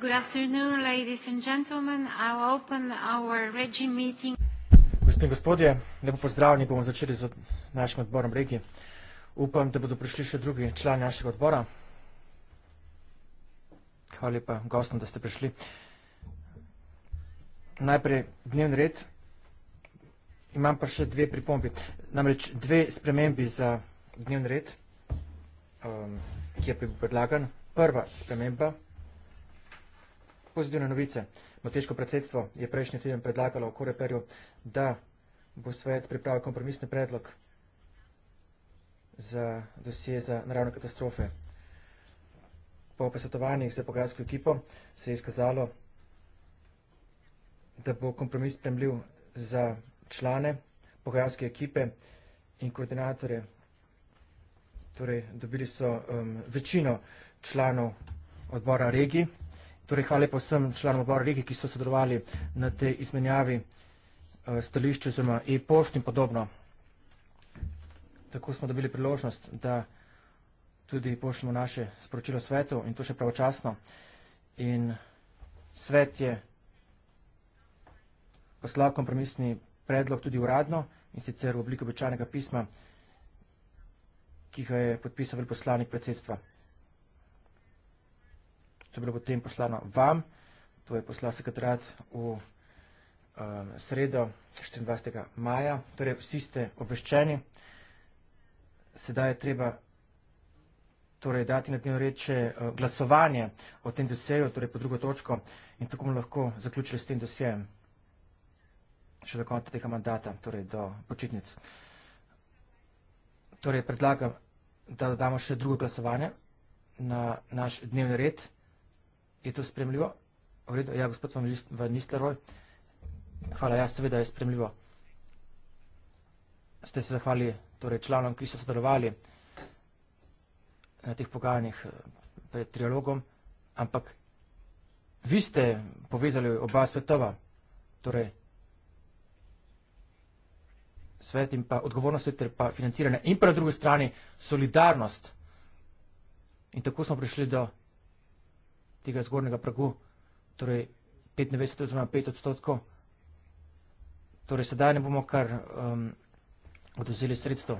Good afternoon, ladies and gentlemen. I'll open our REGI meeting. Gospe in gospodje, lepo pozdravljeni. Bomo začeli z našim odborom REGI. Upam, da bodo prišli še drugi člani našega odbora. Hvala lepa gostom, da ste prišli. Najprej dnevni red. Imam pa še dve pripombi. Namreč dve spremembi za dnevni red, um, ki je predlagan. Prva sprememba pozitivne novice. Mateško predsedstvo je prejšnji teden predlagalo v Koreperju, da bo svet pripravil kompromisni predlog za dosje za naravne katastrofe. Po posvetovanjih za pogajalsko ekipo se je izkazalo, da bo kompromis spremljiv za člane pogajalske ekipe in koordinatorje. Torej, dobili so um, večino članov odbora regij. Torej, hvala lepo vsem članom odbora Rige, ki so sodelovali na tej izmenjavi eh, stališču oziroma e-pošt in podobno. Tako smo dobili priložnost, da tudi pošljemo naše sporočilo svetu in to še pravočasno. In svet je poslal kompromisni predlog tudi uradno in sicer v obliku običajnega pisma, ki ga je podpisal veliposlanik predsedstva. To je bilo potem poslano vam, to je poslal sekretarat v um, sredo 24. maja, torej vsi ste obveščeni. Sedaj je treba torej, dati na dnevno reče eh, glasovanje o tem dosjeju, torej po drugo točko in tako bomo lahko zaključili s tem dosjejem še do konca tega mandata, torej do počitnic. Torej predlagam, da dodamo še drugo glasovanje na naš dnevni red je to spremljivo? V redu, ja, gospod sem v Nisleroj. Hvala, ja, seveda je spremljivo. Ste se zahvali torej, članom, ki so sodelovali na eh, teh pogajanjih eh, pred trialogom, ampak vi ste povezali oba svetova, torej svet in pa odgovornost ter pa financiranje in pa na drugi strani solidarnost. In tako smo prišli do tega zgornjega pragu, torej 95 oziroma 5 odstotkov. Torej sedaj ne bomo kar um, odozeli sredstvo,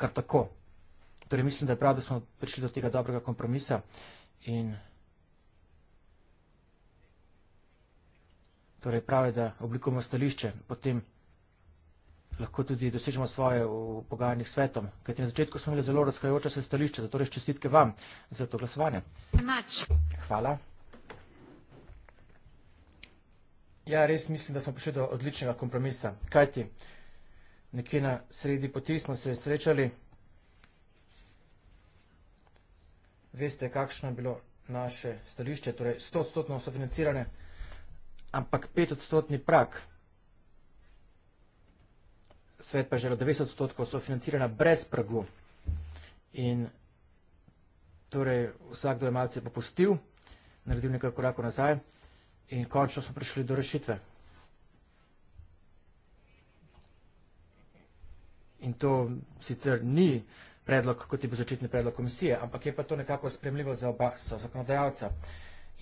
kar tako. Torej mislim, da je prav, da smo prišli do tega dobrega kompromisa in torej prav je, da oblikujemo stališče potem lahko tudi dosežemo svoje v pogajanjih svetom. Kajti na začetku smo imeli zelo razkajoče se stališče, zato res čestitke vam za to glasovanje. Hvala. Ja, res mislim, da smo prišli do odličnega kompromisa. Kajti, nekje na sredi poti smo se srečali. Veste, kakšno je bilo naše stališče, torej 100-odstotno sofinancirane, ampak 5-odstotni prak svet pa je želel 90 odstotkov sofinancirana brez pragu. In torej vsakdo je malce popustil, naredil nekaj korakov nazaj in končno smo prišli do rešitve. In to sicer ni predlog, kot je bil začetni predlog komisije, ampak je pa to nekako spremljivo za oba so zakonodajalca.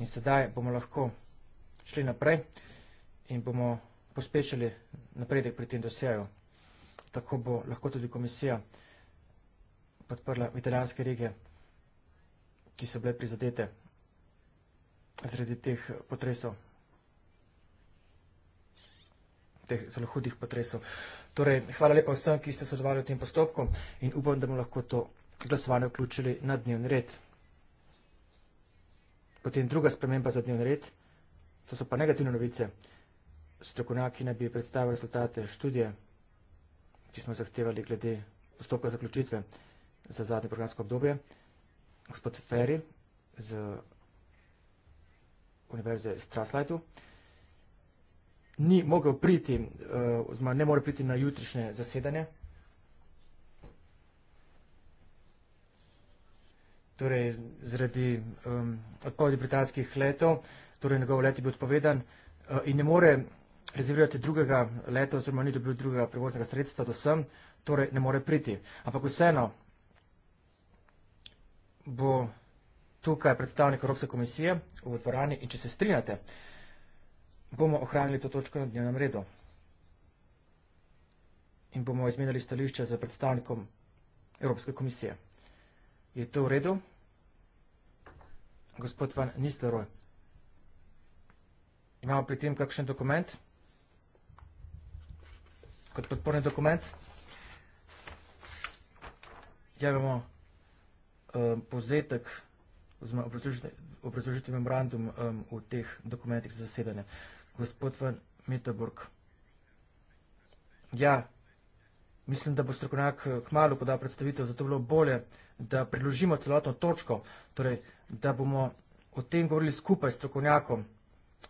In sedaj bomo lahko šli naprej in bomo pospešili napredek pri tem dosejo tako bo lahko tudi komisija podprla italijanske regije, ki so bile prizadete zredi teh potresov, teh zelo hudih potresov. Torej, hvala lepa vsem, ki ste sodelovali v tem postopku in upam, da bomo lahko to glasovanje vključili na dnevni red. Potem druga sprememba za dnevni red, to so pa negativne novice. Strokovnjaki naj bi predstavili rezultate študije ki smo zahtevali glede postopka zaključitve za zadnje programsko obdobje. Gospod Ferri z Univerze Straslajtu ni mogel priti, eh, oziroma ne more priti na jutrišnje zasedanje. Torej, zaradi odpovedi britanskih letov, torej njegov let je bil odpovedan eh, in ne more priti rezervirati drugega leta, oziroma ni dobil drugega prevoznega sredstva do sem, torej ne more priti. Ampak vseeno bo tukaj predstavnik Evropske komisije v dvorani in če se strinjate, bomo ohranili to točko na dnevnem redu in bomo izmenjali stališče za predstavnikom Evropske komisije. Je to v redu? Gospod Van Nisleroj, imamo pri tem kakšen dokument? Hvala kot podporni dokument. Javimo um, eh, pozetek oziroma obrazložitvi memorandum um, v teh dokumentih za zasedanje. Gospod Van Meteburg. Ja, mislim, da bo strokovnjak eh, kmalo podal predstavitev, zato bilo bolje, da predložimo celotno točko, torej, da bomo o tem govorili skupaj s strokovnjakom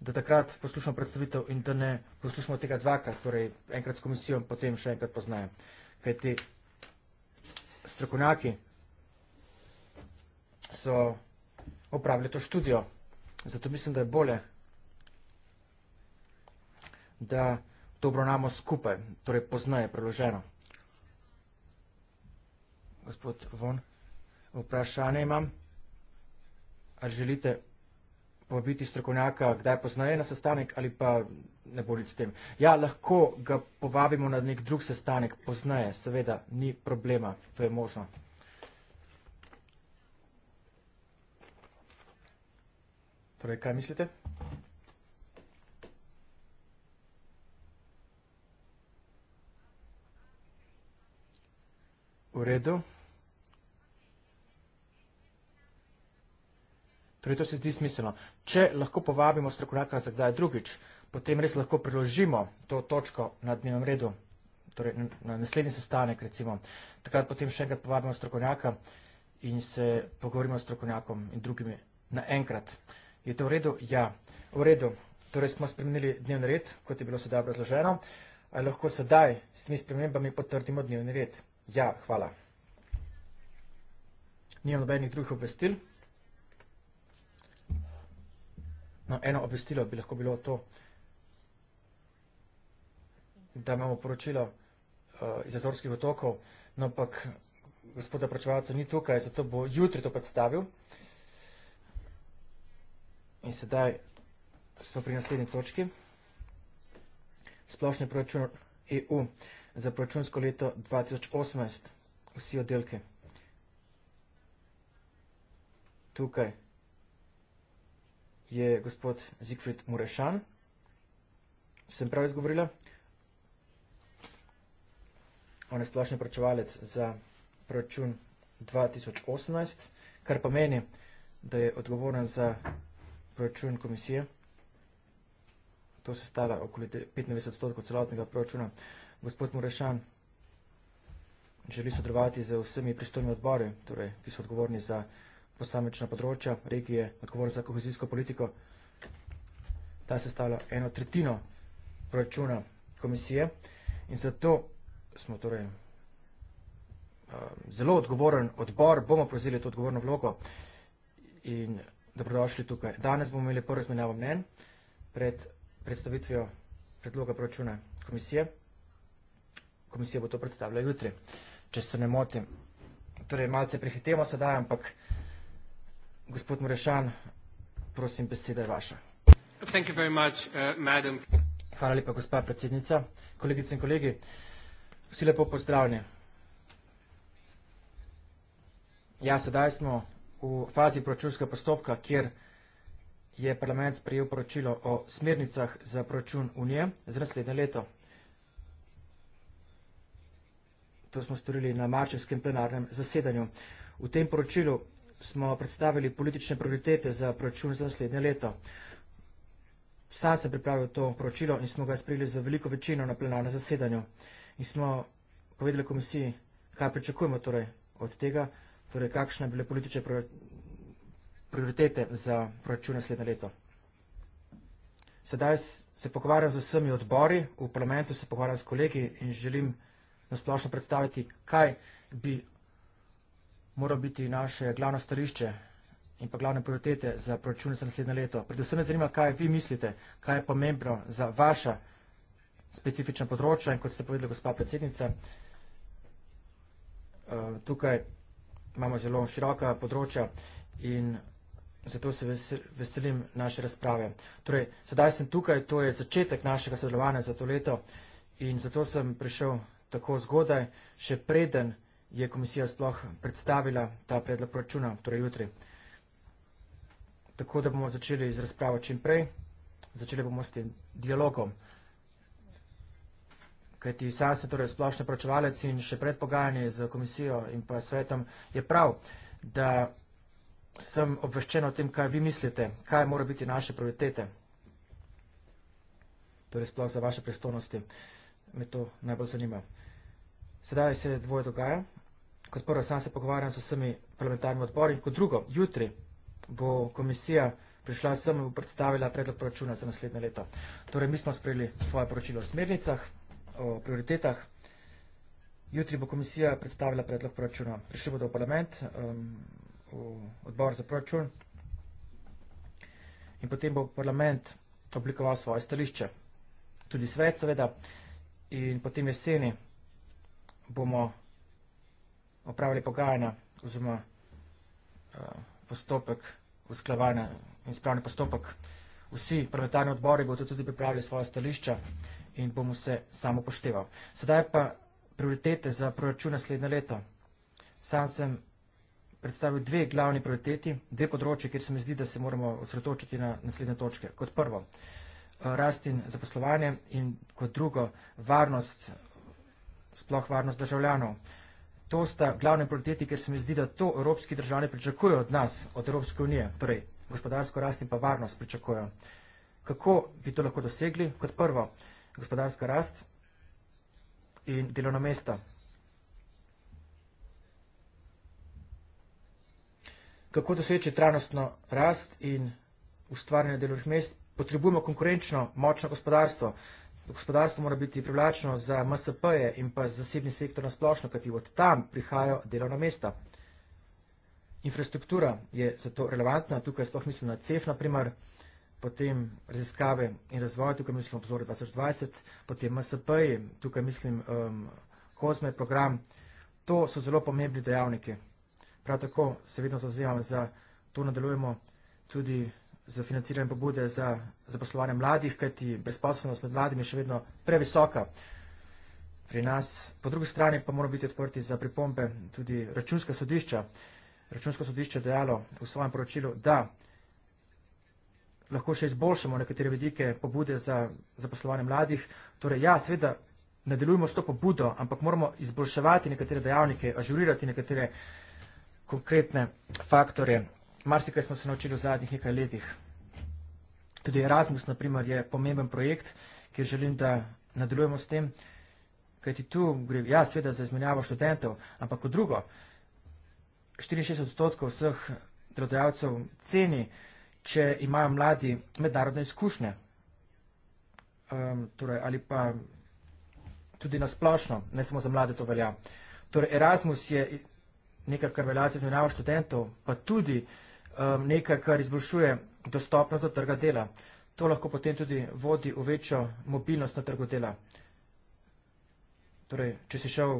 da takrat poslušam predstavitev in da ne poslušamo tega dvakrat, torej enkrat s komisijo in potem še enkrat poznajem. Kaj ti strokovnjaki so opravili to študijo, zato mislim, da je bolje, da to obravnamo skupaj, torej poznaje preloženo. Gospod Von, vprašanje imam. Ali želite vprašanje? povabiti strokovnjaka, kdaj poznaje na sestanek ali pa ne bori s tem. Ja, lahko ga povabimo na nek drug sestanek, poznaje, seveda, ni problema, to je možno. Torej, kaj mislite? V redu. Torej, to se zdi smiselno. Če lahko povabimo strokovnjaka za kdaj drugič, potem res lahko priložimo to točko na dnevnem redu, torej na naslednji sestanek recimo. Takrat potem še enkrat povabimo strokovnjaka in se pogovorimo s strokovnjakom in drugimi naenkrat. Je to v redu? Ja, v redu. Torej smo spremenili dnevni red, kot je bilo sedaj obrazloženo. Ali lahko sedaj s temi spremembami potrdimo dnevni red? Ja, hvala. Nijem nobenih drugih obvestil. No, eno obvestilo bi lahko bilo to, da imamo poročilo uh, iz Azorskih otokov, no ampak gospoda pročevalca ni tukaj, zato bo jutri to predstavil. In sedaj smo pri naslednji točki. Splošni proračun EU za proračunsko leto 2018. Vsi oddelke. Tukaj je gospod Siegfried Murešan. Sem prav izgovorila? On je splošni pračevalec za proračun 2018, kar pa meni, da je odgovoren za proračun komisije. To se stala okoli 95 odstotkov celotnega proračuna. Gospod Murešan želi sodelovati z vsemi pristojnimi odbori, torej, ki so odgovorni za proračun posamična področja regije, odgovorna za kohezijsko politiko. Ta se stavlja eno tretjino proračuna komisije in zato smo torej um, zelo odgovoren odbor, bomo prevzeli to odgovorno vlogo in dobrodošli tukaj. Danes bomo imeli prvo razmenjavo mnen pred predstavitvijo predloga proračuna komisije. Komisija bo to predstavila jutri, če se ne motim. Torej, malce prehitemo sedaj, ampak Gospod Morešan, prosim, beseda je vaša. Thank you very much, uh, madam. Hvala lepa, gospa predsednica. Kolegice in kolegi, vsi lepo pozdravljeni. Ja, sedaj smo v fazi proračunskega postopka, kjer je parlament sprejel poročilo o smernicah za proračun Unije za naslednje leto. To smo storili na marčevskem plenarnem zasedanju. V tem poročilu smo predstavili politične prioritete za proračun za naslednje leto. Sam sem pripravil to poročilo in smo ga sprejeli za veliko večino na plenarnem zasedanju. In smo povedali komisiji, kaj pričakujemo torej od tega, torej kakšne bile politične prioritete za proračun naslednje leto. Sedaj se pogovarjam z vsemi odbori v parlamentu, se pogovarjam s kolegi in želim nasplošno predstaviti, kaj bi mora biti naše glavno stališče in pa glavne prioritete za proračun za naslednje leto. Predvsem me zanima, kaj vi mislite, kaj je pomembno za vaša specifična področja in kot ste povedali, gospa predsednica, eh, tukaj imamo zelo široka področja in zato se veselim naše razprave. Torej, sedaj sem tukaj, to je začetek našega sodelovanja za to leto in zato sem prišel tako zgodaj, še preden je komisija sploh predstavila ta predlog proračuna, torej jutri. Tako da bomo začeli z razpravo čim prej, začeli bomo s tem dialogom. Kajti sam se torej splošni pročevalec in še pred pogajanje z komisijo in pa svetom je prav, da sem obveščen o tem, kaj vi mislite, kaj mora biti naše prioritete. Torej sploh za vaše pristojnosti me to najbolj zanima. Sedaj se dvoje dogaja, kot prvo sam se pogovarjam s vsemi parlamentarnimi odbori in kot drugo, jutri bo komisija prišla sem in predstavila predlog proračuna za naslednje leto. Torej, mi smo sprejeli svoje poročilo o smernicah, o prioritetah. Jutri bo komisija predstavila predlog proračuna. Prišli bodo v parlament, um, v odbor za proračun in potem bo parlament oblikoval svoje stališče. Tudi svet, seveda. In potem jeseni bomo opravili pogajanja oziroma eh, postopek usklavanja in spravni postopek. Vsi parlamentarni odbori bodo tudi pripravili svoje stališča in bomo se samo poštevali. Sedaj pa prioritete za proračun naslednje leto. Sam sem predstavil dve glavni prioriteti, dve področje, kjer se mi zdi, da se moramo osredotočiti na naslednje točke. Kot prvo, eh, rast in zaposlovanje in kot drugo, varnost, sploh varnost državljanov to sta glavne prioriteti, ki se mi zdi, da to evropski državljani pričakujejo od nas, od Evropske unije, torej gospodarsko rast in pa varnost pričakujejo. Kako bi to lahko dosegli? Kot prvo, gospodarska rast in delovna mesta. Kako doseči trajnostno rast in ustvarjanje delovnih mest? Potrebujemo konkurenčno, močno gospodarstvo. Gospodarstvo mora biti privlačno za MSP-je in pa za zasebni sektor nasplošno, kajti od tam prihajajo delovna mesta. Infrastruktura je zato relevantna, tukaj sploh mislim na CEF, na primer, potem raziskave in razvoj, tukaj mislim obzor 2020, potem MSP-ji, tukaj mislim um, COSME program. To so zelo pomembni dejavniki. Prav tako se vedno zauzemam za to, da delujemo tudi za financiranje pobude za zaposlovanje mladih, kajti brezposobnost med mladimi je še vedno previsoka pri nas. Po drugi strani pa moramo biti odprti za pripombe tudi računska sodišča. Računsko sodišče je dejalo v svojem poročilu, da lahko še izboljšamo nekatere vedike pobude za zaposlovanje mladih. Torej, ja, seveda nadaljujemo s to pobudo, ampak moramo izboljševati nekatere dejavnike, ažurirati nekatere konkretne faktore marsikaj smo se naučili v zadnjih nekaj letih. Tudi Erasmus, na primer, je pomemben projekt, kjer želim, da nadaljujemo s tem, kajti tu gre, ja, sveda za izmenjavo študentov, ampak kot drugo, 64 odstotkov vseh delodajalcev ceni, če imajo mladi mednarodne izkušnje. Um, torej, ali pa tudi nasplošno, ne samo za mlade to velja. Torej, Erasmus je nekaj, kar velja za izmenjavo študentov, pa tudi um, nekaj, kar izboljšuje dostopnost do trga dela. To lahko potem tudi vodi v večjo mobilnost na trgu dela. Torej, če si šel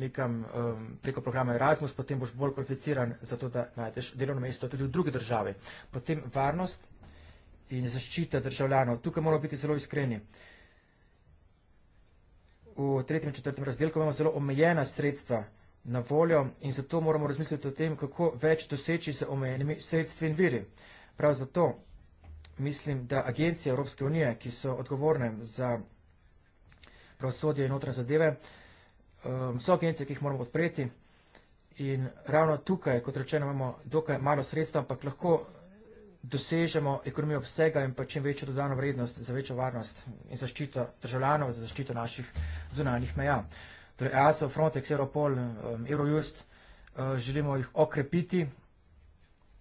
nekam um, preko programa Erasmus, potem boš bolj kvalificiran za to, da najdeš delovno mesto tudi v drugi državi. Potem varnost in zaščita državljanov. Tukaj moramo biti zelo iskreni. V tretjem in četrtem razdelku imamo zelo omejena sredstva na voljo in zato moramo razmisliti o tem, kako več doseči z omejenimi sredstvi in viri. Prav zato mislim, da agencije Evropske unije, ki so odgovorne za pravosodje in notranje zadeve, um, so agencije, ki jih moramo odpreti in ravno tukaj, kot rečeno, imamo dokaj malo sredstva, ampak lahko dosežemo ekonomijo vsega in pa čim večjo dodano vrednost za večjo varnost in zaščito državljanov, za zaščito naših zunanjih meja torej EASO, Frontex, Europol, Eurojust, eh, želimo jih okrepiti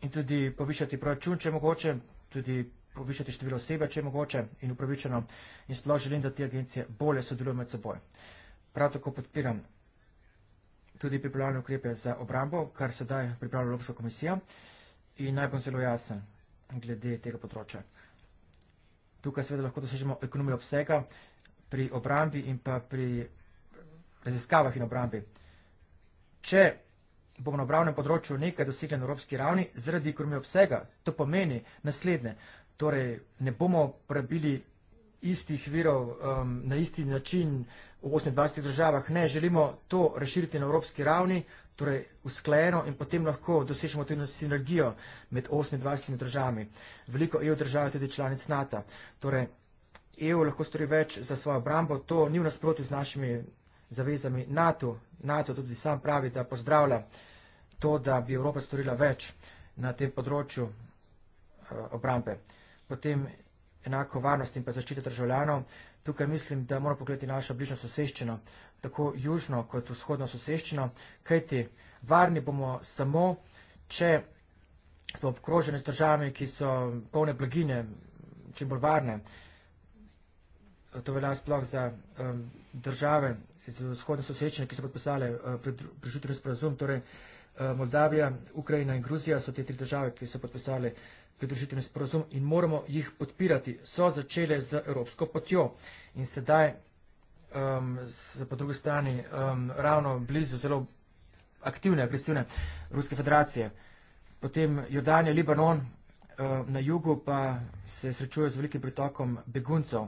in tudi povišati proračun, če mogoče, tudi povišati število osebe, če mogoče in upravičeno in sploh želim, da te agencije bolje sodelujo med seboj. Prav tako podpiram tudi pripravljanje ukrepe za obrambo, kar sedaj pripravlja Evropska komisija in naj bom zelo jasen glede tega področja. Tukaj seveda lahko dosežemo ekonomijo obsega pri obrambi in pa pri raziskavah in obrambi. Če bomo na obravnem področju nekaj dosegli na evropski ravni, zaradi krmi obsega, to pomeni naslednje, torej ne bomo porabili istih virov um, na isti način v 28 državah, ne želimo to razširiti na evropski ravni, torej usklajeno in potem lahko dosežemo tudi sinergijo med 28 državami. Veliko EU država je tudi članic NATO. Torej, EU lahko stori več za svojo obrambo, to ni v nasprotju z našimi zavezami NATO. NATO tudi sam pravi, da pozdravlja to, da bi Evropa storila več na tem področju eh, obrambe. Potem enako varnost in pa zaščita državljanov. Tukaj mislim, da moramo pogledati našo bližnjo soseščino, tako južno kot vzhodno soseščino, kajti varni bomo samo, če smo obkroženi z državami, ki so polne blagine, čim bolj varne. Eh, to velja sploh za um, države iz vzhodne sosečne, ki so podpisale eh, uh, prižutni sporazum, torej uh, Moldavija, Ukrajina in Gruzija so te tri države, ki so podpisale pridružitveni sporozum in moramo jih podpirati. So začele z evropsko potjo in sedaj um, so po drugi strani um, ravno blizu zelo aktivne, agresivne Ruske federacije. Potem Jordanija, Libanon uh, na jugu pa se srečuje z velikim pritokom beguncev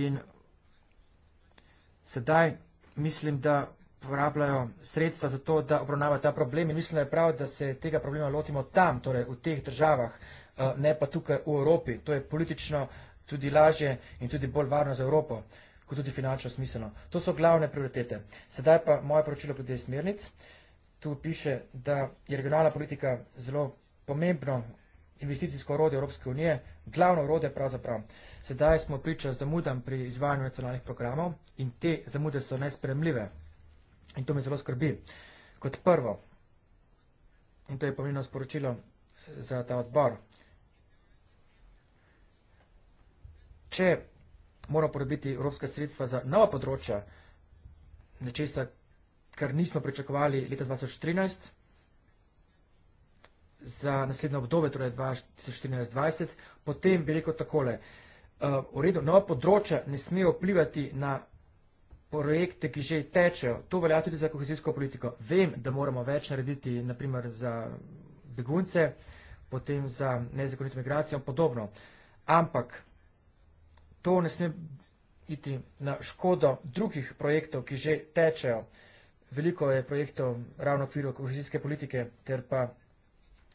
in sedaj mislim, da porabljajo sredstva za to, da obravnava ta problem in mislim, da je prav, da se tega problema lotimo tam, torej v teh državah, eh, ne pa tukaj v Evropi. To je politično tudi lažje in tudi bolj varno za Evropo, kot tudi finančno smiselno. To so glavne prioritete. Sedaj pa moje poročilo glede smernic. Tu piše, da je regionalna politika zelo pomembno investicijsko orodje Evropske unije, glavno orodje pravzaprav. Sedaj smo priča zamudam pri izvajanju nacionalnih programov in te zamude so nespremljive. In to me zelo skrbi. Kot prvo, in to je pomembno sporočilo za ta odbor, če moramo porabiti evropska sredstva za nova področja, nečesa, kar nismo pričakovali leta 2013, za naslednjo obdobje, torej 2014-2020, potem bi rekel takole. Eh, v redu, nova področja ne smejo vplivati na projekte, ki že tečejo. To velja tudi za kohezijsko politiko. Vem, da moramo več narediti, naprimer za begunce, potem za nezakonito migracijo in podobno. Ampak to ne sme iti na škodo drugih projektov, ki že tečejo. Veliko je projektov ravno v okviru kohezijske politike ter pa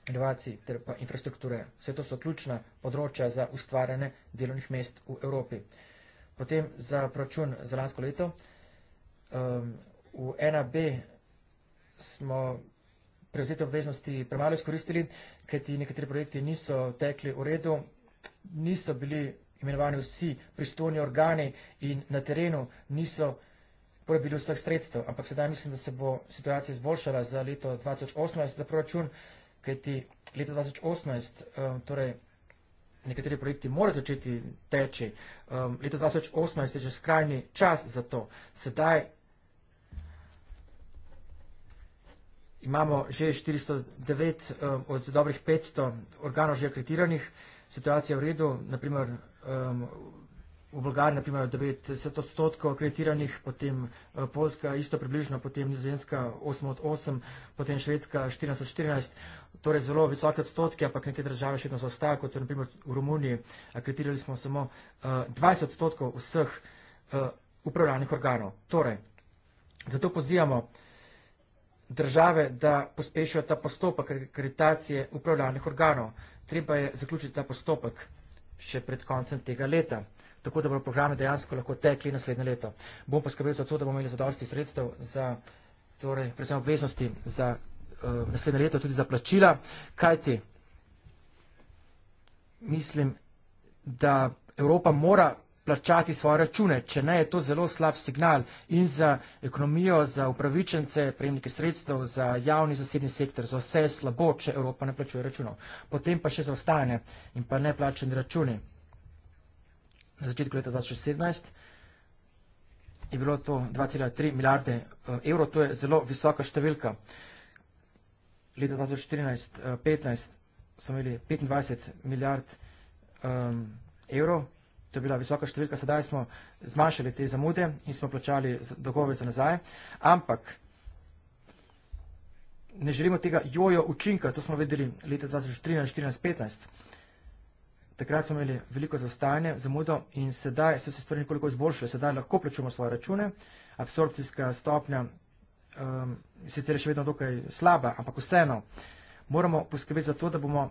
inovacij ter pa infrastrukture. Vse to so ključna področja za ustvarjanje delovnih mest v Evropi. Potem za proračun za lansko leto. Um, v 1B smo prevzete obveznosti premalo izkoristili, kajti nekateri projekti niso tekli v redu, niso bili imenovani vsi pristojni organi in na terenu niso porabili vseh sredstev. Ampak sedaj mislim, da se bo situacija izboljšala za leto 2018 za proračun kajti leta 2018, um, eh, torej nekateri projekti morajo začeti teči, um, leta 2018 je že skrajni čas za to. Sedaj imamo že 409 um, eh, od dobrih 500 organov že akreditiranih, situacija je v redu, naprimer. Um, v Bolgariji naprimer 90 odstotkov kreditiranih, potem eh, Poljska isto približno, potem Nizozemska 8 od 8, potem Švedska 14 od 14, torej zelo visoke odstotke, ampak neke države še vedno zaostajajo, kot je naprimer v Romuniji, kreditirali smo samo 20 eh, odstotkov vseh eh, upravljanih organov. Torej, zato pozivamo države, da pospešijo ta postopek kreditacije upravljanih organov. Treba je zaključiti ta postopek še pred koncem tega leta tako da bo programe dejansko lahko tekli naslednje leto. Bom poskrbel za to, da bomo imeli zadosti sredstev za, torej, predvsem obveznosti za uh, naslednje leto, tudi za plačila, kajti mislim, da Evropa mora plačati svoje račune, če ne je to zelo slab signal in za ekonomijo, za upravičence, prejemnike sredstev, za javni zasebni sektor, za vse je slabo, če Evropa ne plačuje računov. Potem pa še za ostane in pa neplačeni računi na začetku leta 2016 je bilo to 2,3 milijarde eh, evrov, to je zelo visoka številka. Leta 2014-2015 eh, smo imeli 25 milijard ehm, evrov, to je bila visoka številka, sedaj smo zmanjšali te zamude in smo plačali dogove za nazaj, ampak ne želimo tega jojo učinka, to smo vedeli leta 2014-2015 takrat smo imeli veliko zastajanje, zamudo in sedaj so se stvari nekoliko izboljšale, sedaj lahko plačujemo svoje račune, absorpcijska stopnja um, sicer je še vedno dokaj slaba, ampak vseeno moramo poskrbeti za to, da bomo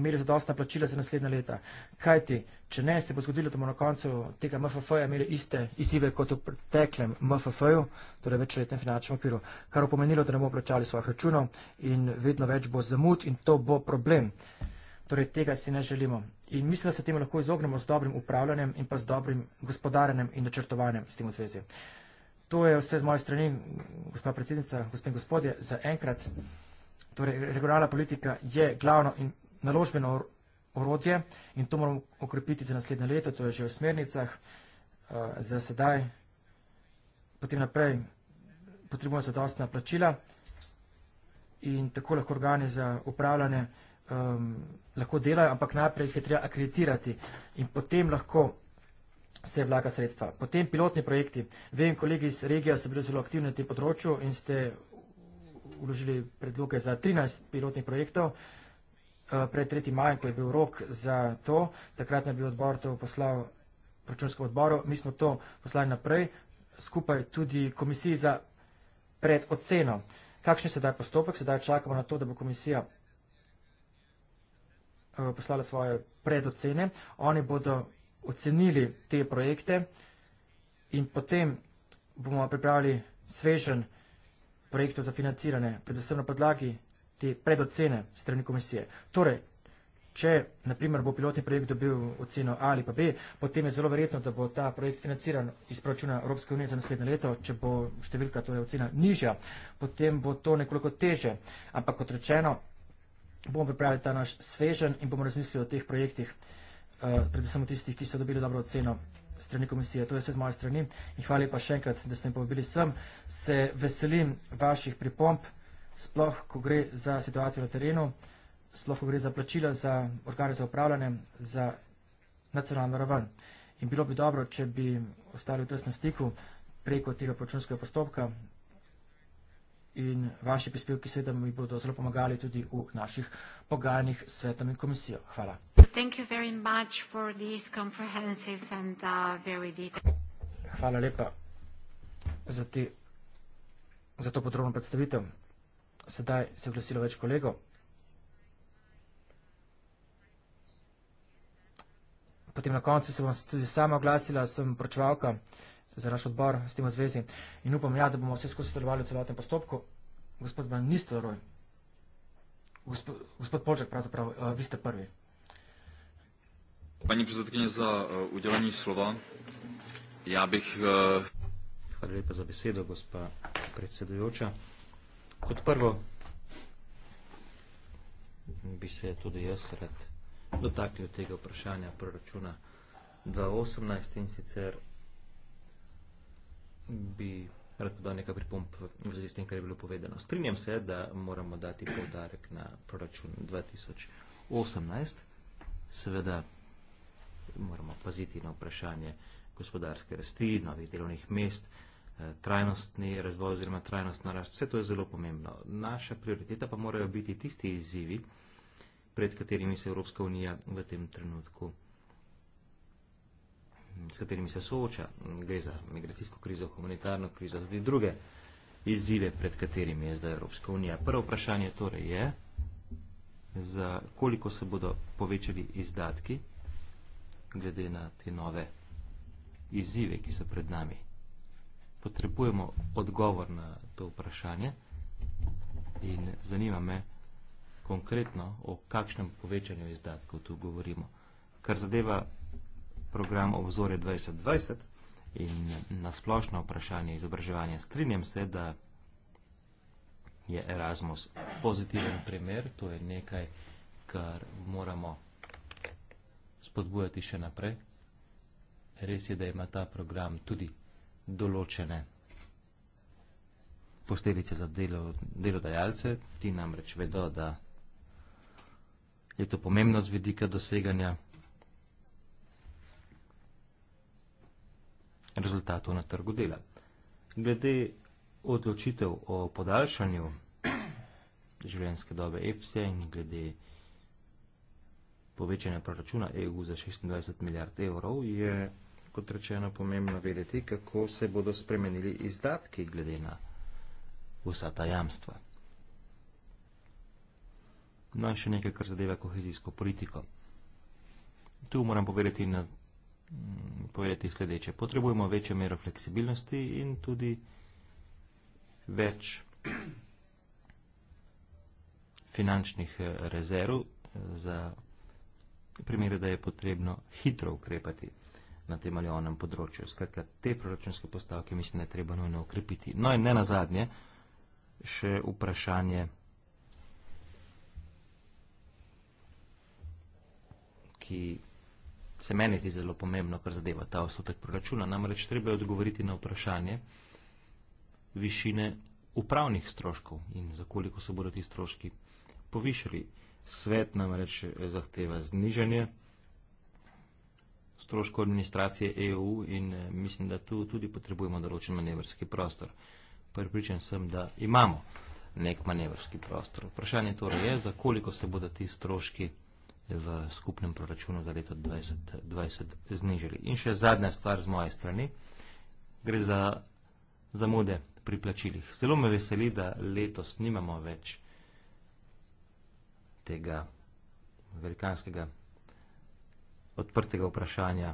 imeli zadostna plačila za naslednja leta. Kajti, če ne, se bo zgodilo, da bomo na koncu tega MFF-ja imeli iste izzive kot v preteklem MFF-ju, torej večletnem finančnem okviru, kar bo pomenilo, da ne bomo plačali svojih računov in vedno več bo zamud in to bo problem. Uh, Torej tega si ne želimo. In mislim, da se temu lahko izognemo z dobrim upravljanjem in pa z dobrim gospodarenjem in načrtovanjem s tem v zvezi. To je vse z moje strani, gospod predsednica, gospod in gospodje, za enkrat. Torej, regionalna politika je glavno in naložbeno orodje in to moramo okrepiti za naslednje leto, to je že v smernicah. Uh, za sedaj, potem naprej, potrebujemo zadostna plačila in tako lahko organi za upravljanje um, lahko delajo, ampak najprej jih je treba akreditirati in potem lahko se vlaga sredstva. Potem pilotni projekti. Vem, kolegi iz regija so bili zelo aktivni na tem področju in ste uložili predloge za 13 pilotnih projektov uh, pred 3. majem, ko je bil rok za to. Takrat je bil odbor to poslal računskemu odboru. Mi smo to poslali naprej, skupaj tudi komisiji za predoceno. Kakšen je sedaj postopek? Sedaj čakamo na to, da bo komisija Eh, poslali svoje predocene, oni bodo ocenili te projekte in potem bomo pripravili svežen projektov za financiranje, predvsem na podlagi te predocene strani komisije. Torej, če naprimer bo pilotni projekt dobil oceno A ali pa B, potem je zelo verjetno, da bo ta projekt financiran iz proračuna Evropske unije za naslednje leto, če bo številka, torej ocena, nižja, potem bo to nekoliko teže. Ampak kot rečeno, bomo pripravili ta naš svežen in bomo razmislili o teh projektih, eh, predvsem o tistih, ki so dobili dobro oceno strani komisije. To je vse z moje strani in hvala pa še enkrat, da ste mi povabili sem. Se veselim vaših pripomp, sploh ko gre za situacijo na terenu, sploh ko gre za plačila, za organe za upravljanje, za nacionalno raven. In bilo bi dobro, če bi ostali v tesnem stiku preko tega počunskega postopka, in vaši prispevki seveda mi bodo zelo pomagali tudi v naših pogajanjih s svetom in komisijo. Hvala. Uh, Hvala lepa za, te, za to podrobno predstavitev. Sedaj se je oglasilo več kolegov. Potem na koncu se bom tudi sama oglasila, sem pročevalka za naš odbor s tem v zvezi in upam, ja, da bomo vse skozi sodelovali v celotnem postopku. Gospod Ban, niste roj. Gospod Polček, pravzaprav, eh, vi ste prvi. Pani predsedkinja za eh, udelanje slova, ja bih... Eh, Hvala lepa za besedo, gospa predsedujoča. Kot prvo bi se tudi jaz rad dotaknil tega vprašanja proračuna 2018 in sicer bi rad dodal nekaj pripomp v zvezi s tem, kar je bilo povedano. Strinjam se, da moramo dati povdarek na proračun 2018. Seveda moramo paziti na vprašanje gospodarske rasti, novih delovnih mest, eh, trajnostni razvoj oziroma trajnostna rast. Vse to je zelo pomembno. Naša prioriteta pa morajo biti tisti izzivi, pred katerimi se Evropska unija v tem trenutku s katerimi se sooča, gre za migracijsko krizo, humanitarno krizo, tudi druge izzive, pred katerimi je zdaj Evropska unija. Prvo vprašanje torej je, za koliko se bodo povečali izdatki glede na te nove izzive, ki so pred nami. Potrebujemo odgovor na to vprašanje in zanima me konkretno, o kakšnem povečanju izdatkov tu govorimo. Kar zadeva program Obzore 2020 in na splošno vprašanje izobraževanja strinjam se, da je Erasmus pozitiven primer, to je nekaj, kar moramo spodbujati še naprej. Res je, da ima ta program tudi določene posteljice za delo, delodajalce. Ti namreč vedo, da je to pomembno z vidika doseganja rezultatov na trgu dela. Glede odločitev o podaljšanju življenjske dobe EFSA in glede povečanja proračuna EU za 26 milijard evrov je, kot rečeno, pomembno vedeti, kako se bodo spremenili izdatki glede na vsa ta jamstva. No in še nekaj, kar zadeva kohezijsko politiko. Tu moram povedati na povedati sledeče. Potrebujemo večjo mero fleksibilnosti in tudi več finančnih eh, rezerv eh, za primere, da je potrebno hitro ukrepati na tem ali onem področju. Skratka, te proračunske postavke mislim, da je treba nujno ukrepiti. No in ne nazadnje, še vprašanje, ki se meni ti zelo pomembno, kar zadeva ta osnotek proračuna. Namreč treba je odgovoriti na vprašanje višine upravnih stroškov in za koliko se bodo ti stroški povišali. Svet namreč eh, zahteva znižanje stroško administracije EU in eh, mislim, da tu tudi potrebujemo določen manevrski prostor. Pripričan sem, da imamo nek manevrski prostor. Vprašanje torej je, za koliko se bodo ti stroški povišali v skupnem proračunu za leto 2020 znižili. In še zadnja stvar z moje strani, gre za zamude pri plačilih. Zelo me veseli, da letos nimamo več tega velikanskega odprtega vprašanja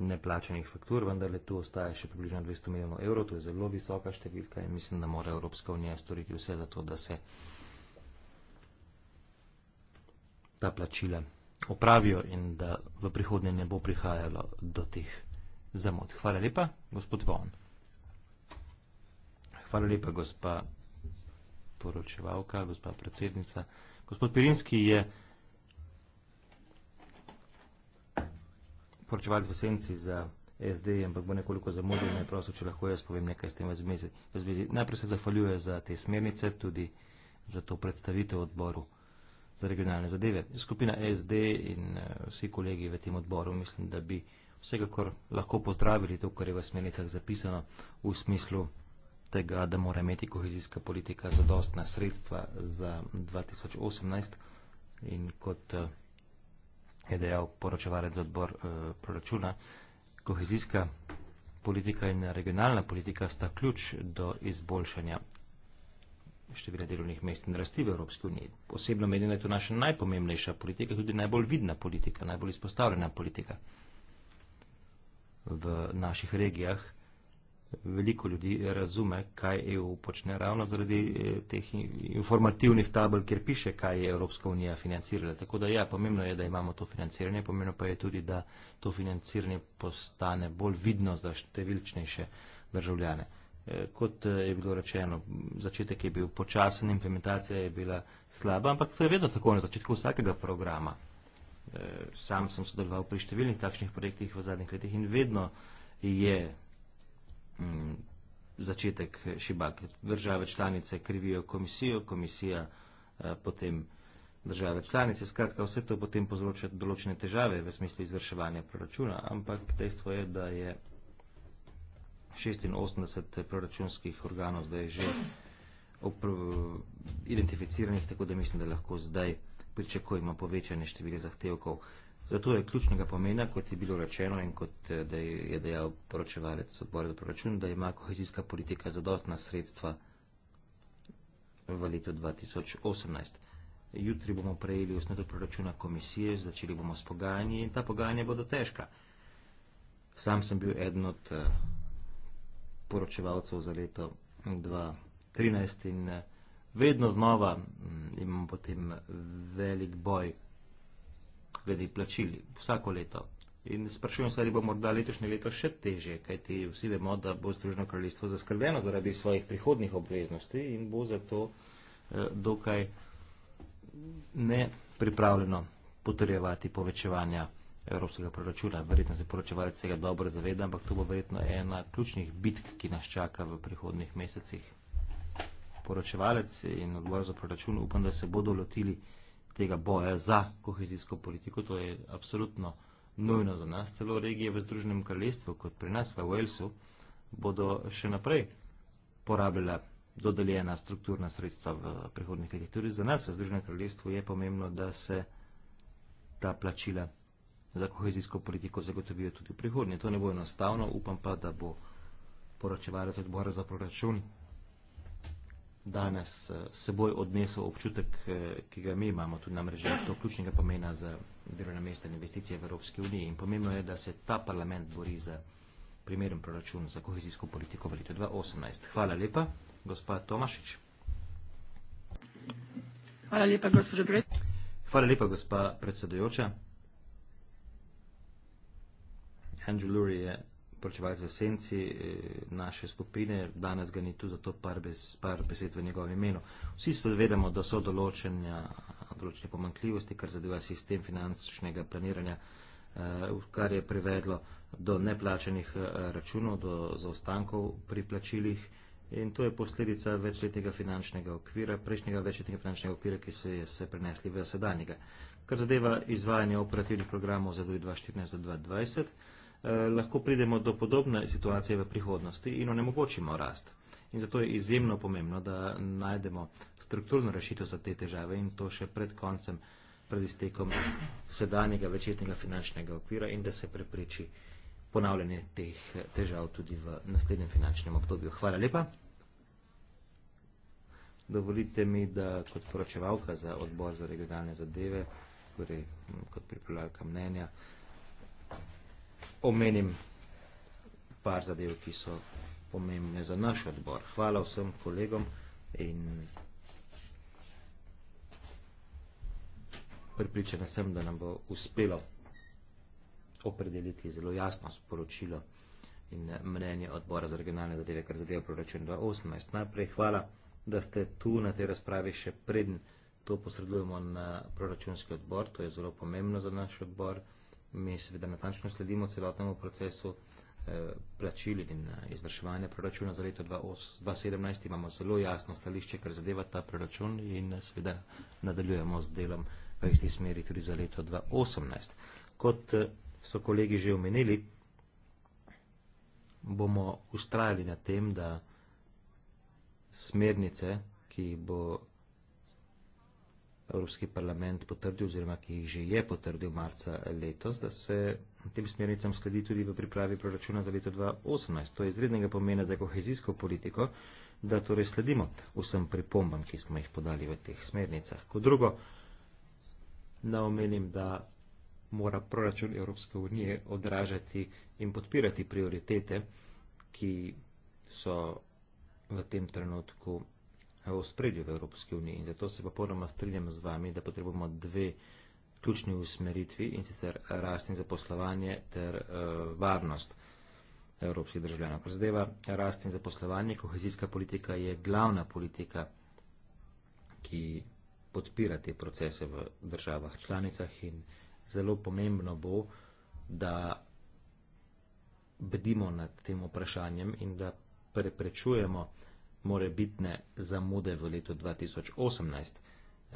neplačenih faktur, vendar le tu ostaje še približno 200 milijonov evrov, to je zelo visoka številka in mislim, da mora Evropska unija storiti vse za to, da se ta plačila opravijo in da v prihodnje ne bo prihajalo do teh zamot. Hvala lepa, gospod Von. Hvala lepa, gospa poročevalka, gospa predsednica. Gospod Pirinski je poročevalc v senci za SD, ampak bo nekoliko zamudil, ne prosil, če lahko jaz povem nekaj s tem v zvezi. Najprej se zahvaljuje za te smernice, tudi za to predstavitev odboru za regionalne zadeve. Skupina SD in eh, vsi kolegi v tem odboru mislim, da bi vsekakor lahko pozdravili to, kar je v smernicah zapisano v smislu tega, da mora imeti kohezijska politika zadostna sredstva za 2018 in kot eh, je dejal poročevalec za odbor eh, proračuna, kohezijska politika in regionalna politika sta ključ do izboljšanja števila delovnih mest in rasti v Evropski uniji. Osebno menim, da je to naša najpomembnejša politika, tudi najbolj vidna politika, najbolj izpostavljena politika. V naših regijah veliko ljudi razume, kaj EU počne ravno zaradi eh, teh informativnih tabel, kjer piše, kaj je Evropska unija financirala. Tako da ja, pomembno je, da imamo to financiranje, pomembno pa je tudi, da to financiranje postane bolj vidno za številčnejše državljane. Eh, kot eh, je bilo rečeno, začetek je bil počasen, implementacija je bila slaba, ampak to je vedno tako na začetku vsakega programa. Eh, sam sem sodeloval pri številnih takšnih projektih v zadnjih letih in vedno je mm, začetek šibak. Države članice krivijo komisijo, komisija potem države članice, skratka vse to potem povzroča določene težave v smislu izvrševanja proračuna, ampak dejstvo je, da je 86 proračunskih organov zdaj že identificiranih, tako da mislim, da lahko zdaj pričakujemo povečanje števila zahtevkov. Zato je ključnega pomena, kot je bilo rečeno in kot eh, je dejal poročevalec odbora za proračun, da ima kohezijska politika zadostna sredstva v letu 2018. Jutri bomo prejeli osnovno proračuna komisije, začeli bomo s pogajanji in ta pogajanja bodo težka. Sam sem bil eden od uh, poročevalcev za leto 2013 in eh, vedno znova mm, imamo potem velik boj glede plačili vsako leto. In sprašujem se, ali bo morda letošnje leto še teže, kajti vsi vemo, da bo Združeno kraljestvo zaskrbljeno zaradi svojih prihodnih obveznosti in bo zato eh, dokaj nepripravljeno potrjevati povečevanja evropskega proračuna. Verjetno se poročevalec tega dobro zaveda, ampak to bo verjetno ena ključnih bitk, ki nas čaka v prihodnih mesecih. Poročevalec in odbor za proračun upam, da se bodo lotili tega boja za kohezijsko politiko. To je absolutno nujno za nas. Celo regije v Združenem kraljestvu, kot pri nas v Walesu, bodo še naprej porabljala dodeljena strukturna sredstva v prihodnih letih. Tudi za nas v Združenem kraljestvu je pomembno, da se ta plačila za kohezijsko politiko zagotovijo tudi v prihodnje. To ne bo enostavno, upam pa, da bo poročevalec odbora za proračun danes eh, seboj odnesel občutek, eh, ki ga mi imamo tudi na mreži, to ključnega pomena za delovna mesta in investicije v Evropski uniji. In pomembno je, da se ta parlament bori za primeren proračun za kohezijsko politiko v letu 2018. Hvala lepa, gospa Tomašič. Hvala lepa, gospod Brec. Hvala lepa, gospa predsedujoča. Andrew Lurie je poročevalec v senci eh, naše skupine, danes ga ni tu, zato par, bez, par besed v njegovem imenu. Vsi se zavedamo, da so določenja, določene pomankljivosti, kar zadeva sistem finančnega planiranja, eh, kar je privedlo do neplačenih eh, računov, do zaostankov pri plačilih. In to je posledica večletnega finančnega okvira, prejšnjega večletnega finančnega okvira, ki se je vse prenesli v sedanjega. Kar zadeva izvajanje operativnih programov za 2014-2020, Eh, lahko pridemo do podobne situacije v prihodnosti in onemogočimo rast. In zato je izjemno pomembno, da najdemo strukturno rešitev za te težave in to še pred koncem, pred iztekom sedanjega večetnega finančnega okvira in da se prepreči ponavljanje teh težav tudi v naslednjem finančnem obdobju. Hvala lepa. Dovolite mi, da kot poročevalka za odbor za regionalne zadeve, torej kot pripravljalka mnenja, omenim par zadev, ki so pomembne za naš odbor. Hvala vsem kolegom in pripričana sem, da nam bo uspelo opredeliti zelo jasno sporočilo in mnenje odbora za regionalne zadeve, kar zadeva proračun 2018. Najprej hvala, da ste tu na tej razpravi še preden to posredujemo na proračunski odbor, to je zelo pomembno za naš odbor mi seveda natančno sledimo celotnemu procesu eh, plačil in eh, izvrševanja proračuna za leto 2017. Imamo zelo jasno stališče, kar zadeva ta proračun in eh, seveda nadaljujemo z delom v isti smeri tudi za leto 2018. Kot so kolegi že omenili, bomo ustrajali na tem, da smernice, ki jih bo Evropski parlament potrdil oziroma ki jih že je potrdil marca letos, da se tem smernicam sledi tudi v pripravi proračuna za leto 2018. To je izrednega pomena za kohezijsko politiko, da torej sledimo vsem pripombam, ki smo jih podali v teh smernicah. Kot drugo, naomenim, da mora proračun Evropske unije odražati in podpirati prioritete, ki so v tem trenutku v spredju v Evropski uniji. In zato se pa ponoma strinjam z vami, da potrebujemo dve ključni usmeritvi in sicer rast in zaposlovanje ter uh, varnost evropskih državljanov. Ko zadeva rast in zaposlovanje, kohezijska politika je glavna politika, ki podpira te procese v državah članicah in zelo pomembno bo, da bedimo nad tem vprašanjem in da preprečujemo, morebitne zamude v letu 2018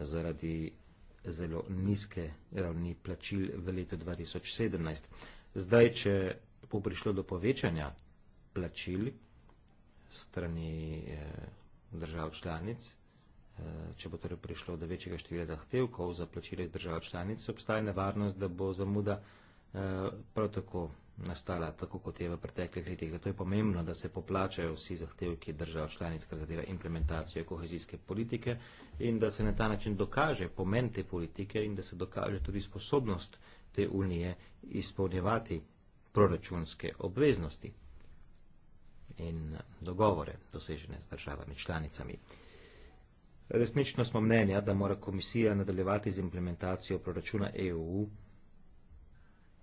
zaradi zelo nizke ravni plačil v letu 2017. Zdaj, če bo prišlo do povečanja plačil strani eh, držav članic, eh, če bo torej prišlo do večjega števila zahtevkov za plačile iz držav članic, obstaja nevarnost, da bo zamuda eh, prav tako povečanja nastala, tako kot je v preteklih letih. Zato je pomembno, da se poplačajo vsi zahtevki držav članic, kar zadeva implementacijo kohezijske politike in da se na ta način dokaže pomen te politike in da se dokaže tudi sposobnost te unije izpolnjevati proračunske obveznosti in dogovore dosežene z državami članicami. Resnično smo mnenja, da mora komisija nadaljevati z implementacijo proračuna EU,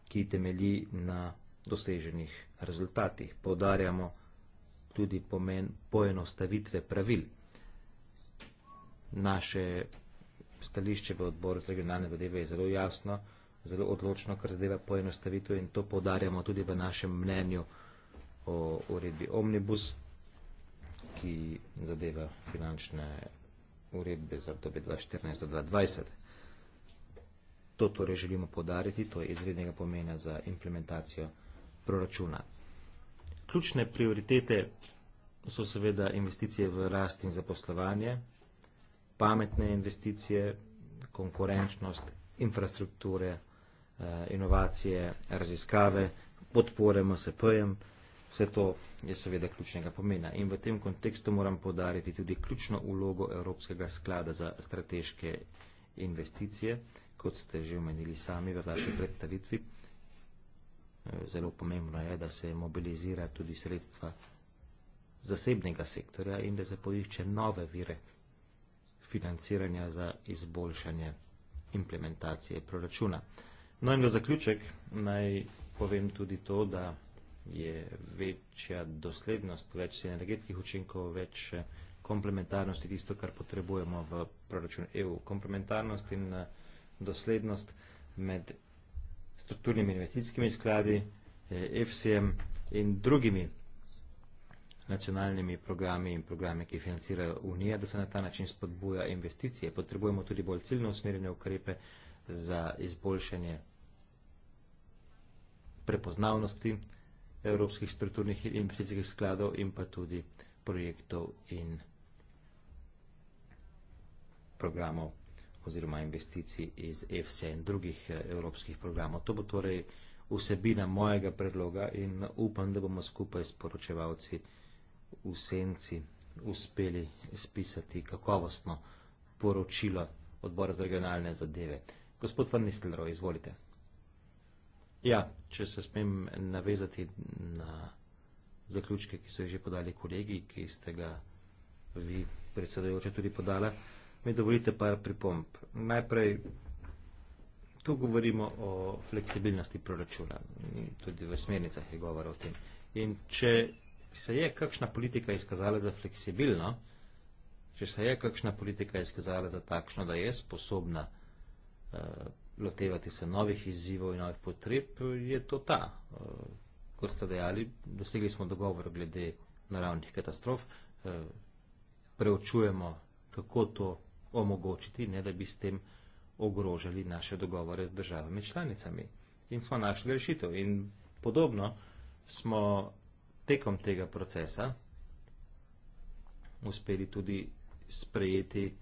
ki temelji na doseženih rezultatih. Podarjamo tudi pomen poenostavitve pravil. Naše stališče v odboru za regionalne zadeve je zelo jasno, zelo odločno, kar zadeva poenostavitev in to podarjamo tudi v našem mnenju o uredbi Omnibus, ki zadeva finančne uredbe za obdobje 2014 do 2020. To torej želimo podariti, to je izrednega pomena za implementacijo regionalne zadeve proračuna. Ključne prioritete so seveda investicije v rast in zaposlovanje, pametne investicije, konkurenčnost, infrastrukture, eh, inovacije, raziskave, podpore MSP-jem, vse to je seveda ključnega pomena. In v tem kontekstu moram podariti tudi ključno ulogo Evropskega sklada za strateške investicije, kot ste že omenili sami v vaši predstavitvi. Zelo pomembno je, da se mobilizira tudi sredstva zasebnega sektorja in da se poišče nove vire financiranja za izboljšanje implementacije proračuna. No in na zaključek naj povem tudi to, da je večja doslednost, več energetskih učinkov, več eh, komplementarnosti, tisto, kar potrebujemo v proračun EU. Komplementarnost in eh, doslednost med strukturnimi investicijskimi skladi, eh, FCM in drugimi nacionalnimi programi in programe, ki financirajo Unija, da se na ta način spodbuja investicije. Potrebujemo tudi bolj ciljno usmerjene ukrepe za izboljšanje prepoznavnosti evropskih strukturnih investicijskih skladov in pa tudi projektov in programov oziroma investicij iz EFSE in drugih eh, evropskih programov. To bo torej vsebina mojega predloga in upam, da bomo skupaj s poročevalci v senci uspeli spisati kakovostno poročilo odbora za regionalne zadeve. Gospod Van Nistelrov, izvolite. Ja, če se smem navezati na zaključke, ki so jih že podali kolegi, ki ste ga vi predsedujoče tudi podala, Mi dovolite par pripomb. Najprej, tu govorimo o fleksibilnosti proračuna. Tudi v smernicah je govor o tem. In če se je kakšna politika izkazala za fleksibilno, če se je kakšna politika izkazala za takšno, da je sposobna uh, lotevati se novih izzivov in novih potreb, je to ta. Uh, kot ste dejali, dosegli smo dogovor glede naravnih katastrof, uh, preučujemo, kako to omogočiti, ne da bi s tem ogrožali naše dogovore z državami članicami. In smo našli rešitev. In podobno smo tekom tega procesa uspeli tudi sprejeti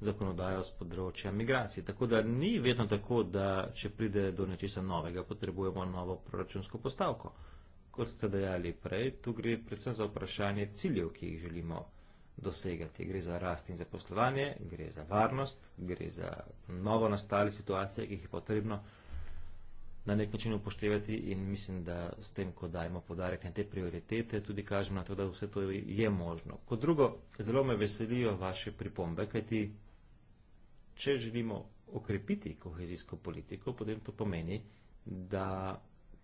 zakonodajo z področja migracij. Tako da ni vedno tako, da če pride do nečesa novega, potrebujemo novo proračunsko postavko. Kot ste dejali prej, tu gre predvsem za vprašanje ciljev, ki jih želimo dosegati. Gre za rast in za poslovanje, gre za varnost, gre za novo nastale situacije, ki jih je potrebno na nek način upoštevati in mislim, da s tem, ko dajemo podarek na te prioritete, tudi kažemo na to, da vse to je možno. Kot drugo, zelo me veselijo vaše pripombe, kajti če želimo okrepiti kohezijsko politiko, potem to pomeni, da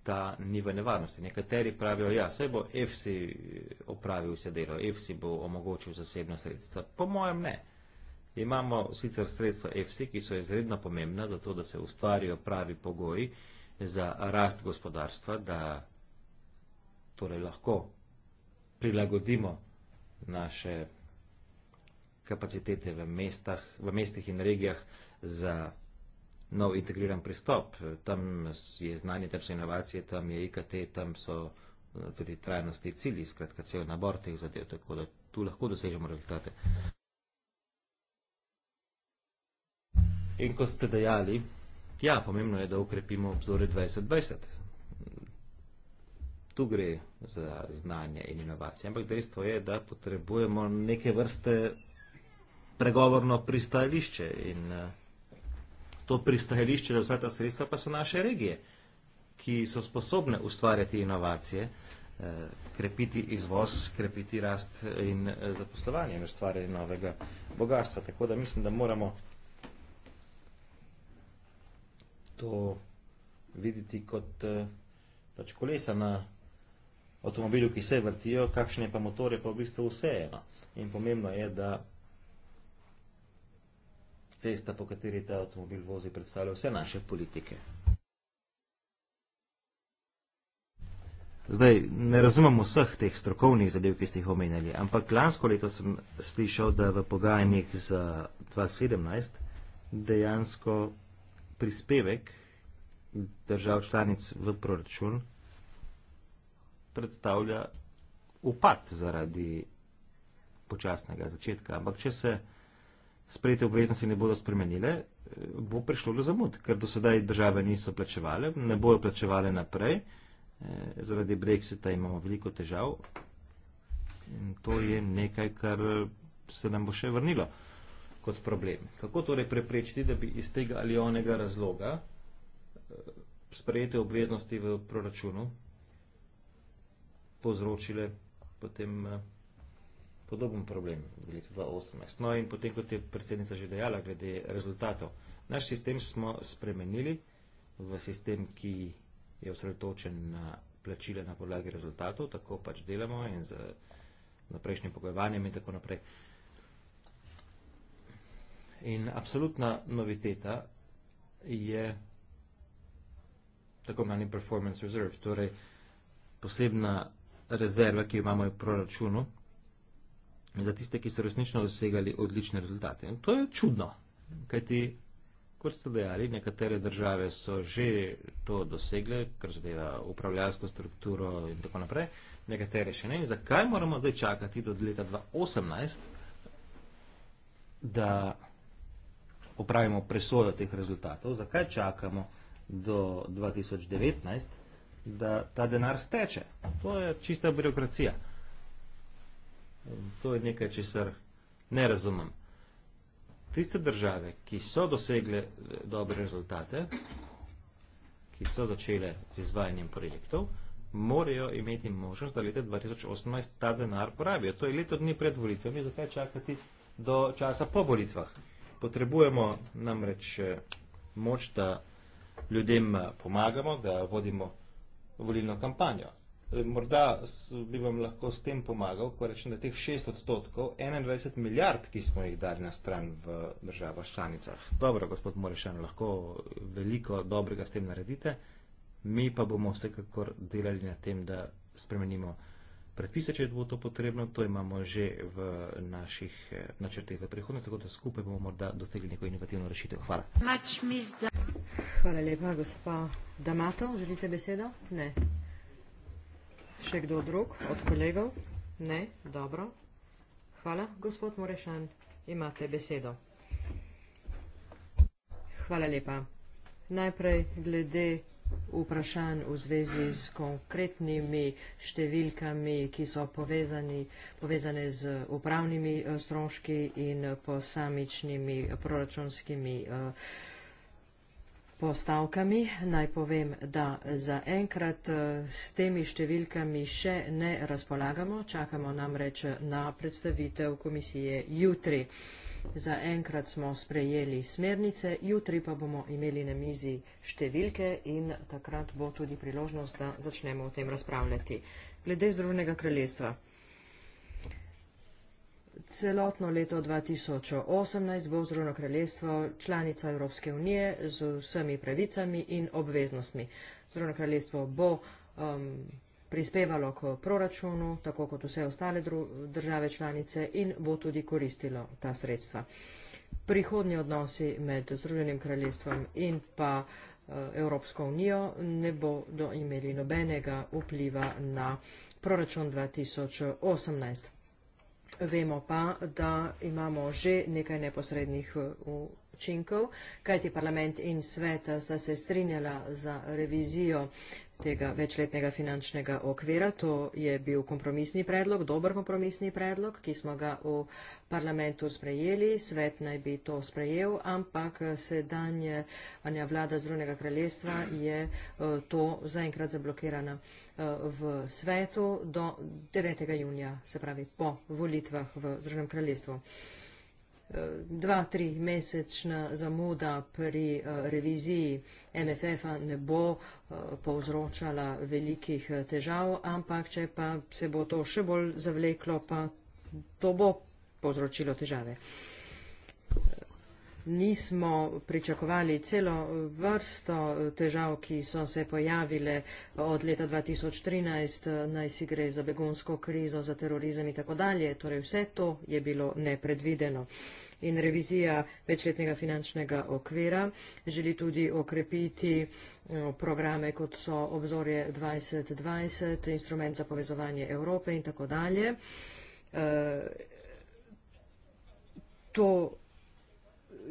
ta ni v nevarnosti. Nekateri pravijo, ja, saj bo EFSI opravil vse delo, EFSI bo omogočil zasebna sredstva. Po mojem ne. Imamo sicer sredstva EFSI, ki so izredno pomembna za to, da se ustvarijo pravi pogoji za rast gospodarstva, da torej lahko prilagodimo naše kapacitete v, mestah, v mestih in regijah za nov integriran pristop. Tam je znanje, tam so inovacije, tam je IKT, tam so eh, tudi trajnosti cilji, skratka cel nabor teh zadev, tako da tu lahko dosežemo rezultate. In ko ste dejali, ja, pomembno je, da ukrepimo obzore 2020. Tu gre za znanje in inovacije, ampak dejstvo je, da potrebujemo neke vrste pregovorno pristajališče in uh, to pristajališče, da vsa ta sredstva pa so naše regije, ki so sposobne ustvarjati inovacije, eh, krepiti izvoz, krepiti rast eh, in eh, zaposlovanje in ustvarjati novega bogatstva. Tako da mislim, da moramo to videti kot pač kolesa na avtomobilu, ki se vrtijo, kakšne pa motore, pa v bistvu vseeno. In pomembno je, da cesta, po kateri ta avtomobil vozi, predstavlja vse naše politike. Zdaj, ne razumem vseh teh strokovnih zadev, ki ste jih omenjali, ampak lansko leto sem slišal, da v pogajanjih za 2017 dejansko prispevek držav članic v proračun predstavlja upad zaradi počasnega začetka. Ampak če se sprejete obveznosti ne bodo spremenile, bo prišlo do zamud, ker do sedaj države niso plačevale, ne bojo plačevale naprej. Eh, zaradi brexita imamo veliko težav in to je nekaj, kar se nam bo še vrnilo kot problem. Kako torej preprečiti, da bi iz tega ali onega razloga eh, sprejete obveznosti v proračunu povzročile potem. Eh, podoben problem v letu 2018. No in potem, kot je predsednica že dejala, glede rezultatov. Naš sistem smo spremenili v sistem, ki je osredotočen na plačile na podlagi rezultatov, tako pač delamo in z naprejšnjim pogojevanjem in tako naprej. In absolutna noviteta je tako imenovani performance reserve, torej posebna rezerva, ki jo imamo v proračunu, za tiste, ki so resnično dosegali odlične rezultate. In to je čudno, kajti, kot ste dejali, nekatere države so že to dosegle, kar zadeva upravljalsko strukturo in tako naprej, nekatere še ne. In zakaj moramo zdaj čakati do leta 2018, da opravimo presojo teh rezultatov, zakaj čakamo do 2019, da ta denar steče? To je čista birokracija. Ehm, to je nekaj, česar ne razumem. Tiste države, ki so dosegle eh, dobre rezultate, ki so začele z izvajanjem projektov, morajo imeti možnost, da leta 2018 ta denar porabijo. To je leto dni pred volitvami, zakaj čakati do časa po volitvah. Potrebujemo namreč eh, moč, da ljudem eh, pomagamo, da vodimo volilno kampanjo. Eh, morda bi vam lahko s tem pomagal, ko rečem, da teh 6 odstotkov, 21 milijard, ki smo jih dali na stran v državah članicah. Dobro, gospod Morešan, lahko veliko dobrega s tem naredite, mi pa bomo vsekakor delali na tem, da spremenimo predpise, če bo to potrebno, to imamo že v naših eh, načrteh za prihodnost, tako da skupaj bomo morda dosegli neko inovativno rešitev. Hvala. Hvala lepa, gospod Damato, želite besedo? Ne. Še kdo drug od kolegov? Ne? Dobro. Hvala, gospod Morešan. Imate besedo. Hvala lepa. Najprej glede vprašanj v zvezi s konkretnimi številkami, ki so povezani, povezane z upravnimi eh, stroški in posamičnimi eh, proračunskimi uh, postavkami. Naj povem, da zaenkrat eh, s temi številkami še ne razpolagamo, čakamo namreč na predstavitev komisije jutri. Zaenkrat smo sprejeli smernice, jutri pa bomo imeli na mizi številke in takrat bo tudi priložnost, da začnemo o tem razpravljati. Glede Združenega kraljestva celotno leto 2018 bo vzrojno kraljestvo članica Evropske unije z vsemi pravicami in obveznostmi. Vzrojno kraljestvo bo um, prispevalo k proračunu, tako kot vse ostale države članice in bo tudi koristilo ta sredstva. Prihodnji odnosi med Združenim kraljestvom in pa uh, Evropsko unijo ne bodo imeli nobenega vpliva na proračun 2018. Vemo pa, da imamo že nekaj neposrednih eh, učinkov, kajti parlament in svet eh, sta se strinjala za revizijo tega večletnega finančnega okvira. To je bil kompromisni predlog, dober kompromisni predlog, ki smo ga v parlamentu sprejeli. Svet naj bi to sprejel, ampak sedanja vlada Združenega kraljestva je eh, to zaenkrat zablokirana eh, v svetu do 9. junija, se pravi po volitvah v Združenem kraljestvu dva, tri mesečna zamuda pri eh, reviziji MFF-a ne bo eh, povzročala velikih eh, težav, ampak če pa se bo to še bolj zavleklo, pa to bo povzročilo težave nismo pričakovali celo vrsto težav, ki so se pojavile od leta 2013, naj si gre za begonsko krizo, za terorizem in tako dalje. Torej vse to je bilo nepredvideno. In revizija večletnega finančnega okvira želi tudi okrepiti eh, programe, kot so obzorje 2020, instrument za povezovanje Evrope in tako dalje. Eh, to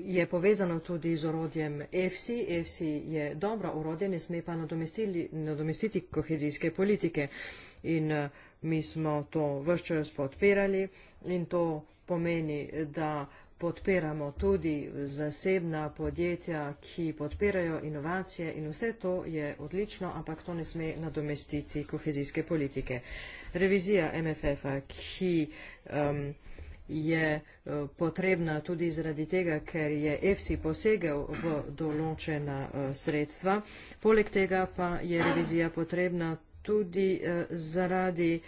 je povezano tudi z orodjem EFSI. EFSI je dobro orodje, ne sme pa nadomestiti kohezijske politike. In eh, mi smo to vrščajoč podpirali in to pomeni, da podpiramo tudi zasebna podjetja, ki podpirajo inovacije in vse to je odlično, ampak to ne sme nadomestiti kohezijske politike. Revizija MFF-a, ki. Um, je eh, potrebna tudi zaradi tega, ker je EFSI posegel v določena eh, sredstva. Poleg tega pa je revizija potrebna tudi eh, zaradi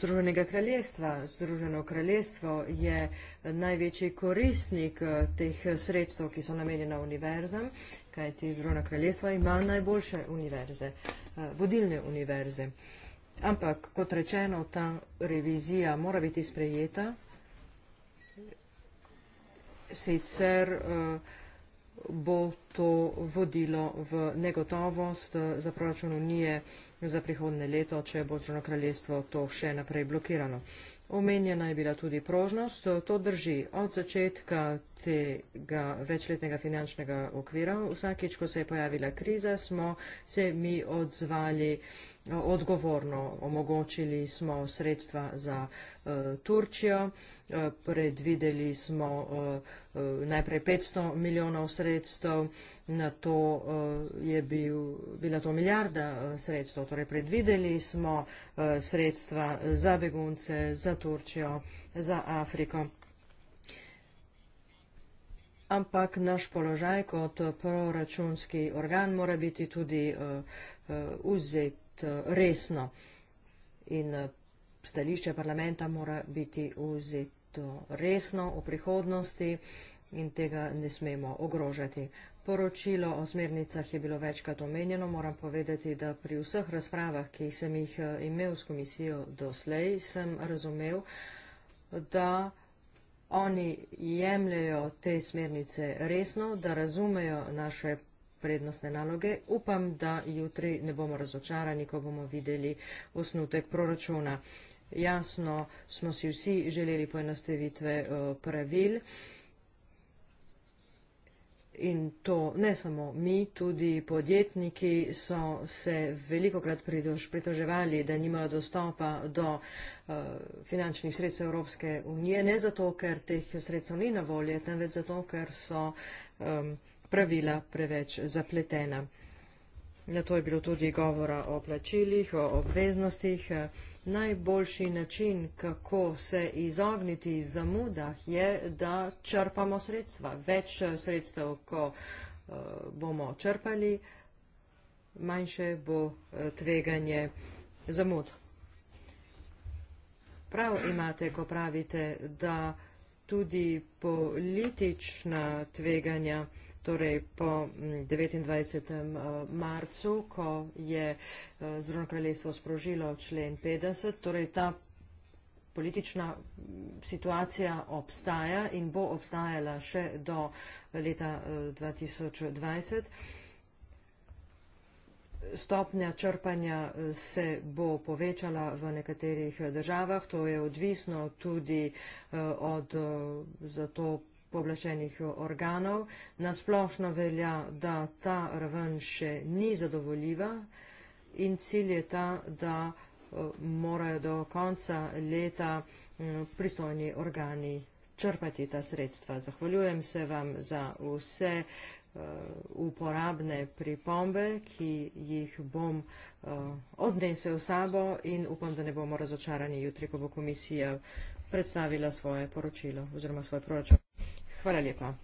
Združenega kraljestva. Združeno kraljestvo je največji koristnik teh sredstev, ki so namenjena univerzam, kajti Združeno kraljestvo ima najboljše univerze, vodilne univerze. Ampak, kot rečeno, ta revizija mora biti sprejeta, sicer eh, bo to vodilo v negotovost eh, za proračun Unije za prihodne leto, če bo Črno kraljestvo to še naprej blokirano. Omenjena je bila tudi prožnost, eh, to drži od začetka tega večletnega finančnega okvira. Vsakeč, ko se je pojavila kriza, smo se mi odzvali eh, odgovorno. Omogočili smo sredstva za uh, Turčijo, uh, predvideli smo uh, uh, najprej 500 milijonov sredstev, na to uh, je bil, bila to milijarda uh, sredstev. Torej, predvideli smo uh, sredstva za begunce, za Turčijo, za Afriko ampak naš položaj kot proračunski organ mora biti tudi eh, eh, vzet eh, resno in stališče parlamenta mora biti vzeto resno v prihodnosti in tega ne smemo ogrožati. Poročilo o smernicah je bilo večkrat omenjeno. Moram povedati, da pri vseh razpravah, ki sem jih imel s komisijo doslej, sem razumel, da oni jemljajo te smernice resno, da razumejo naše prednostne naloge. Upam, da jutri ne bomo razočarani, ko bomo videli osnutek proračuna. Jasno smo si vsi želeli poenostavitve eh, pravil in to ne samo mi, tudi podjetniki so se velikokrat pritoževali, da nimajo dostopa do eh, finančnih sredstev Evropske unije, ne zato, ker teh sredstev ni na volje, temveč zato, ker so pravila preveč zapletena. Na to je bilo tudi govora o plačilih, o obveznostih. Eh, Najboljši način, kako se izogniti zamudah, je, da črpamo sredstva. Več eh, sredstev, ko eh, bomo črpali, manjše bo eh, tveganje zamud. Prav imate, ko pravite, da tudi politična tveganja torej po 29. Eh, marcu, ko je eh, Združeno kraljestvo sprožilo člen 50, torej ta politična situacija obstaja in bo obstajala še do eh, leta 2020. Stopnja črpanja se bo povečala v nekaterih državah, to je odvisno tudi od za to pooblačenih organov. Nasplošno velja, da ta raven še ni zadovoljiva in cilj je ta, da eh, morajo do konca leta eh, pristojni organi črpati ta sredstva. Zahvaljujem se vam za vse eh, uporabne pripombe, ki jih bom odnesel sabo in upam, da ne bomo razočarani jutri, ko bo komisija predstavila svoje poročilo oziroma svoj proračun. Hvala lepa.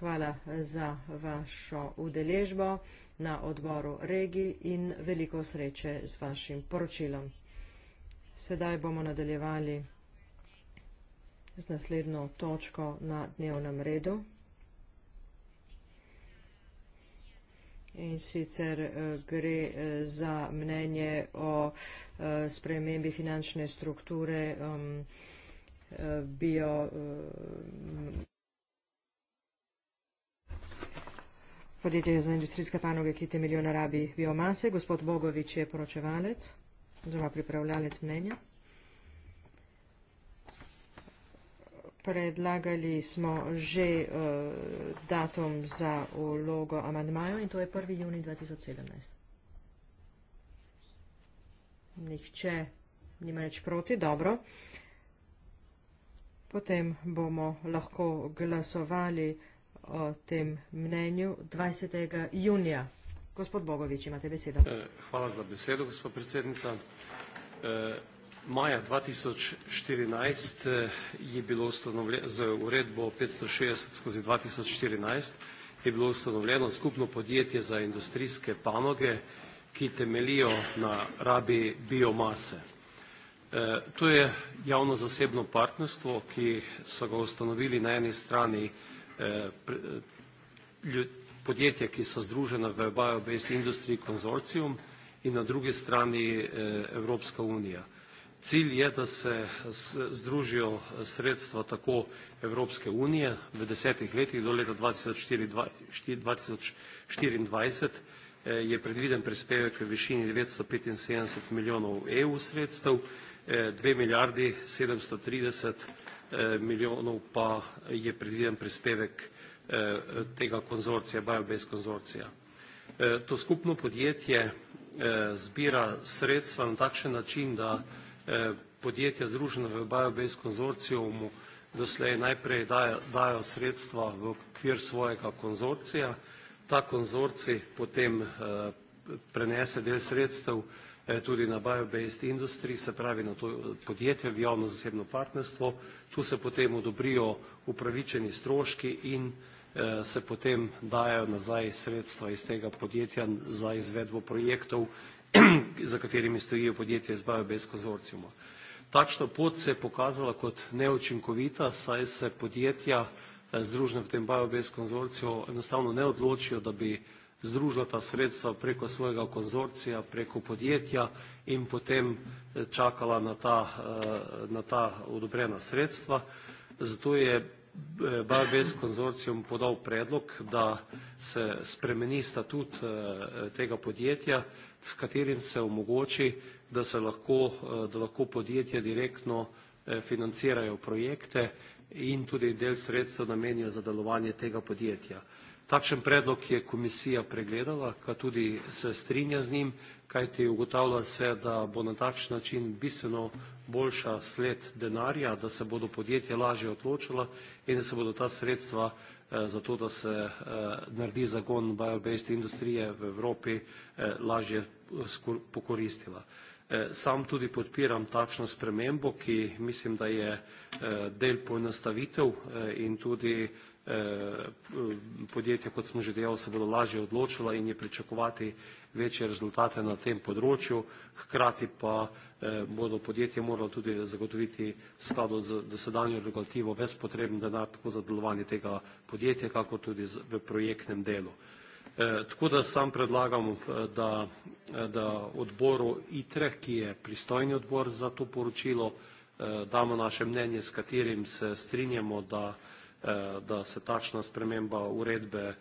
Hvala za vašo udeležbo na odboru regij in veliko sreče z vašim poročilom. Sedaj bomo nadaljevali z naslednjo točko na dnevnem redu. In sicer eh, gre eh, za mnenje o eh, spremembi finančne strukture um, bio Podjetje za industrijske panoge, ki temeljijo na rabi biomase, gospod Bogovič je poročevalec oziroma pripravljalec mnenja. Predlagali smo že uh, datum za vlogo amandmajo in to je 1. juni 2017. Nihče nima nič proti, dobro. Potem bomo lahko glasovali o tem mnenju 20. junija. Gospod Bogovič, imate besedo. Eh, hvala za besedo, gospod predsednica. Eh, maja 2014 eh, je bilo ustanovljeno, z uredbo 560 skozi 2014 je bilo ustanovljeno skupno podjetje za industrijske panoge, ki temelijo na rabi biomase. To je javno-zasebno partnerstvo, ki so ga ustanovili na eni strani Eh, eh, podjetja, ki so združena v Biobased Industry Consortium in na drugi strani eh, Evropska unija. Cilj je, da se združijo sredstva tako Evropske unije v desetih letih do leta 2024, je predviden prispevek v višini 975 milijonov EU sredstev, 2 milijardi 730 milijonov milijonov pa je predviden prispevek eh, tega konzorcija, Biobase konzorcija. Eh, to skupno podjetje eh, zbira sredstva na takšen način, da podjetja združena v Biobase konzorcijumu doslej najprej dajo sredstva v okvir svojega konzorcija, ta konzorci potem prenese del sredstev Eh, tudi na biobased industry, se pravi na to eh, podjetje v javno-zasebno partnerstvo. Tu se potem odobrijo upravičeni stroški in eh, se potem dajo nazaj sredstva iz tega podjetja za izvedbo projektov, za katerimi stojijo podjetje iz biobased konzorcijuma. Takšna pot se je pokazala kot neučinkovita, saj se podjetja, združena v tem biobased konzorciju, enostavno ne odločijo, da bi združila ta sredstva preko svojega konzorcija, preko podjetja in potem eh, čakala na ta, eh, na ta odobrena sredstva. Zato je eh, Barbez konzorcijom podal predlog, da se spremeni statut tega podjetja, v katerim se omogoči, da se lahko, da lahko podjetje direktno financirajo projekte in tudi del sredstev namenijo za delovanje tega podjetja takšen predlog je komisija pregledala, kar tudi se strinja z njim, kajti ugotavlja se, da bo na takšen način bistveno boljša sled denarja, da se bodo podjetja lažje odločila in da se bodo ta sredstva eh, za to, da se eh, naredi zagon biobased industrije v Evropi, eh, lažje pokoristila. Eh, sam tudi podpiram takšno spremembo, ki mislim, da je eh, del poenostavitev eh, in tudi podjetja, kot smo že dejali, se bodo lažje odločila in je pričakovati večje rezultate na tem področju, hkrati pa bodo podjetje moralo tudi zagotoviti v skladu z dosedanjo regulativo ves potreben denar tako za delovanje tega podjetja, kako tudi v projektnem delu. Eh, tako da sam predlagam, eh, da, eh, da odboru ITRE, ki je pristojni odbor za to poročilo, damo naše mnenje, s katerim se strinjamo, da, da se takšna sprememba uredbe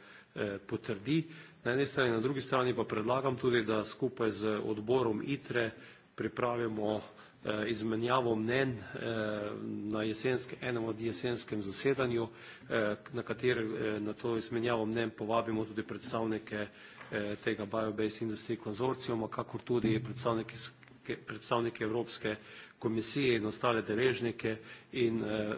potrdi. Na eni strani, na drugi strani pa predlagam tudi, da skupaj z odborom ITRE pripravimo Eh, izmenjavo mnen eh, na jesenske, enem od jesenskem zasedanju, eh, na kateri na to izmenjavo mnen povabimo tudi predstavnike tega Biobase Industry konzorcijuma, kakor tudi predstavnike, predstavnike Evropske komisije in ostale deležnike in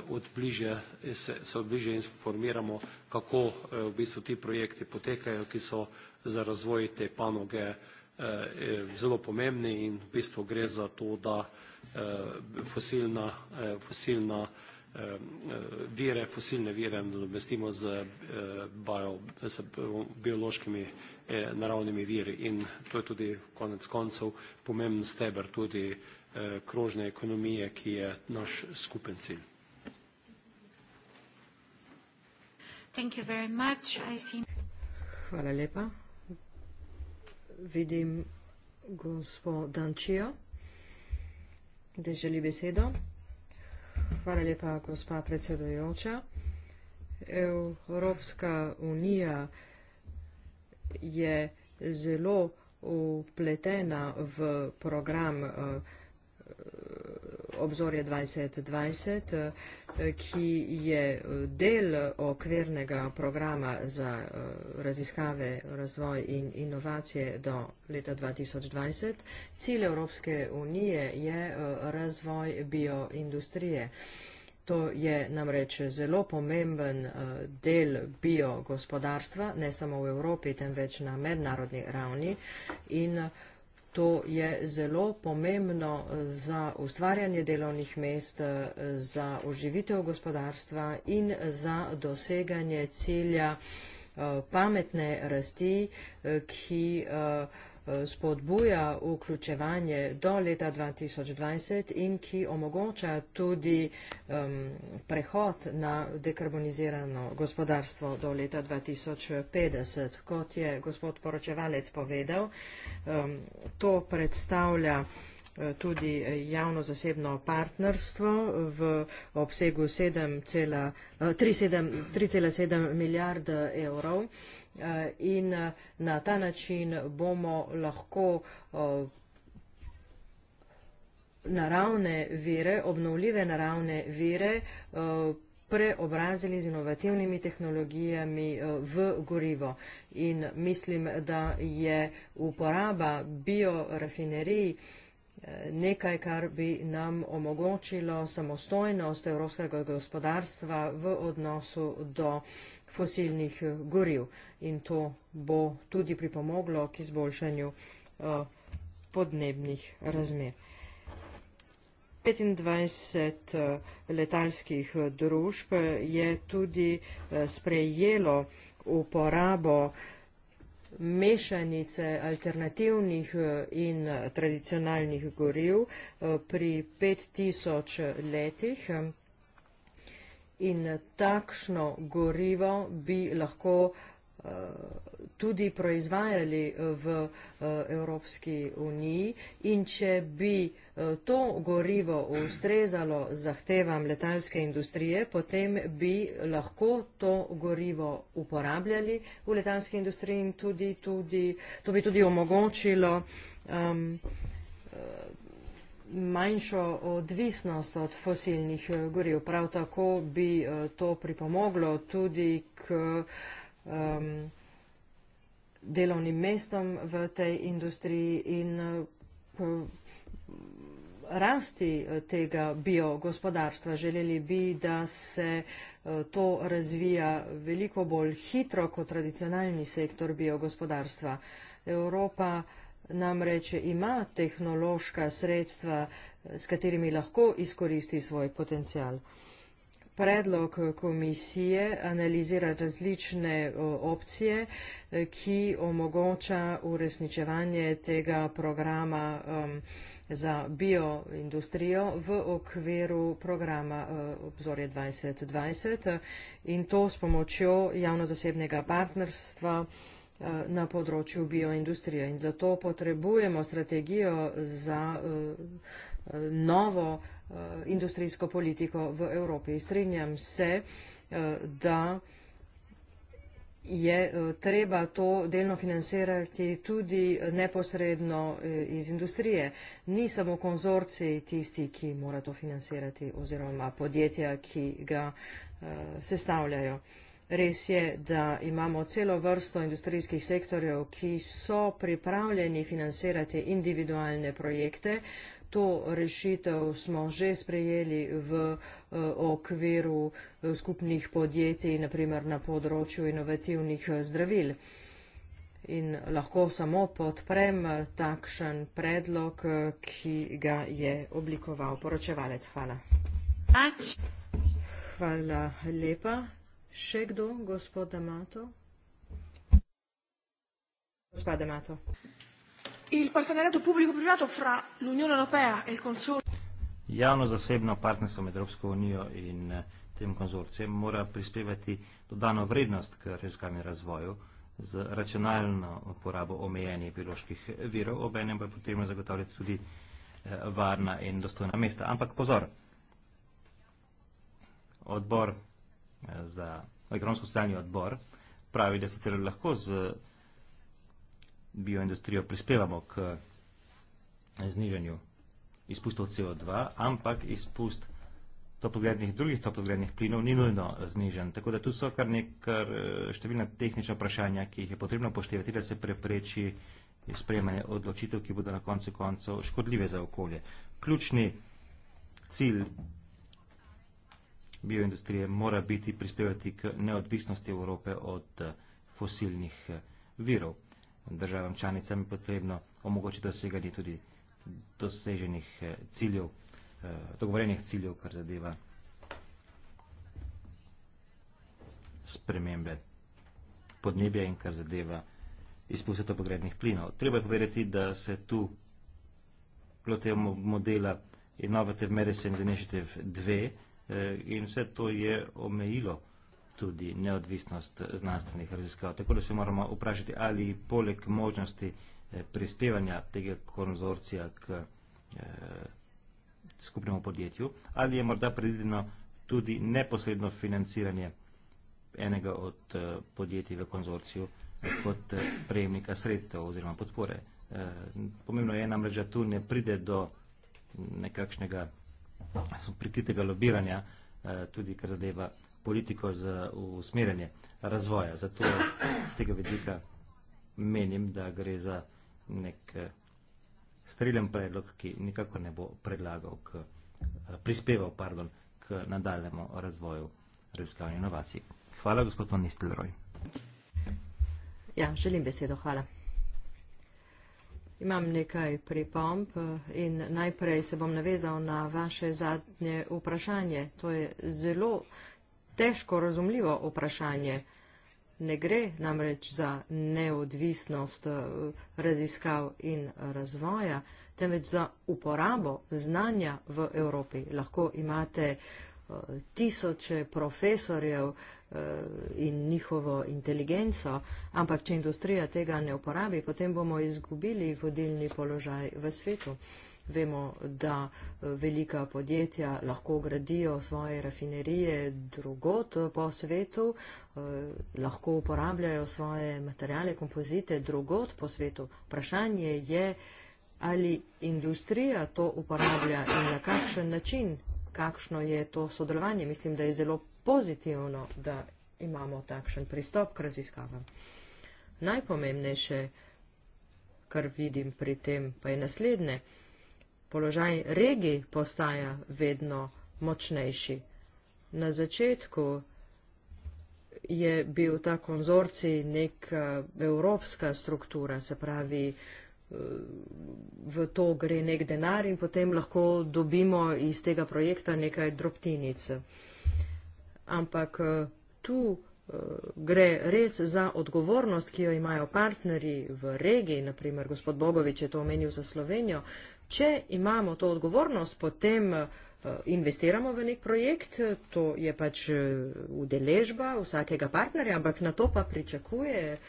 od bliže, se, se od bliže informiramo, kako v bistvu ti projekti potekajo, ki so za razvoj te panoge zelo pomembni in v bistvu gre za to, da Eh, fosilna, eh, fosilna eh, vire, fosilne vire nadomestimo z, bio, z biološkimi naravnimi viri in to je tudi konec koncev pomemben steber tudi krožne ekonomije, ki je naš skupen cilj. Thank you very much. I see... Hvala lepa. Vidim gospod Dančijo da želi besedo. Hvala lepa, gospa predsedojoča. Evropska unija je zelo upletena v program uh, obzorje 2020, eh, ki je eh, del eh, okvirnega programa za raziskave, razvoj in inovacije do leta 2020. Cilj Evropske unije je razvoj bioindustrije. To je namreč zelo pomemben del biogospodarstva, ne samo v Evropi, temveč na mednarodni ravni. In To je zelo pomembno za ustvarjanje delovnih mest, za oživitev gospodarstva in za doseganje cilja eh, pametne rasti, eh, ki eh, spodbuja vključevanje do leta 2020 in ki omogoča tudi um, prehod na dekarbonizirano gospodarstvo do leta 2050. Kot je gospod poročevalec povedal, um, to predstavlja eh, tudi javno-zasebno partnerstvo v obsegu 3,7 eh, milijarde evrov. Eh, in eh, na ta način bomo lahko eh, naravne vere, obnovljive naravne vere preobrazili z inovativnimi tehnologijami v gorivo. In mislim, da je uporaba biorafinerij nekaj, kar bi nam omogočilo samostojnost evropskega gospodarstva v odnosu do uh, fosilnih eh, goriv. In to bo tudi pripomoglo k izboljšanju eh, podnebnih razmer. 25 eh, letalskih družb je tudi sprejelo uporabo mešanice alternativnih in tradicionalnih goriv pri 5000 letih in takšno gorivo bi lahko eh, tudi proizvajali eh, v eh, Evropski uniji in če bi to gorivo ustrezalo zahtevam letalske industrije, potem bi lahko to gorivo uporabljali v letalski industriji in tudi, tudi, to bi tudi omogočilo um, manjšo odvisnost od fosilnih eh, goriv. Prav tako bi eh, to pripomoglo tudi k um, delovnim mestom v tej industriji in k eh, rasti tega biogospodarstva. Želeli bi, da se to razvija veliko bolj hitro kot tradicionalni sektor biogospodarstva. Evropa uh, namreč ima tehnološka sredstva, s katerimi lahko izkoristi svoj potencial. Predlog komisije analizira različne opcije, ki omogoča uresničevanje tega programa um, za bioindustrijo v okviru programa uh, obzorje 2020 in to s pomočjo javno-zasebnega partnerstva Eh, na področju bioindustrije in zato potrebujemo strategijo za eh, eh, novo industrijsko politiko v Evropi. Strinjam se, da je treba to delno financirati tudi neposredno iz industrije. Ni samo konzorci tisti, ki mora to financirati oziroma podjetja, ki ga sestavljajo. Res je, da imamo celo vrsto industrijskih sektorjev, ki so pripravljeni financirati individualne projekte. To rešitev smo že sprejeli v eh, okviru eh, skupnih podjetij, naprimer na področju inovativnih eh, zdravil. In lahko samo podprem takšen predlog, ki ga je oblikoval poročevalec. Hvala. Hvala lepa. Še kdo, gospod Damato? Gospod Damato. Il partenariato pubblico-privato fra l'Unione Europea e il Consorzio. Javno zasebno partnerstvo med Evropsko unijo in eh, tem konzorcijem mora prispevati dodano vrednost k raziskavi razvoju z racionalno uporabo omejenih bioloških eh, virov, obenem pa je potrebno zagotavljati tudi eh, varna in dostojna mesta. Ampak pozor, odbor za ekonomsko stanje odbor, pravi, da sicer lahko z bioindustrijo prispevamo k znižanju izpustov CO2, ampak izpust toplogrednih drugih toplogrednih plinov ni nujno znižen. Tako da tu so kar nekaj eh, številna tehnična vprašanja, ki jih je potrebno poštevati, da se prepreči sprejemanje odločitev, ki bodo na koncu koncev škodljive za okolje. Ključni cilj bioindustrije mora biti prispevati k neodvisnosti Evrope od eh, fosilnih eh, virov. Državam članicam je potrebno omogočiti doseganje tudi doseženih eh, ciljev, dogovorenih ciljev, kar zadeva spremembe podnebja in kar zadeva izpustitev topogrednih plinov. Treba je povedati, da se tu lotevamo modela Innovative Medicine Initiative 2, Eh, in vse to je omejilo tudi neodvisnost znanstvenih raziskav. Tako da se moramo vprašati, ali poleg možnosti eh, prispevanja tega konzorcija k eh, skupnemu podjetju, ali je morda predvideno tudi neposredno financiranje enega od podjetij v konzorciju kot prejemnika sredstev oziroma podpore. Pomembno je namreč, da tu ne pride do nekakšnega podjetja, so prikritega lobiranja, eh, tudi kar zadeva politiko za usmerjanje razvoja. Zato z tega vidika menim, da gre za nek eh, streljen predlog, ki nikako ne bo predlagal k, eh, prispeval, pardon, k nadaljemu razvoju raziskovanja inovacij. Hvala, gospod Van Nistelroj. Ja, želim besedo, hvala. Imam nekaj pripomp eh, in najprej se bom navezal na vaše zadnje vprašanje. To je zelo težko razumljivo vprašanje. Ne gre namreč za neodvisnost eh, raziskav in razvoja, temveč za uporabo znanja v Evropi. Lahko imate vprašanje tisoče profesorjev eh, in njihovo inteligenco, ampak če industrija tega ne uporabi, potem bomo izgubili vodilni položaj v svetu. Vemo, da eh, velika podjetja lahko gradijo svoje rafinerije drugot po svetu, eh, lahko uporabljajo svoje materijale, kompozite drugot po svetu. Vprašanje je, ali industrija to uporablja in na kakšen način kakšno je to sodelovanje. Mislim, da je zelo pozitivno, da imamo takšen pristop k raziskavam. Najpomembnejše, kar vidim pri tem, pa je naslednje. Položaj regij postaja vedno močnejši. Na začetku je bil ta konzorcij neka eh, evropska struktura, se pravi, v to gre nek denar in potem lahko dobimo iz tega projekta nekaj drobtinic. Ampak eh, tu eh, gre res za odgovornost, ki jo imajo partnerji v regiji, naprimer gospod Bogovič je to omenil za Slovenijo. Če imamo to odgovornost, potem eh, Eh, investiramo v nek projekt, eh, to je pač eh, udeležba vsakega partnerja, ampak na to pa pričakuje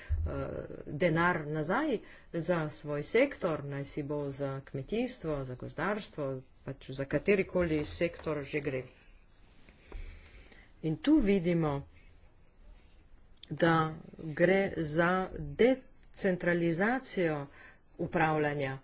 denar nazaj za svoj sektor, naj si bo za kmetijstvo, za gozdarstvo, pač za katerikoli sektor že gre. In tu vidimo, da gre za decentralizacijo upravljanja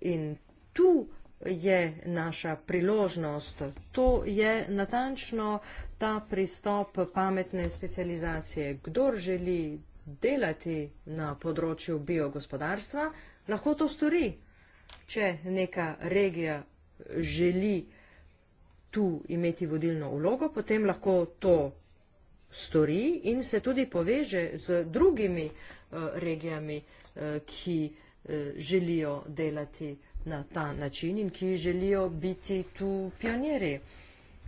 in tu vidimo, je naša priložnost. To je natančno ta pristop pametne specializacije. Kdor želi delati na področju biogospodarstva, lahko to stori, če neka regija želi tu imeti vodilno ulogo, potem lahko to stori in se tudi poveže z drugimi eh, regijami, eh, ki eh, želijo delati na področju biogospodarstva na ta način in ki želijo biti tu pionirji.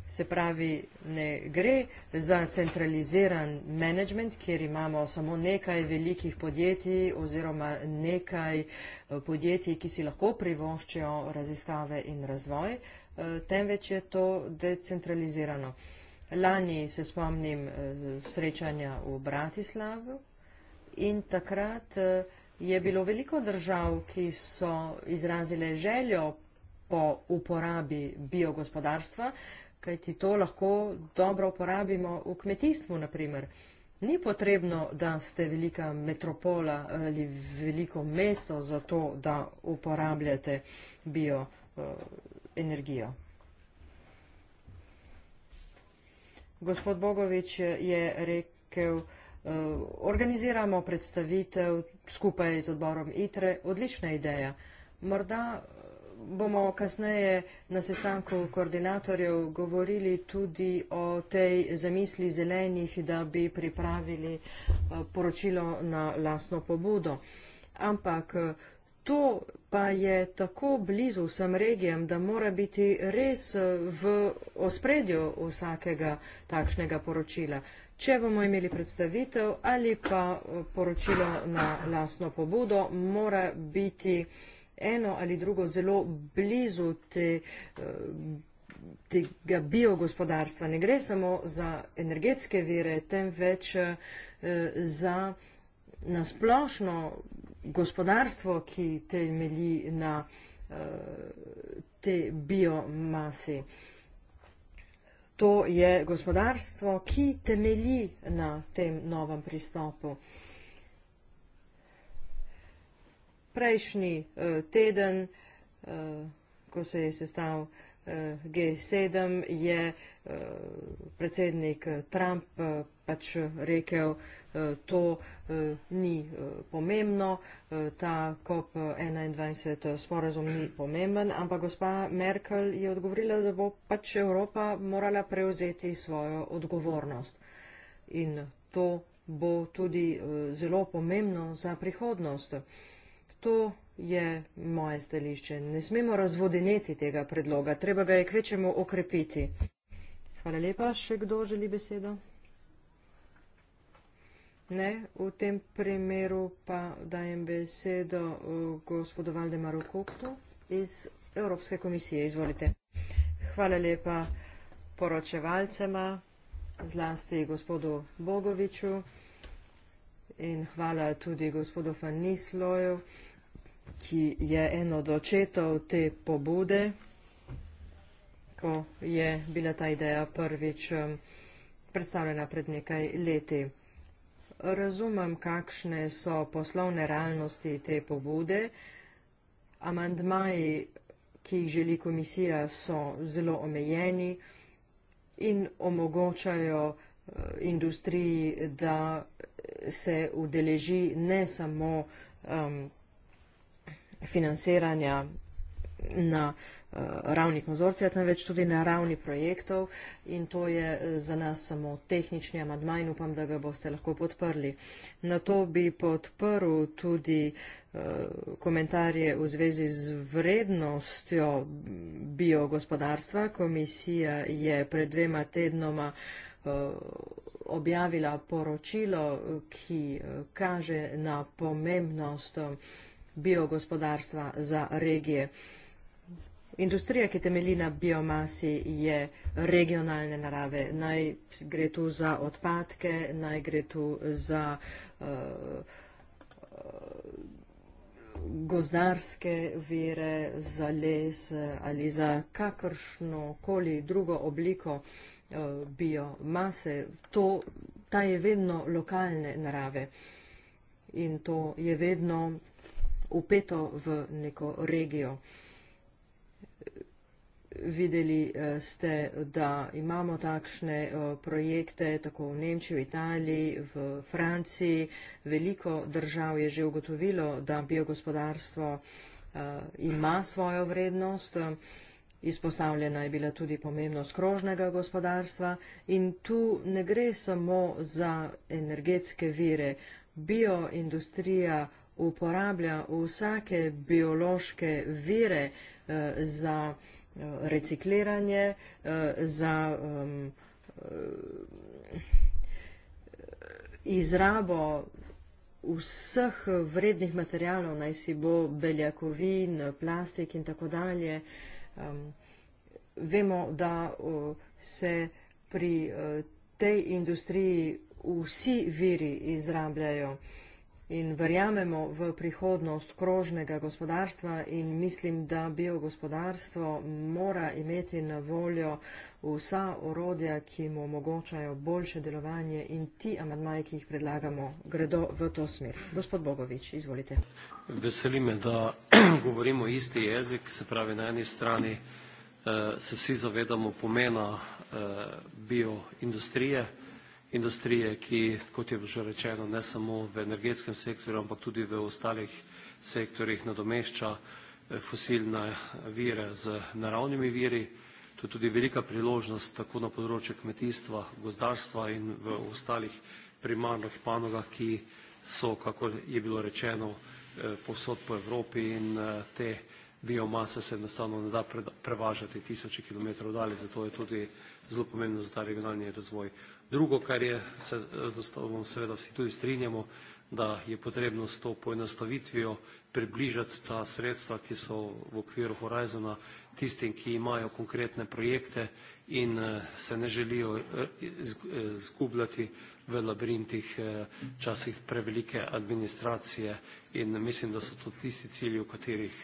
Se pravi, ne gre za centraliziran management, kjer imamo samo nekaj velikih podjetij oziroma nekaj eh, podjetij, ki si lahko privoščijo raziskave in razvoj, eh, temveč je to decentralizirano. Lani se spomnim eh, srečanja v Bratislavu in takrat je bilo veliko držav, ki so izrazile željo po uporabi biogospodarstva, kajti to lahko dobro uporabimo v kmetijstvu, naprimer. Ni potrebno, da ste velika metropola ali veliko mesto za to, da uporabljate bioenergijo. Eh, uh, Gospod Bogovič je rekel, Eh, organiziramo predstavitev skupaj z odborom ITRE, odlična ideja. Morda eh, bomo kasneje na sestanku koordinatorjev govorili tudi o tej zamisli zelenih, da bi pripravili eh, poročilo na lasno pobudo. Ampak to pa je tako blizu vsem regijam, da mora biti res v ospredju vsakega takšnega poročila. Če bomo imeli predstavitev ali pa eh, poročilo na lasno pobudo, mora biti eno ali drugo zelo blizu te, eh, tega biogospodarstva. Ne gre samo za energetske vire, temveč eh, za nasplošno gospodarstvo, ki temelji na te biomasi to je gospodarstvo, ki temelji na tem novem pristopu. Prejšnji eh, teden, eh, ko se je sestal eh, G7, je predsednik Trump pač rekel, Eh, to eh, ni eh, pomembno, ta COP21 sporazum ni pomemben, ampak gospa Merkel je odgovorila, da bo pač Evropa morala prevzeti svojo odgovornost. In to bo tudi zelo pomembno za prihodnost. To je moje stališče. Ne smemo razvodeneti tega predloga, treba ga je kvečemo okrepiti. Hvala lepa, še kdo želi besedo? Ne, v tem primeru pa dajem besedo eh, gospodu Valdemaru Koktu iz Evropske komisije. Izvolite. Hvala lepa poročevalcema, zlasti gospodu Bogoviču in hvala tudi gospodu Fanisloju, ki je en od očetov te pobude, ko je bila ta ideja prvič eh, predstavljena pred nekaj leti. Razumem, kakšne so poslovne realnosti te pobude. Amandmaji, ki jih želi komisija, so zelo omejeni in omogočajo eh, industriji, da se udeleži ne samo um, financiranja na eh, ravni konzorcija, temveč tudi na ravni projektov in to je eh, za nas samo tehnični amadma in upam, da ga boste lahko podprli. Na to bi podprl tudi eh, komentarje v zvezi z vrednostjo biogospodarstva. Komisija je pred dvema tednoma objavila poročilo, ki kaže na pomembnost biogospodarstva za regije. Industrija, ki temelji na biomasi, je regionalne narave. Naj gre tu za odpadke, naj gre tu za uh, gozdarske vire, za les eh, ali za kakršno koli drugo obliko uh, biomase. To, ta je vedno lokalne narave in to je vedno upeto v neko regijo. Uh, videli eh, ste, da imamo takšne eh, projekte tako v Nemčiji, v Italiji, v Franciji. Veliko držav je že ugotovilo, da biogospodarstvo eh, ima svojo vrednost. Izpostavljena je bila tudi pomembnost krožnega gospodarstva in tu ne gre samo za energetske vire. Bioindustrija uporablja vsake biološke vire za energetske vire Eh, recikliranje, eh, za eh, izrabo vseh vrednih materialov, naj si bo beljakovin, plastik in tako dalje. Vemo, da se pri tej industriji vsi viri izrabljajo in verjamemo v prihodnost krožnega gospodarstva in mislim, da biogospodarstvo mora imeti na voljo vsa orodja, ki mu omogočajo boljše delovanje in ti amadmaji, ki jih predlagamo, gredo v to smer. Gospod Bogovič, izvolite. Veseli me, da govorimo isti jezik, se pravi na eni strani eh, se vsi zavedamo pomena eh, bioindustrije, industrije, industrije, ki, kot je že rečeno, ne samo v energetskem sektorju, ampak tudi v ostalih sektorjih nadomešča eh, fosilne vire z naravnimi viri. To je tudi velika priložnost tako na področju kmetijstva, gozdarstva in v ostalih primarnih panogah, ki so, kakor je bilo rečeno, eh, povsod po Evropi in eh, te biomase se enostavno ne da prevažati tisoče kilometrov dalje, zato je tudi zelo pomembno za ta regionalni razvoj. Drugo, kar je, seveda vsi tudi strinjamo, da je potrebno s to poenostavitvijo približati ta sredstva, ki so v okviru Horizona tistim, ki imajo konkretne projekte in eh, se ne želijo eh, eh, zgubljati v labirintih časih prevelike administracije in mislim, da so to tisti cilji, v katerih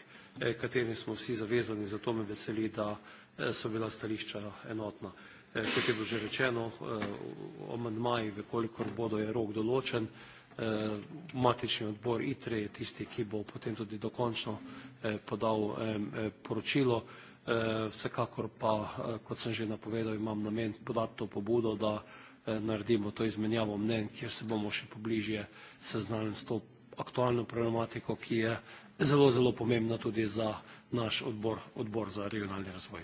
katerim smo vsi zavezani, zato me veseli, da so bila stališča enotna. Eh, kot je bilo že rečeno, omenmaji, eh, vekolikor bodo je rok določen, eh, matični odbor ITRE je tisti, ki bo potem tudi dokončno podal poročilo. Vsekakor pa, kot sem že napovedal, imam namen podati to pobudo, da naredimo to izmenjavo mnen, kjer se bomo še pobližje seznanili s to aktualno problematiko, ki je zelo, zelo pomembna tudi za naš odbor, odbor za regionalni razvoj.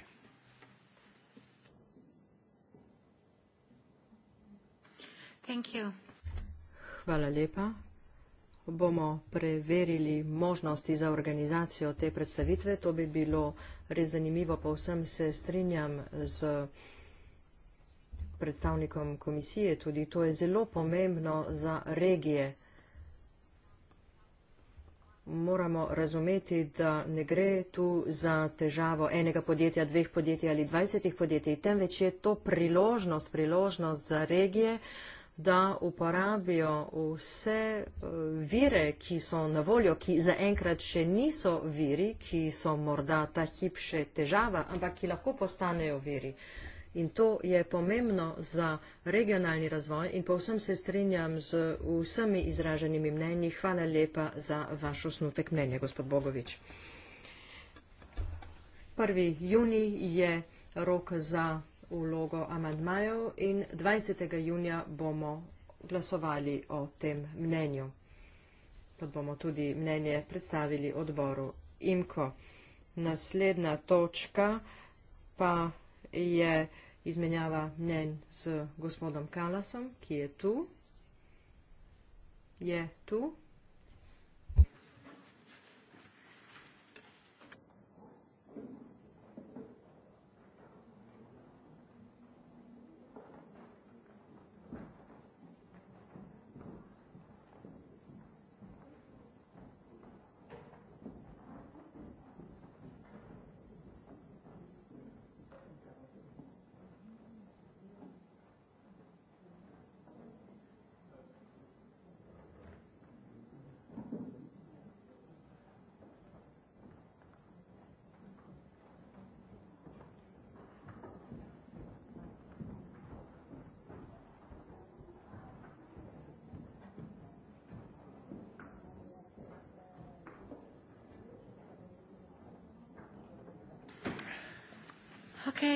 Hvala lepa. Bomo preverili možnosti za organizacijo te predstavitve. To bi bilo res zanimivo, pa vsem se strinjam z predstavnikom komisije. Tudi to je zelo pomembno za regije. Moramo razumeti, da ne gre tu za težavo enega podjetja, dveh podjetij ali dvajsetih podjetij, temveč je to priložnost, priložnost za regije, da uporabijo vse eh, vire, ki so na voljo, ki zaenkrat še niso viri, ki so morda ta hip še težava, ampak ki lahko postanejo viri. In to je pomembno za regionalni razvoj in povsem se strinjam z vsemi izraženimi mnenji. Hvala lepa za vaš osnutek mnenja, gospod Bogovič. 1. juni je rok za vlogo amadmajev in 20. junija bomo glasovali o tem mnenju. Pa bomo tudi mnenje predstavili odboru IMKO. Naslednja točka pa je izmenjava mnen z gospodom Kalasom, ki je tu. Je tu.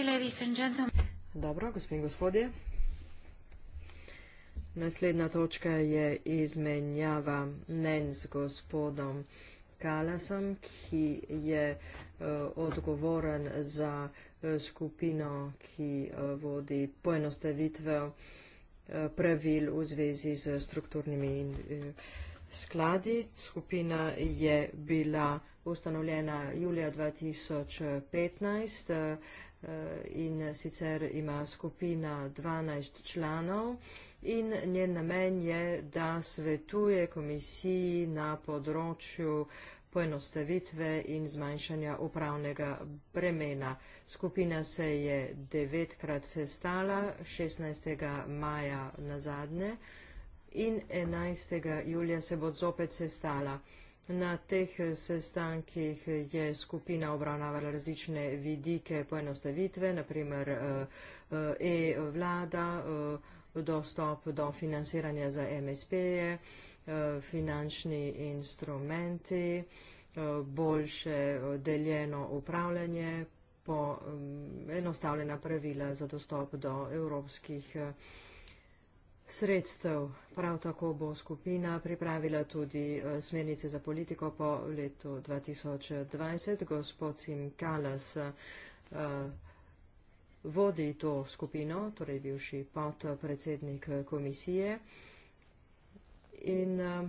ladies and gentlemen. Dobro, gospod in gospodje. Naslednja točka je izmenjava mnen z gospodom Kalasom, ki je eh, odgovoren za eh, skupino, ki eh, vodi poenostavitve pravil v zvezi z strukturnimi skladi. Skupina je bila ustanovljena julija 2015. Eh, in sicer ima skupina 12 članov in njen namen je, da svetuje komisiji na področju poenostavitve in zmanjšanja upravnega bremena. Skupina se je devetkrat sestala, 16. maja nazadnje in 11. julija se bo zopet sestala. Na teh eh, sestankih eh, je skupina obravnavala različne vidike poenostavitve, naprimer eh, e-vlada, dostop do financiranja za MSP-je, finančni instrumenti, boljše deljeno upravljanje, mm, enostavljena pravila za dostop do evropskih vlada sredstev. Prav tako bo skupina pripravila tudi eh, smernice za politiko po letu 2020. Gospod Sim Kalas eh, vodi to skupino, torej bivši podpredsednik eh, komisije. In uh,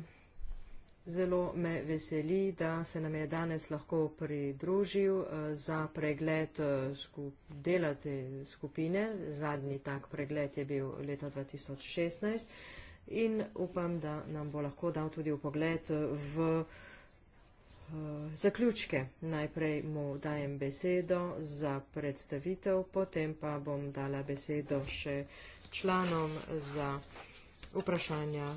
Zelo me veseli, da se nam je danes lahko pridružil eh, za pregled eh, dela te skupine. Zadnji tak pregled je bil leta 2016 in upam, da nam bo lahko dal tudi upogled eh, v zaključke. Najprej mu dajem besedo za predstavitev, potem pa bom dala besedo še članom za vprašanja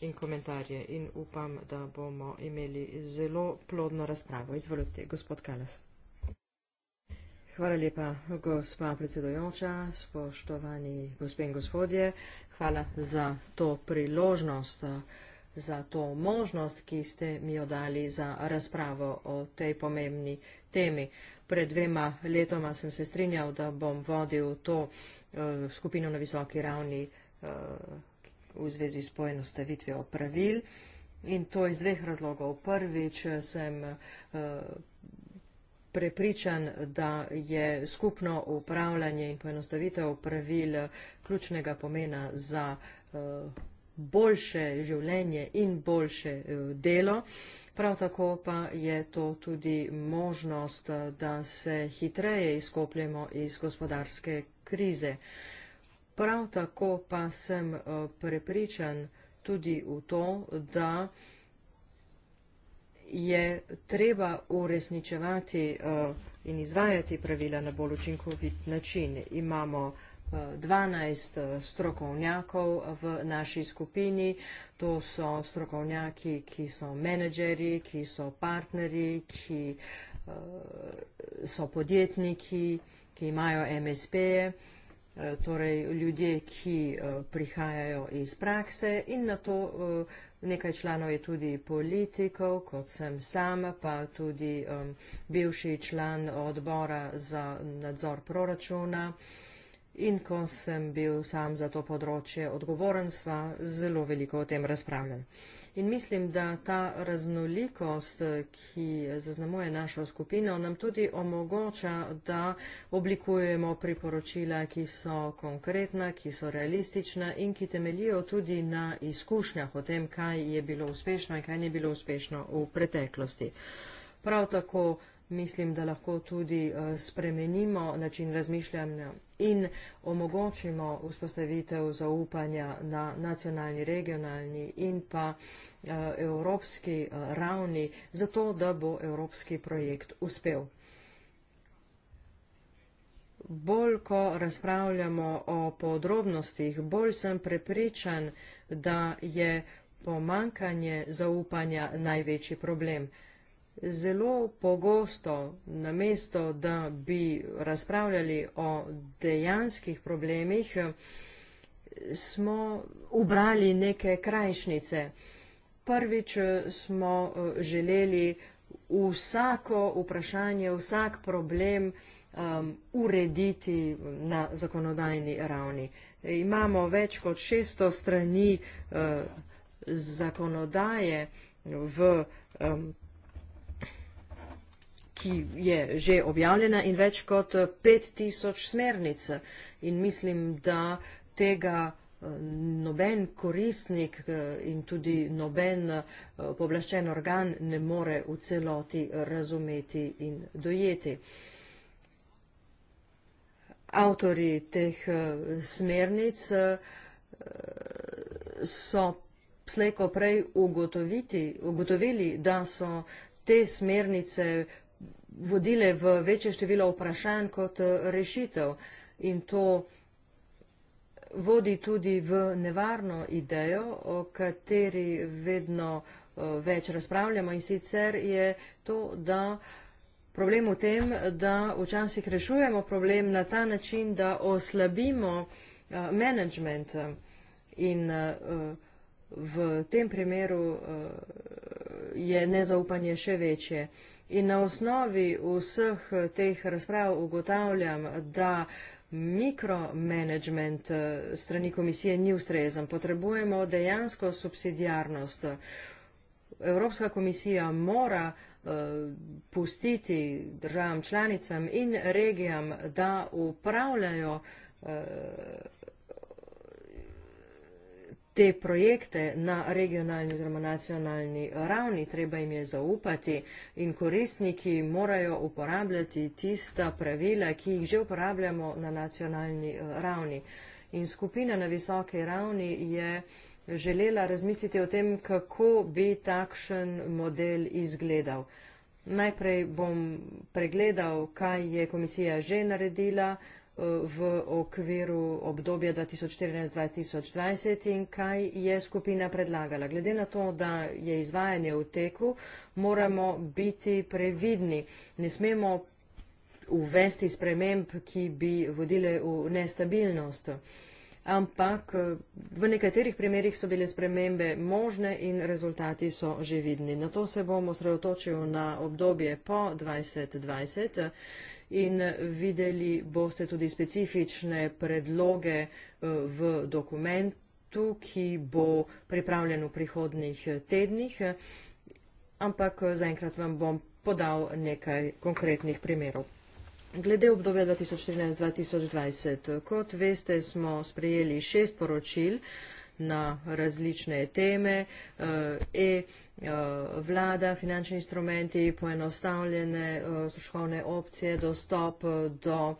in komentarje in upam, da bomo imeli zelo plodno razpravo. Izvolite, gospod Kales. Hvala lepa, gospa predsedojoča, spoštovani gospe in gospodje. Hvala za to priložnost, za to možnost, ki ste mi jo dali za razpravo o tej pomembni temi. Pred dvema letoma sem se strinjal, da bom vodil to uh, skupino na visoki ravni. Uh, v zvezi s poenostavitvijo pravil in to iz dveh razlogov. Prvič sem eh, prepričan, da je skupno upravljanje in poenostavitev pravil ključnega pomena za eh, boljše življenje in boljše eh, delo. Prav tako pa je to tudi možnost, da se hitreje izkopljemo iz gospodarske krize. Prav tako pa sem eh, prepričan tudi v to, da je treba uresničevati eh, in izvajati pravila na bolj učinkovit način. Imamo 12 eh, strokovnjakov v naši skupini, to so strokovnjaki, ki so menedžeri, ki so partneri, ki so podjetniki, ki imajo MSP-je. Eh, torej ljudje, ki eh, prihajajo iz prakse in na to eh, nekaj članov je tudi politikov, kot sem sama, pa tudi bivši član odbora za nadzor proračuna. In ko sem bil sam za to področje odgovorenstva, zelo veliko o tem razpravljam. In mislim, da ta raznolikost, ki zaznamuje našo skupino, nam tudi omogoča, da oblikujemo priporočila, ki so konkretna, ki so realistična in ki temelijo tudi na izkušnjah o tem, kaj je bilo uspešno in kaj ni bilo uspešno v preteklosti. Prav tako mislim, da lahko tudi eh, spremenimo način razmišljanja in omogočimo vzpostavitev zaupanja na nacionalni, regionalni in pa eh, evropski eh, ravni, zato da bo evropski projekt uspel. Bolj, ko razpravljamo o podrobnostih, bolj sem prepričan, da je pomankanje zaupanja največji problem zelo pogosto, namesto da bi razpravljali o dejanskih problemih, smo ubrali neke krajšnice. Prvič smo eh, želeli vsako vprašanje, vsak problem um, urediti na zakonodajni ravni. Imamo več kot 600 strani uh, zakonodaje v um, ki je že objavljena in več kot 5000 smernic. In mislim, da tega eh, noben koristnik eh, in tudi noben eh, poblaščen organ ne more v celoti razumeti in dojeti. Avtori teh smernic so slejko prej ugotovili, da so te smernice vodile v večje število vprašanj kot eh, rešitev in to vodi tudi v nevarno idejo, o kateri vedno eh, več razpravljamo in sicer je to, da problem v tem, da včasih rešujemo problem na ta način, da oslabimo eh, management in v tem primeru je nezaupanje še večje. In na osnovi vseh teh razprav ugotavljam, da mikromanagement eh, strani komisije ni ustrezen. Potrebujemo dejansko subsidijarnost. Evropska komisija mora eh, pustiti državam članicam in regijam, da upravljajo eh, te projekte na regionalni oziroma nacionalni ravni, treba jim je zaupati in koristniki morajo uporabljati tista pravila, ki jih že uporabljamo na nacionalni eh, ravni. In skupina na visoke ravni je želela razmisliti o tem, kako bi takšen model izgledal. Najprej bom pregledal, kaj je komisija že naredila, kaj je komisija že naredila, v okviru obdobja 2014-2020 in kaj je skupina predlagala. Glede na to, da je izvajanje v teku, moramo biti previdni. Ne smemo uvesti sprememb, ki bi vodile v nestabilnost. Ampak v nekaterih primerjih so bile spremembe možne in rezultati so že vidni. Na to se bomo sredotočili na obdobje po 2020 in videli boste tudi specifične predloge eh, v dokumentu, ki bo pripravljen v prihodnih tednih, ampak eh, zaenkrat vam bom podal nekaj konkretnih primerov. Glede obdobja 2014-2020, eh, kot veste, smo sprejeli šest poročil na različne teme. Eh, e Eh, vlada, finančni instrumenti, poenostavljene eh, stroškovne opcije, dostop eh, do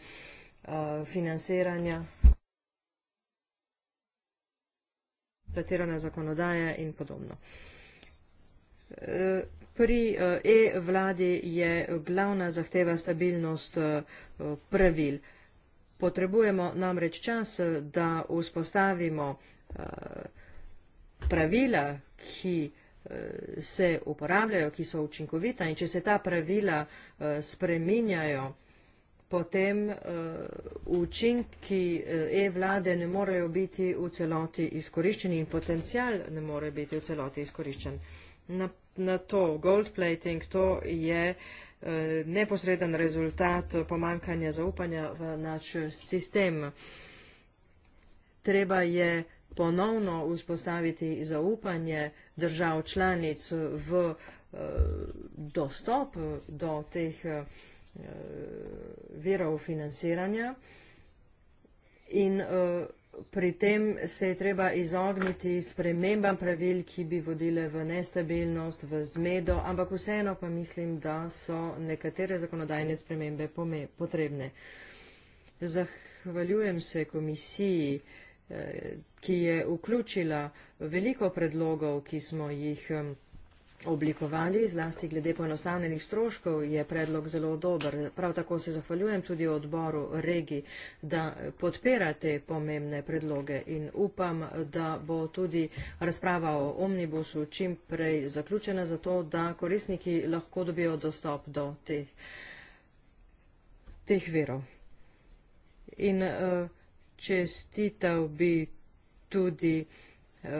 financiranja, platirana zakonodaja in podobno. Pri e-vladi je glavna zahteva stabilnost pravil. Potrebujemo namreč čas, da vzpostavimo pravila, ki vzpostavimo se uporabljajo, ki so učinkovita in če se ta pravila eh, spreminjajo, potem eh, učinki eh, e-vlade ne morejo biti v celoti izkoriščeni in potencijal ne more biti v celoti izkoriščen. Na, na to goldplating, to je neposreden rezultat pomankanja zaupanja v naš sistem. Treba je ponovno vzpostaviti zaupanje držav članic v eh, dostop eh, do teh eh, virov financiranja in pri tem se je treba izogniti spremembam pravil, ki bi vodile v nestabilnost, v zmedo, ampak vseeno pa mislim, da so nekatere zakonodajne spremembe potrebne. Zahvaljujem se komisiji, Eh, ki je vključila veliko predlogov, ki smo jih oblikovali, zlasti glede poenostavljenih stroškov, je predlog zelo dober. Prav tako se zahvaljujem tudi odboru regi, da podpira te pomembne predloge in upam, da bo tudi razprava o omnibusu čim prej zaključena, zato da koristniki lahko dobijo dostop do teh, teh verov. In, uh, čestital bi tudi eh,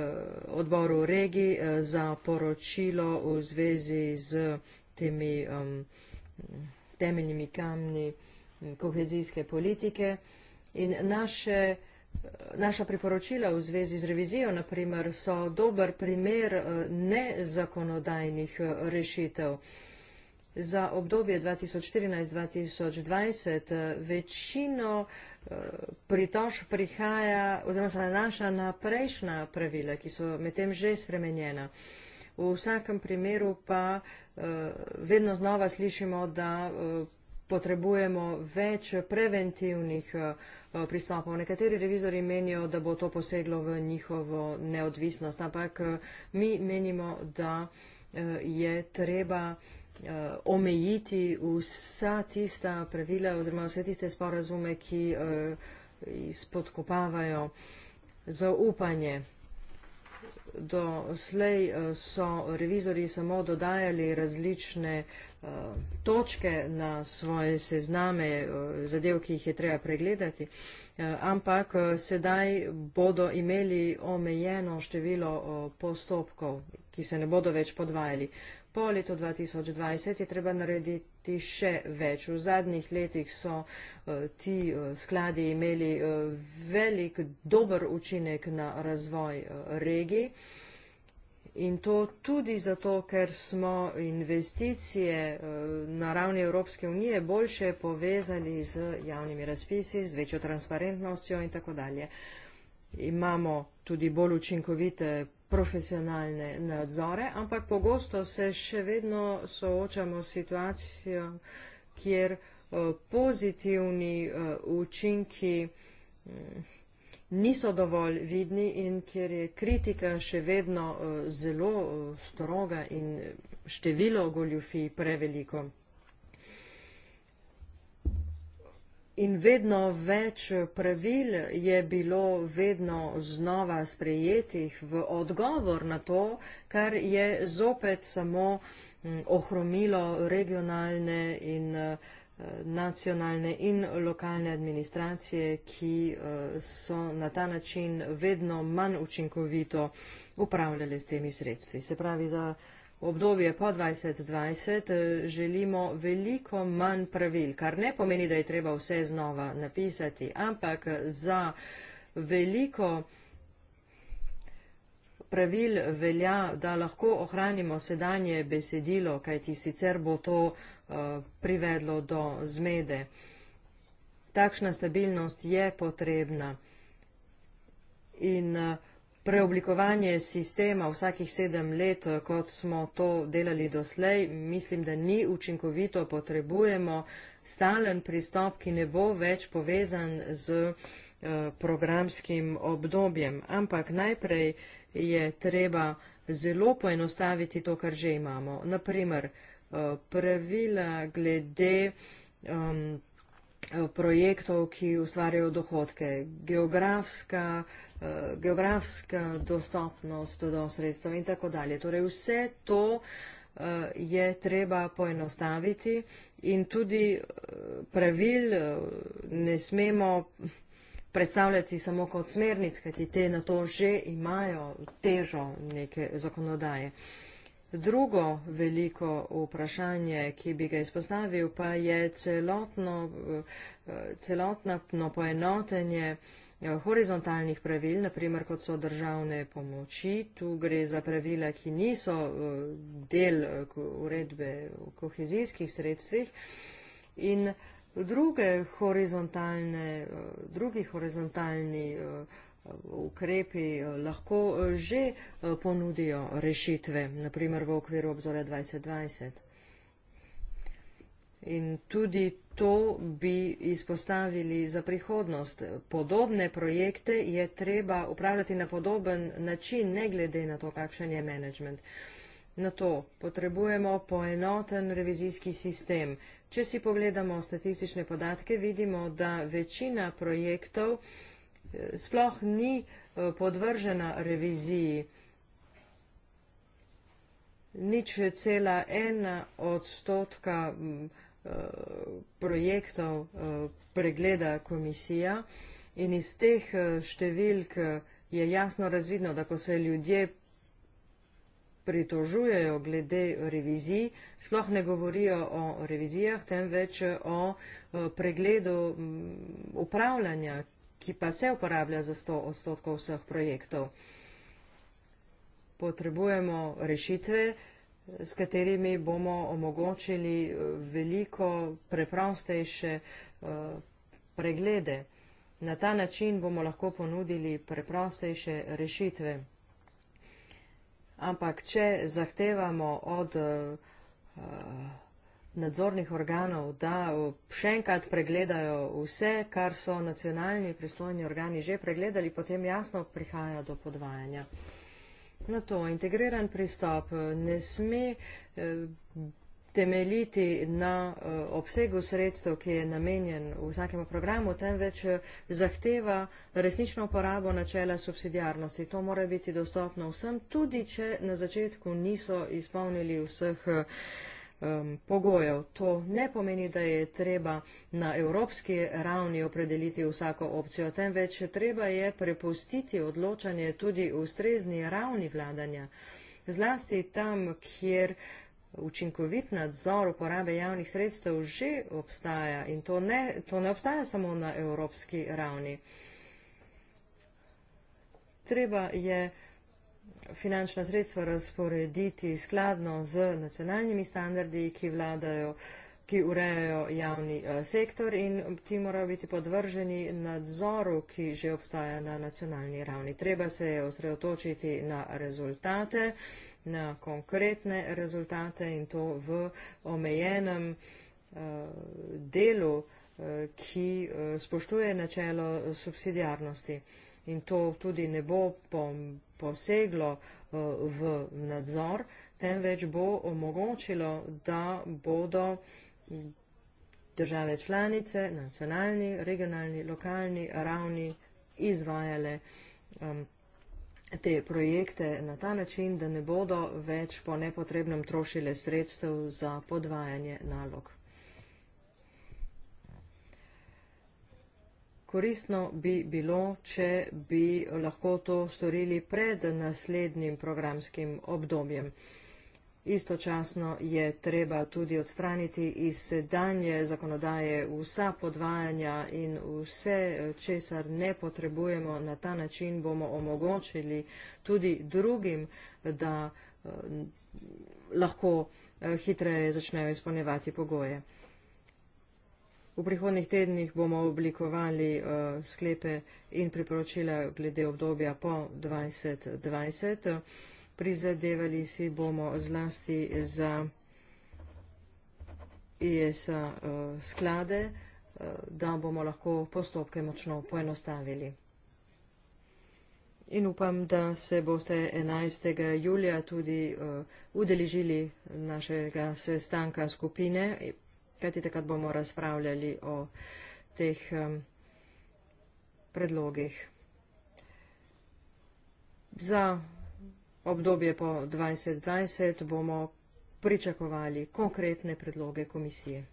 odboru regij eh, za poročilo v zvezi z temi eh, temeljnimi kamni kohezijske politike. In naše, eh, naša priporočila v zvezi z revizijo, naprimer, so dober primer eh, nezakonodajnih eh, rešitev za obdobje 2014-2020 eh, večino eh, pritož prihaja oziroma se nanaša na prejšnja pravila, ki so medtem že spremenjena. V vsakem primeru pa eh, vedno znova slišimo, da potrebujemo več preventivnih pristopov. Nekateri revizori menijo, da bo to poseglo v njihovo neodvisnost, ampak mi menimo, da je treba uh, omejiti vsa tista pravila oziroma vse tiste sporazume, ki uh, eh, izpodkopavajo zaupanje. Do slej eh, so revizori samo dodajali različne uh, točke na svoje sezname uh, zadev, ki jih je treba pregledati, uh, ampak uh, sedaj bodo imeli omejeno število uh, postopkov, ki se ne bodo več podvajali. Uh, po letu 2020 je treba narediti še več. V zadnjih letih so eh, ti eh, skladi imeli eh, velik dober učinek na razvoj regij. In to tudi zato, ker smo investicije na ravni Evropske unije boljše povezali z javnimi razpisi, z večjo transparentnostjo in tako dalje. Imamo tudi bolj učinkovite profesionalne nadzore, ampak pogosto se še vedno soočamo s situacijo, kjer eh, pozitivni eh, učinki mm, niso dovolj vidni in kjer je kritika še vedno eh, zelo stroga in število goljufij preveliko. In vedno več pravil je bilo vedno znova sprejetih v odgovor na to, kar je zopet samo mm, ohromilo regionalne in eh, nacionalne in lokalne administracije, ki eh, so na ta način vedno manj učinkovito upravljali s temi sredstvi. Se pravi, za v obdobje po 2020 eh, želimo veliko manj pravil, kar ne pomeni, da je treba vse znova napisati, ampak za veliko pravil velja, da lahko ohranimo sedanje besedilo, kajti sicer bo to eh, privedlo do zmede. Takšna stabilnost je potrebna. In uh, preoblikovanje sistema vsakih sedem let, eh, kot smo to delali doslej, mislim, da ni učinkovito, potrebujemo stalen pristop, ki ne bo več povezan z eh, programskim obdobjem. Ampak najprej je treba zelo poenostaviti to, kar že imamo. Naprimer, eh, pravila glede. Um, Eh, projektov, ki ustvarjajo dohodke, geografska, eh, geografska dostopnost do sredstev in tako dalje. Torej vse to eh, je treba poenostaviti in tudi pravil ne smemo predstavljati samo kot smernic, kajti te na to že imajo težo neke zakonodaje. Uh, Drugo veliko vprašanje, ki bi ga izpostavil, pa je celotno, eh, celotno poenotenje eh, horizontalnih pravil, naprimer kot so državne pomoči. Tu gre za pravila, ki niso eh, del uredbe o kohezijskih sredstvih. In druge horizontalne, drugi horizontalni ukrepi eh, lahko eh, že eh, ponudijo rešitve, naprimer v okviru obzora 2020. In tudi to bi izpostavili za prihodnost. Podobne projekte je treba upravljati na podoben način, ne glede na to, kakšen je management. Na to potrebujemo poenoten revizijski sistem. Če si pogledamo statistične podatke, vidimo, da večina projektov sploh ni eh, podvržena reviziji. Nič je cela ena odstotka mm, eh, projektov eh, pregleda komisija in iz teh številk je jasno razvidno, da ko se ljudje pritožujejo glede revizij, sploh ne govorijo o revizijah, temveč o pregledu mm, upravljanja, ki pa se uporablja za 100 odstotkov vseh projektov. Potrebujemo rešitve, s katerimi bomo omogočili eh, veliko preprostejše eh, preglede. Na ta način bomo lahko ponudili preprostejše rešitve. Ampak, če zahtevamo od eh, nadzornih organov, da še enkrat pregledajo vse, kar so nacionalni pristojni organi že pregledali, potem jasno prihaja do podvajanja. Na to integriran pristop ne sme eh, temeljiti na eh, obsegu sredstev, ki je namenjen vsakemu programu, temveč eh, zahteva resnično uporabo načela subsidijarnosti. To mora biti dostopno vsem, tudi če na začetku niso izpolnili vseh um, pogojev. To ne pomeni, da je treba na evropski ravni opredeliti vsako opcijo, temveč treba je prepustiti odločanje tudi ustrezni ravni vladanja. Zlasti tam, kjer učinkovit nadzor uporabe javnih sredstev že obstaja in to ne, to ne obstaja samo na evropski ravni. Treba je finančna sredstva razporediti skladno z nacionalnimi standardi, ki vladajo ki urejajo javni eh, sektor in ti morajo biti podvrženi nadzoru, ki že obstaja na nacionalni ravni. Treba se je osredotočiti na rezultate, na konkretne rezultate in to v omejenem eh, delu, eh, ki spoštuje načelo subsidijarnosti in to tudi ne bo poseglo eh, v nadzor, temveč bo omogočilo, da bodo države članice, nacionalni, regionalni, lokalni ravni izvajale te projekte na ta način, da ne bodo več po nepotrebnem trošile sredstev za podvajanje nalog. koristno bi bilo, če bi lahko to storili pred naslednjim programskim obdobjem. Istočasno je treba tudi odstraniti iz sedanje zakonodaje vsa podvajanja in vse, česar ne potrebujemo, na ta način bomo omogočili tudi drugim, da eh, lahko eh, hitreje začnejo izpolnevati pogoje. V prihodnih tednih bomo oblikovali uh, sklepe in priporočila glede obdobja po 2020. Prizadevali si bomo zlasti za ISA e uh, sklade, uh, da bomo lahko postopke močno poenostavili. In upam, da se boste 11. julija tudi uh, udeležili našega sestanka skupine kajti takrat bomo razpravljali o teh um, predlogih. Za obdobje po 2020 bomo pričakovali konkretne predloge komisije.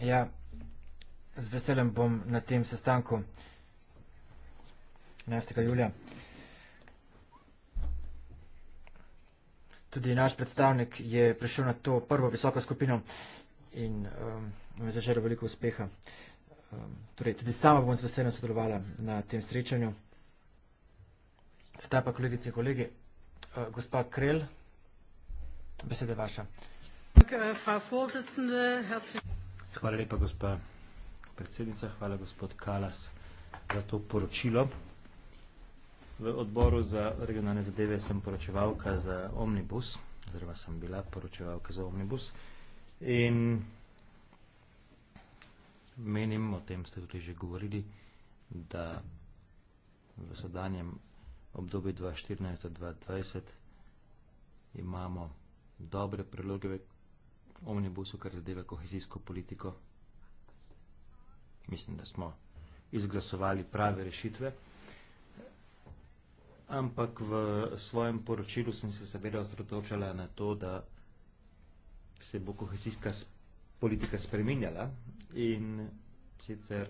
Ja, z veseljem bom na tem sestanku 11. julija. Tudi naš predstavnik je prišel na to prvo visoko skupino in um, mi zaželil veliko uspeha. Um, torej, tudi sama bom z veseljem sodelovala na tem srečanju. Sedaj pa, kolegice in kolegi, uh, gospa Krel, beseda je vaša. Hvala lepa, gospa predsednica, hvala gospod Kalas za to poročilo. V odboru za regionalne zadeve sem poročevalka za omnibus, oziroma sem bila poročevalka za omnibus in menim, o tem ste tudi že govorili, da v sedanjem obdobju 2014-2020 imamo dobre predloge v omnibusu, kar zadeva kohezijsko politiko. Mislim, da smo izglasovali prave rešitve. Ampak v svojem poročilu sem se seveda osredotočala na to, da se bo kohezijska politika spreminjala in sicer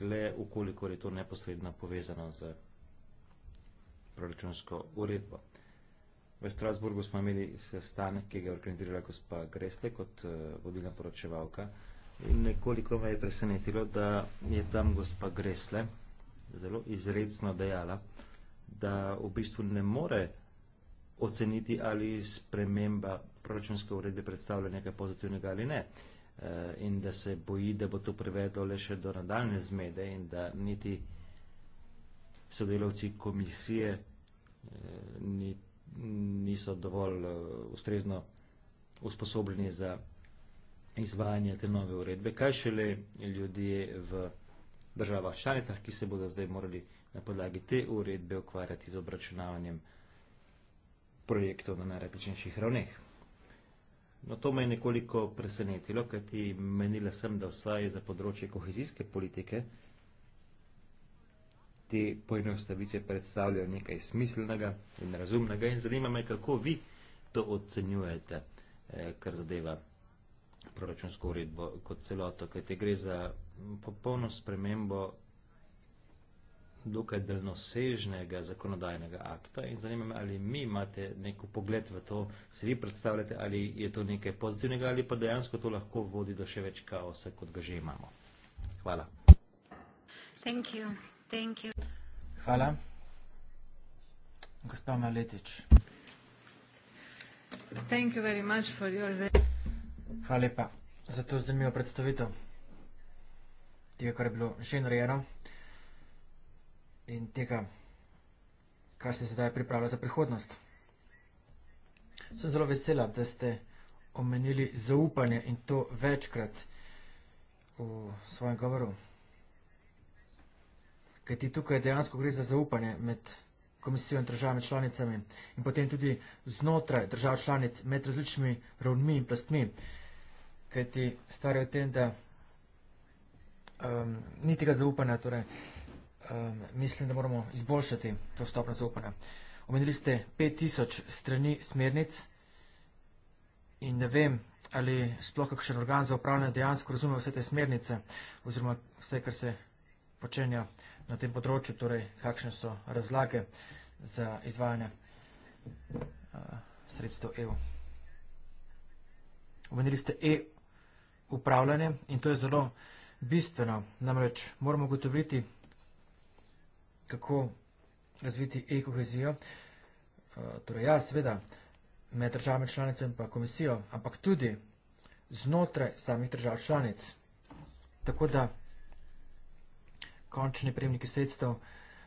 le ukolikor je to neposredno povezano z proračunsko uredbo. V Strasburgu smo imeli sestanek, ki ga je organizirala gospa Gresle kot eh, vodilna poročevalka in nekoliko me je presenetilo, da je tam gospa Gresle, ki je tam gospa Gresle, zelo izredno dejala, da v bistvu ne more oceniti, ali sprememba proračunske uredbe predstavlja nekaj pozitivnega ali ne. Eh, in da se boji, da bo to privedlo le še do nadaljne zmede in da niti sodelavci komisije eh, ni, niso dovolj eh, ustrezno usposobljeni za izvajanje te nove uredbe, kaj šele ljudje v državah članicah, ki se bodo zdaj morali na podlagi te uredbe ukvarjati z obračunavanjem projektov na najrazličnejših ravneh. No, to me je nekoliko presenetilo, kajti menila sem, da vsaj za področje kohezijske politike te poenostavitve predstavljajo nekaj smiselnega in razumnega in zanima me, kako vi to ocenjujete, eh, kar zadeva proračunsko uredbo kot celoto, kaj te gre za popolno spremembo dokaj delnosežnega zakonodajnega akta in zanima me, ali mi imate neko pogled v to, se vi predstavljate, ali je to nekaj pozitivnega ali pa dejansko to lahko vodi do še več kaosa, kot ga že imamo. Hvala. Thank you. Thank you. Hvala. Gospa Maletič. Thank you very much for your very... Hvala lepa za to zanimivo predstavitev. Tega, kar je bilo že narejeno in tega, kar se sedaj pripravlja za prihodnost. Sem zelo vesela, da ste omenili zaupanje in to večkrat v svojem govoru. Kaj ti tukaj dejansko gre za zaupanje med komisijo in državami članicami in potem tudi znotraj držav članic med različnimi ravnmi in plastmi kaj ti stvari o tem, da um, ni tega zaupanja, torej um, mislim, da moramo izboljšati to stopno zaupanja. Omenili ste 5000 strani smernic in ne vem, ali sploh kakšen organ za upravljanje dejansko razume vse te smernice oziroma vse, kar se počenja na tem področju, torej kakšne so razlage za izvajanje uh, sredstev EU. Omenili ste EU upravljanje in to je zelo bistveno. Namreč moramo ugotoviti, kako razviti e-kohezijo. Eh, torej, ja, seveda, med državami članice in pa komisijo, ampak tudi znotraj samih držav članic. Tako da končni prejemniki sredstev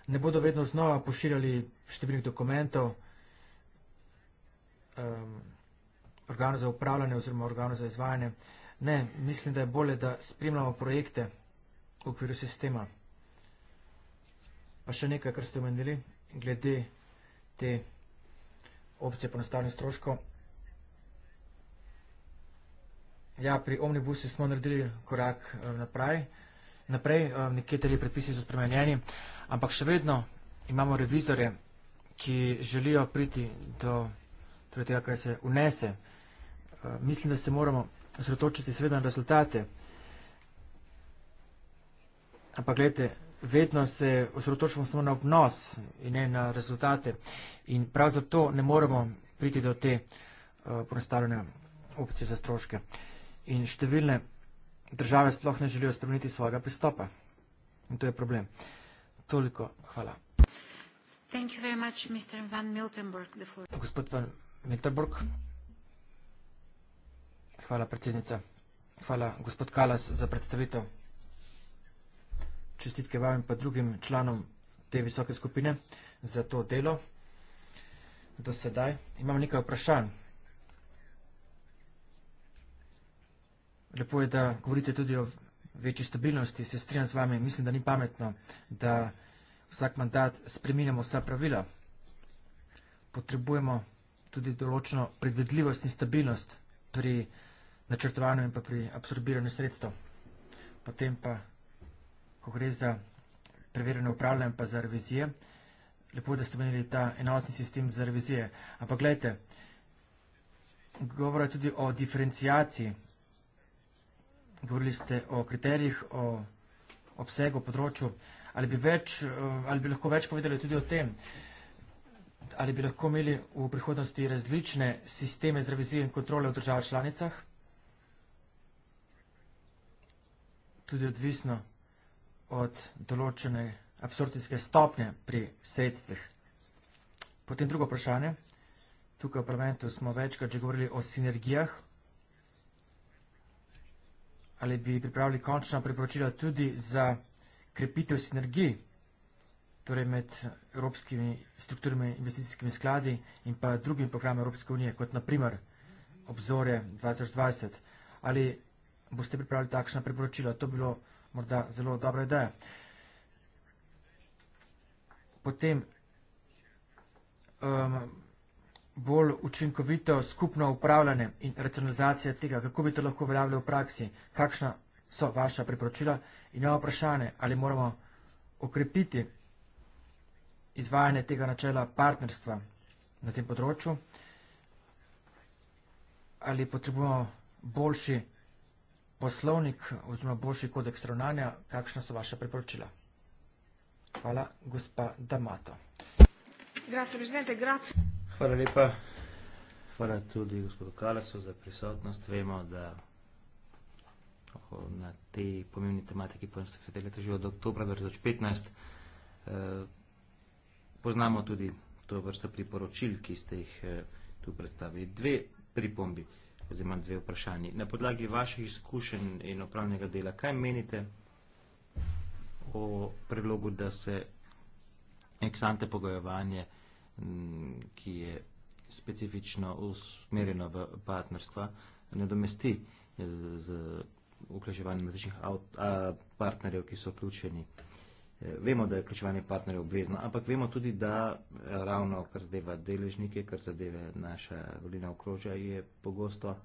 ne bodo vedno znova poširjali številnih dokumentov um, organov za upravljanje oziroma organov za izvajanje uh, Ne, mislim, da je bolje, da spremljamo projekte v okviru sistema. Pa še nekaj, kar ste omenili, glede te opcije ponastavljanja stroškov. Ja, pri omnibusu smo naredili korak eh, naprej, naprej eh, nekateri predpisi so spremenjeni, ampak še vedno imamo revizore, ki želijo priti do torej tega, kaj se unese. Eh, mislim, da se moramo osredotočiti seveda na rezultate. Ampak gledajte, vedno se osredotočimo samo na vnos in ne na rezultate. In prav zato ne moremo priti do te uh, eh, ponastavljene opcije za stroške. In številne države sploh ne želijo spremeniti svojega pristopa. In to je problem. Toliko hvala. Thank you very much, Mr. Van Miltenburg. The floor. Gospod Van Miltenburg. Mm -hmm. Hvala, predsednica. Hvala, gospod Kalas, za predstavitev. Čestitke vam in pa drugim članom te visoke skupine za to delo. Do sedaj imam nekaj vprašanj. Lepo je, da govorite tudi o večji stabilnosti. Se strinjam z vami, mislim, da ni pametno, da vsak mandat spreminjamo vsa pravila. Potrebujemo tudi določeno predvedljivost in stabilnost pri vsega načrtovanju in pa pri absorbiranju sredstev. Potem pa, ko gre za preverjanje upravljanja in pa za revizije, lepo, da ste menili ta enotni sistem za revizije. Ampak gledajte, govora je tudi o diferencijaciji. Govorili ste o kriterijih, o obsegu, področju. Ali bi, več, eh, ali bi lahko več povedali tudi o tem? Ali bi lahko imeli v prihodnosti različne sisteme z revizijo in kontrole v državah članicah? tudi odvisno od določene absorpcijske stopnje pri sredstvih. Potem drugo vprašanje. Tukaj v parlamentu smo večkrat že govorili o sinergijah. Ali bi pripravili končno priporočilo tudi za krepitev sinergij, torej med evropskimi strukturami investicijskimi skladi in pa drugimi programi Evropske unije, kot naprimer obzore 2020. Ali boste pripravili takšna priporočila. To bilo morda zelo dobra ideja. Potem um, bolj učinkovito skupno upravljanje in racionalizacija tega, kako bi to lahko veljavljali v praksi, kakšna so vaša priporočila in imamo vprašanje, ali moramo okrepiti izvajanje tega načela partnerstva na tem področju, ali potrebujemo boljši poslovnik oziroma boljši kodeks ravnanja, kakšna so vaše priporočila? Hvala, gospa D'Amato. Hvala lepa. Hvala tudi gospodu Kalasu za prisotnost. Vemo, da na tej pomembni tematiki poenostavitelja že od oktobra 2015. Eh, poznamo tudi to vrsto priporočil, ki ste jih eh, tu predstavili. Dve pripombi. Zdaj imam dve vprašanji. Na podlagi vaših izkušenj in opravnega dela, kaj menite o predlogu, da se eksante pogojevanje, ki je specifično usmerjeno v partnerstva, ne domesti z vključevanjem različnih partnerjev, ki so vključeni v Eh, vemo, da je vključevanje partnerjev obvezno, ampak vemo tudi, da eh, ravno kar zadeva deležnike, kar zadeva naša volina okrožja, je pogosto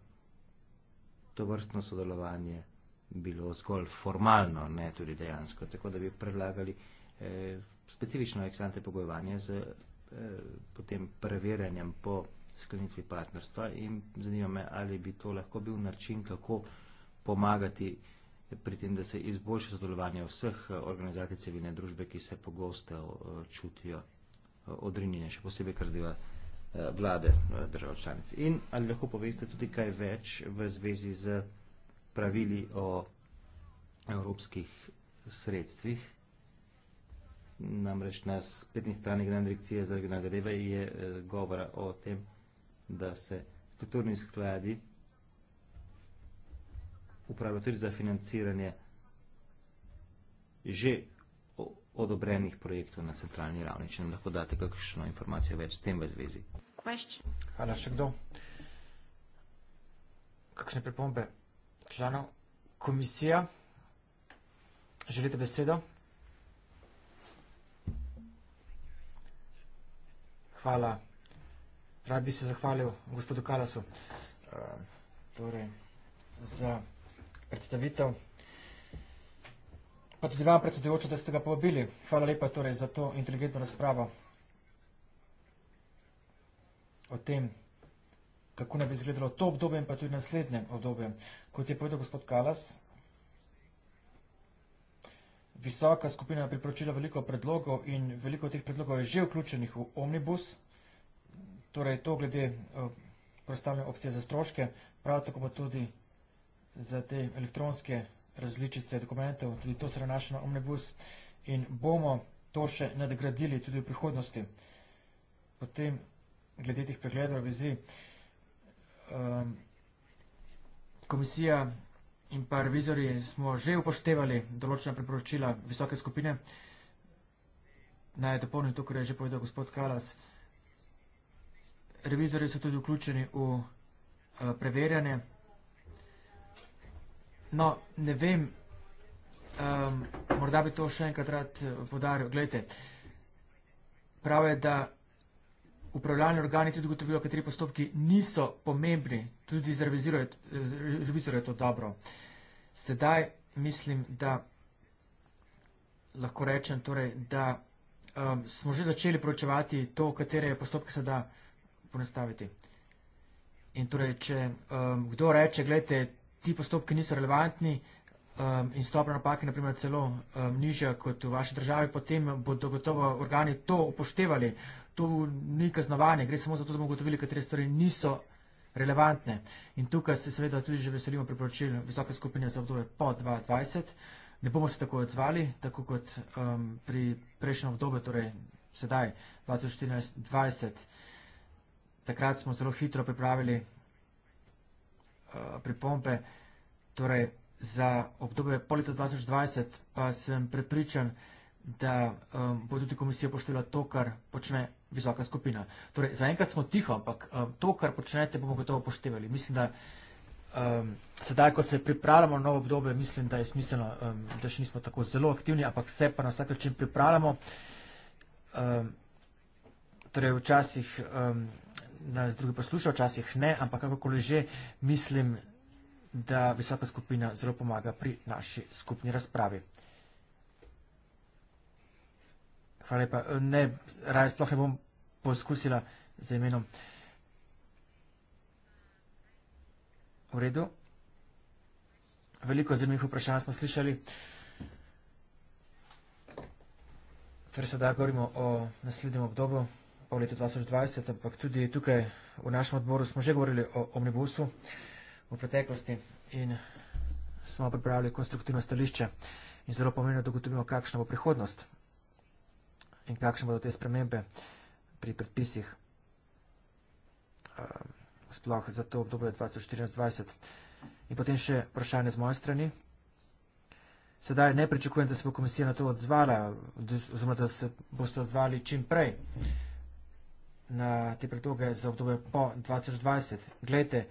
to vrstno sodelovanje bilo zgolj formalno, ne tudi dejansko. Tako da bi predlagali eh, specifično eksante pogojevanje z eh, preverjanjem po sklenitvi partnerstva in zanima me, ali bi to lahko bil način, kako pomagati pri tem, da se izboljša sodelovanje vseh eh, organizacij civilne družbe, ki se pogosto eh, čutijo eh, odrinjene, še posebej, kar zdiva vlade držav članic. In ali lahko poveste tudi kaj več v zvezi z pravili o evropskih sredstvih? Namreč na spetni strani Gnane direkcije za regionalne deleve je govora o tem, da se strukturni skladi upravljajo tudi za financiranje že odobrenih projektov na centralni ravni. Če nam lahko date kakšno informacijo več s tem v zvezi. Hvala še kdo. Kakšne pripombe? Članov, komisija, želite besedo? Hvala. Rad bi se zahvalil gospodu Kalasu. Eh, torej, za predstavitev. Pa tudi vam predsedujoče, da ste ga povabili. Hvala lepa torej za to inteligentno razpravo o tem, kako ne bi izgledalo to obdobje in pa tudi naslednje obdobje. Kot je povedal gospod Kalas, visoka skupina pripročila veliko predlogov in veliko teh predlogov je že vključenih v omnibus, torej to glede eh, prostavne opcije za stroške, prav tako pa tudi vsega, za te elektronske različice dokumentov, tudi to se nanaša na Omnibus in bomo to še nadgradili tudi v prihodnosti. Potem, glede tih pregledov revizi, ehm, komisija in pa revizori smo že upoštevali določena priporočila visoke skupine. Naj dopolnim to, kar je že povedal gospod Kalas. Revizori so tudi vključeni v eh, preverjanje, No, ne vem, um, morda bi to še enkrat rad eh, podaril. Glejte, prav je, da upravljalni organi tudi gotovijo, kateri postopki niso pomembni, tudi za revizor je to dobro. Sedaj mislim, da lahko rečem, torej, da um, smo že začeli proučevati to, katere postopke se da ponastaviti. In torej, če um, kdo reče, gledajte, ti postopki niso relevantni um, in stopna napake, naprimer, celo um, nižja kot v vaši državi, potem bodo gotovo organi to upoštevali. To ni kaznovanje, gre samo zato, da bomo ugotovili, katere stvari niso relevantne. In tukaj se seveda tudi že veselimo priporočil visoke skupine za obdobje po 2020. Ne bomo se tako odzvali, tako kot um, pri prejšnjem obdobju, torej sedaj 2014-2020. Takrat smo zelo hitro pripravili Eh, pripombe. Torej, za obdobje po letu 2020 pa sem prepričan, da um, bo tudi komisija poštevila to, kar počne visoka skupina. Torej, zaenkrat smo tiho, ampak um, to, kar počnete, bomo gotovo poštevali. Mislim, da um, sedaj, ko se pripravljamo na novo obdobje, mislim, da je smiselno, um, da še nismo tako zelo aktivni, ampak se pa na vsak način pripravljamo. Um, torej, včasih. Um, nas drugi poslušajo, včasih ne, ampak kakorkoli že, mislim, da visoka skupina zelo pomaga pri naši skupni razpravi. Hvala lepa. Ne, raje sploh ne bom poskusila z imenom. V redu. Veliko zanimivih vprašanj smo slišali. Torej sedaj govorimo o naslednjem obdobju po letu 2020, ampak tudi tukaj v našem odboru smo že govorili o omnibusu v preteklosti in smo pripravili konstruktivno stališče in zelo pomembno dogotovimo, kakšna bo prihodnost in kakšne bodo te spremembe pri predpisih ehm, sploh za to obdobje 2014-2020. In potem še vprašanje z moje strani. Sedaj ne pričakujem, da se bo komisija na to odzvala, oziroma da se boste odzvali čim prej na te predloge za obdobje po 2020. Glejte,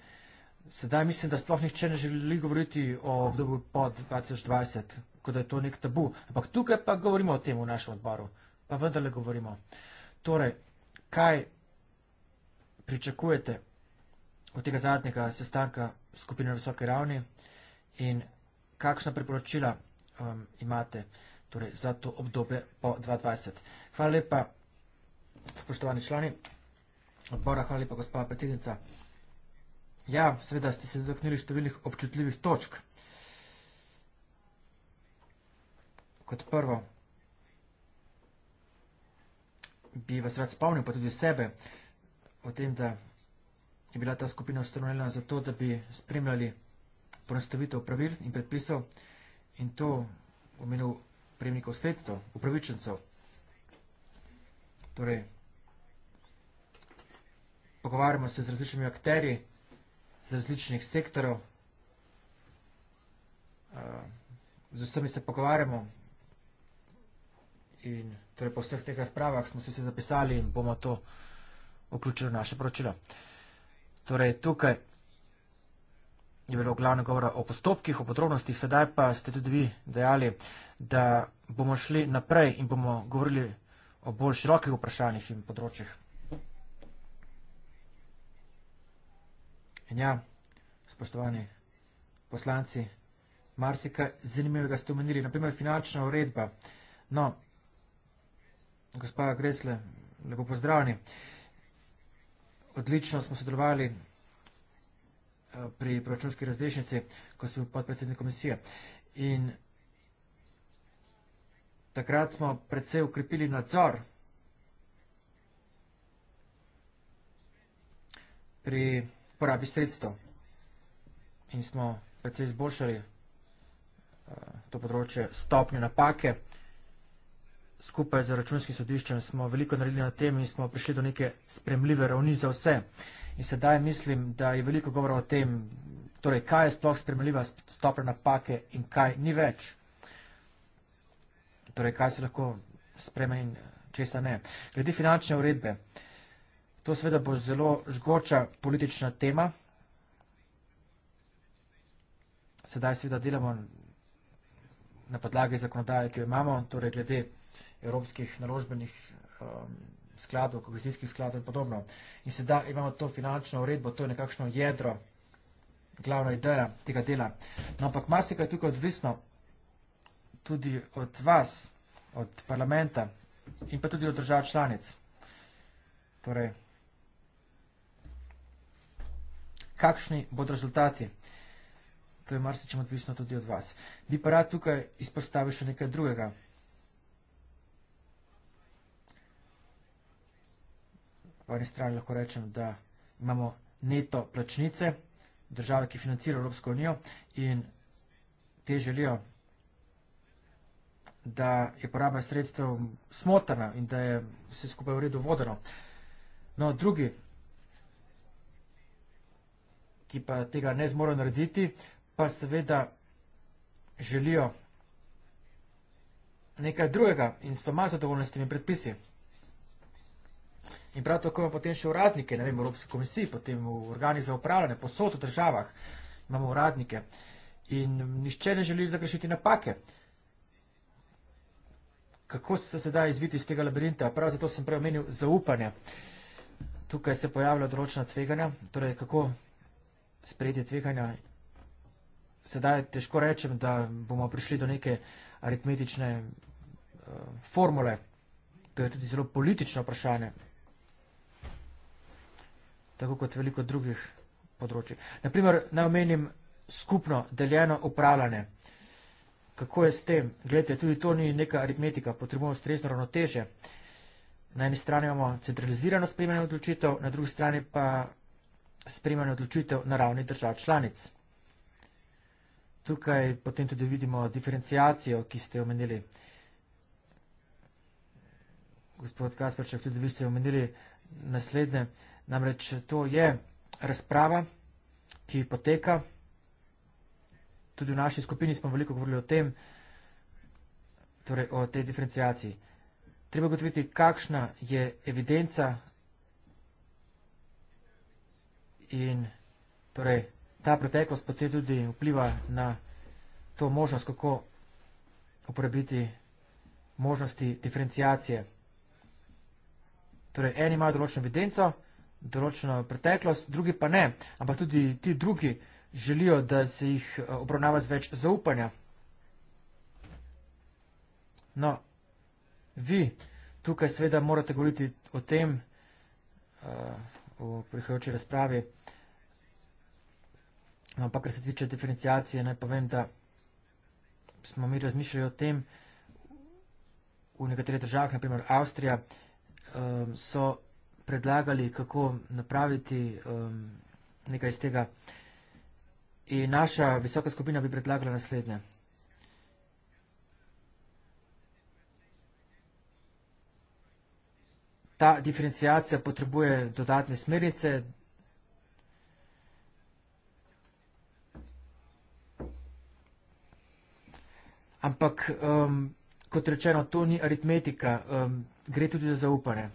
sedaj mislim, da sploh nihče ne želi govoriti o obdobju po 2020, kot da je to nek tabu. Ampak tukaj pa govorimo o tem v našem odboru. Pa vendarle govorimo. Torej, kaj pričakujete od tega zadnjega sestanka skupine na visoke ravni in kakšna priporočila um, imate torej, za to obdobje po 2020? Hvala lepa spoštovani člani odbora, hvala lepa, gospa predsednica. Ja, seveda ste se dotaknili številnih občutljivih točk. Kot prvo, bi vas rad spomnil, pa tudi sebe, o tem, da je bila ta skupina ustanovljena za to, da bi spremljali ponastavitev pravil in predpisov in to v imenu prejemnikov sredstva, upravičencev. Torej, pogovarjamo se z različnimi akteri, z različnih sektorov. Eh, z vsemi se pogovarjamo in torej po vseh teh razpravah smo se vse zapisali in bomo to vključili v naše poročilo. Torej tukaj je bilo glavno govora o postopkih, o podrobnostih, sedaj pa ste tudi vi dejali, da bomo šli naprej in bomo govorili o bolj širokih vprašanjih in področjih. In ja, spoštovani poslanci, marsika zanimivega ste omenili, naprimer finančna uredba. No, gospa Gresle, lepo pozdravljeni. Odlično smo sodelovali eh, pri proračunski razrešnici, ko sem podpredsednik komisije. In takrat smo predvsej ukrepili nadzor pri proračunski razrešnici, porabi sredstev. In smo precej izboljšali eh, to področje stopnje napake. Skupaj z računskim sodiščem smo veliko naredili na tem in smo prišli do neke spremljive ravni za vse. In sedaj mislim, da je veliko govora o tem, torej kaj je sploh spremljiva stopnja napake in kaj ni več. Torej, kaj se lahko spreme in eh, česa ne. Glede finančne uredbe. To seveda bo zelo žgoča politična tema. Sedaj seveda delamo na podlagi zakonodaje, ki jo imamo, torej glede evropskih naložbenih um, skladov, kohezijskih skladov in podobno. In sedaj imamo to finančno uredbo, to je nekakšno jedro, glavna ideja tega dela. No, ampak marsikaj je tukaj odvisno tudi od vas, od parlamenta in pa tudi od držav članic. Torej, kakšni bodo rezultati. To je marsičem odvisno tudi od vas. Bi pa rad tukaj izpostavil še nekaj drugega. Po eni strani lahko rečem, da imamo neto plačnice, države, ki financira Evropsko unijo in te želijo, da je poraba sredstev smotrna in da je vse skupaj v redu vodeno. No, drugi ki pa tega ne zmorejo narediti, pa seveda želijo nekaj drugega in so malo zadovoljni s temi predpisi. In prav tako imamo potem še uradnike, ne vem, v Evropski komisiji, potem v organi za upravljanje, posod v državah imamo uradnike. In nišče ne želi zagrešiti napake. Kako se sedaj izviti iz tega labirinta? Prav zato sem prej omenil zaupanje. Tukaj se pojavljajo določena tveganja, torej kako sprejetje tveganja. Sedaj težko rečem, da bomo prišli do neke aritmetične uh, formule, to je tudi zelo politično vprašanje, tako kot veliko drugih področji. Naprimer, naj omenim skupno deljeno upravljanje. Kako je s tem? Gledajte, tudi to ni neka aritmetika, potrebujemo ustrezno ravnoteže. Na eni strani imamo centralizirano sprejemanje odločitev, na drugi strani pa spremanje odločitev na ravni držav članic. Tukaj potem tudi vidimo diferencijacijo, ki ste omenili. Gospod Kasperček, tudi vi ste omenili naslednje. Namreč to je razprava, ki poteka. Tudi v naši skupini smo veliko govorili o tem, torej o tej diferencijaciji. Treba gotoviti, kakšna je evidenca, in torej, ta preteklost pa te tudi vpliva na to možnost, kako uporabiti možnosti diferencijacije. Torej, eni imajo določeno evidenco, določeno preteklost, drugi pa ne, ampak tudi ti drugi želijo, da se jih eh, obravnava z več zaupanja. No, vi tukaj seveda morate govoriti o tem, uh, v prihajoči razpravi. No, ampak, kar se tiče diferencijacije, naj povem, da smo mi razmišljali o tem, v nekaterih državah, naprimer Avstrija, um, so predlagali, kako napraviti um, nekaj iz tega. In naša visoka skupina bi predlagala naslednje. ta diferencijacija potrebuje dodatne smernice. Ampak, um, kot rečeno, to ni aritmetika, um, gre tudi za zaupanje.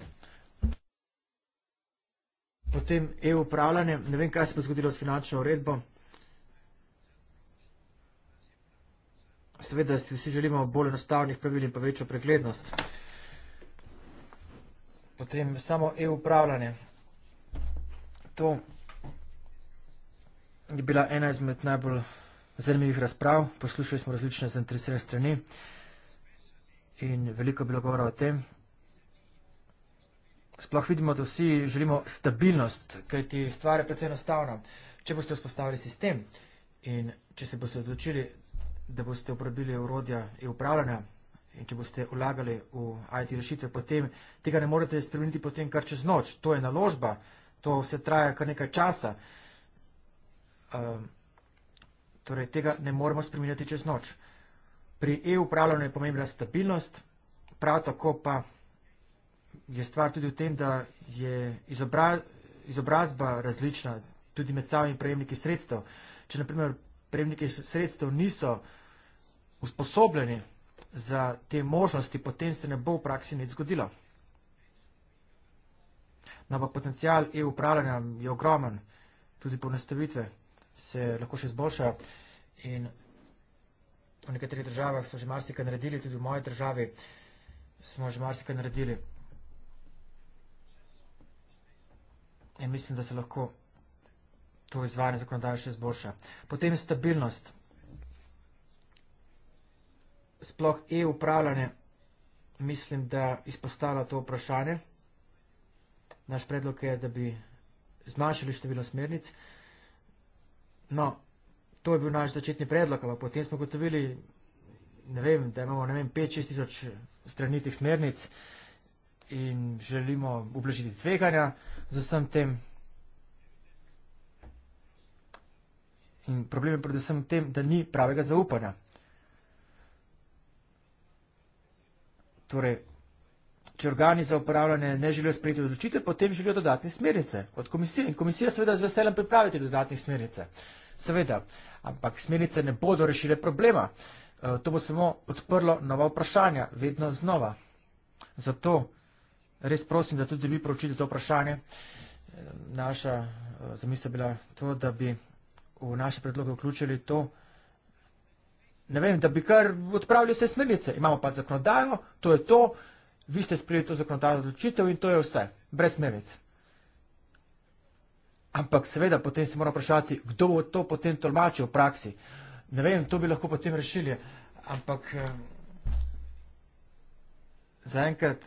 Potem EU upravljanje, ne vem, kaj se bo zgodilo s finančno uredbo. Seveda si vsi želimo bolj enostavnih pravil in pa večjo preglednost. Potem samo e-upravljanje. To je bila ena izmed najbolj zanimivih razprav. Poslušali smo različne zainteresirane strani in veliko je bilo govora o tem. Sploh vidimo, da vsi želimo stabilnost, kajti stvar je predvsej enostavna. Če boste vzpostavili sistem in če se boste odločili, da boste uporabili urodja e-upravljanja, In če boste vlagali v IT rešitve, potem tega ne morete spremeniti potem kar čez noč. To je naložba, to vse traja kar nekaj časa. Um, torej, tega ne moremo spremeniti čez noč. Pri e-upravljanju je pomembna stabilnost, prav tako pa je stvar tudi v tem, da je izobra izobrazba različna tudi med samimi prejemniki sredstev. Če naprimer prejemniki sredstev niso usposobljeni za te možnosti, potem se ne bo v praksi nič zgodilo. No, pa potencijal e-upravljanja je ogromen, tudi po nastavitve se lahko še izboljšajo in v nekaterih državah so že marsikaj naredili, tudi v moji državi smo že marsikaj naredili. In mislim, da se lahko to izvajanje zakonodaje še izboljša. Potem je stabilnost sploh e-upravljanje, mislim, da izpostavlja to vprašanje. Naš predlog je, da bi zmanjšali število smernic. No, to je bil naš začetni predlog, ampak potem smo gotovili, ne vem, da imamo 5-6 tisoč stranitih smernic in želimo ublažiti tveganja za vsem tem. In problem je predvsem v tem, da ni pravega zaupanja. Torej, če organi za upravljanje ne želijo sprejeti odločitev, potem želijo dodatne smernice od komisije. In komisija seveda z veseljem pripravi te dodatne smernice. Seveda, ampak smernice ne bodo rešile problema. Eh, to bo samo odprlo nova vprašanja, vedno znova. Zato res prosim, da tudi vi pročite to vprašanje. Eh, naša eh, zamisla bila to, da bi v naše predloge vključili to, ne vem, da bi kar odpravili vse smernice. Imamo pa zakonodajo, to je to, vi ste sprejeli to zakonodajo odločitev in to je vse, brez smernic. Ampak seveda potem se moramo vprašati, kdo bo to potem tolmačil v praksi. Ne vem, to bi lahko potem rešili, ampak eh, zaenkrat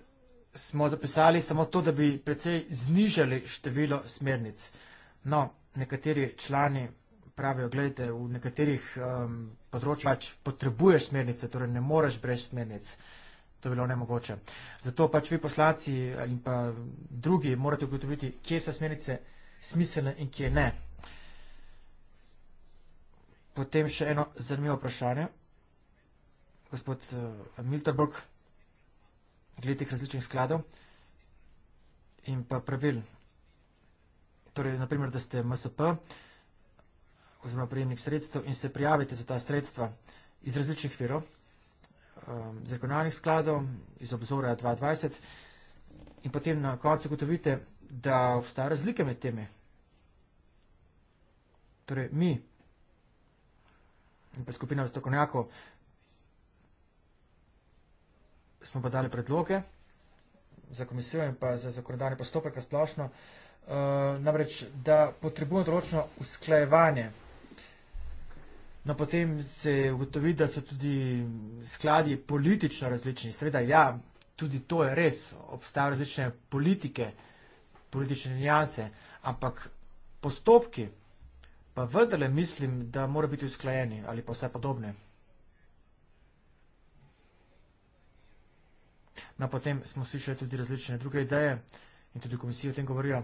smo zapisali samo to, da bi precej znižali število smernic. No, nekateri člani pravijo, gledajte, v nekaterih um, področjih pač potrebuješ smernice, torej ne moreš brez smernic. To je bilo nemogoče. Zato pač vi poslanci in pa drugi morate ugotoviti, kje so smernice smiselne in kje ne. Potem še eno zanimivo vprašanje. Gospod eh, Milterbrg, glede teh različnih skladov in pa pravil. Torej, naprimer, da ste MSP. Uh, oziroma prejemnik sredstev in se prijavite za ta sredstva iz različnih virov, um, z regionalnih skladov, iz obzora 2020 in potem na koncu gotovite, da obstaja razlika med temi. Torej, mi in pa skupina strokovnjakov smo pa dali predloge za komisijo in pa za zakonodajni postopek na splošno, uh, namreč, da potrebujemo določeno usklajevanje No, potem se ugotovi, da so tudi skladi politično različni. Sveda, ja, tudi to je res, obstajajo različne politike, politične nijanse, ampak postopki pa vendarle mislim, da morajo biti usklajeni ali pa vse podobne. No, potem smo slišali tudi različne druge ideje in tudi komisije o tem govorijo,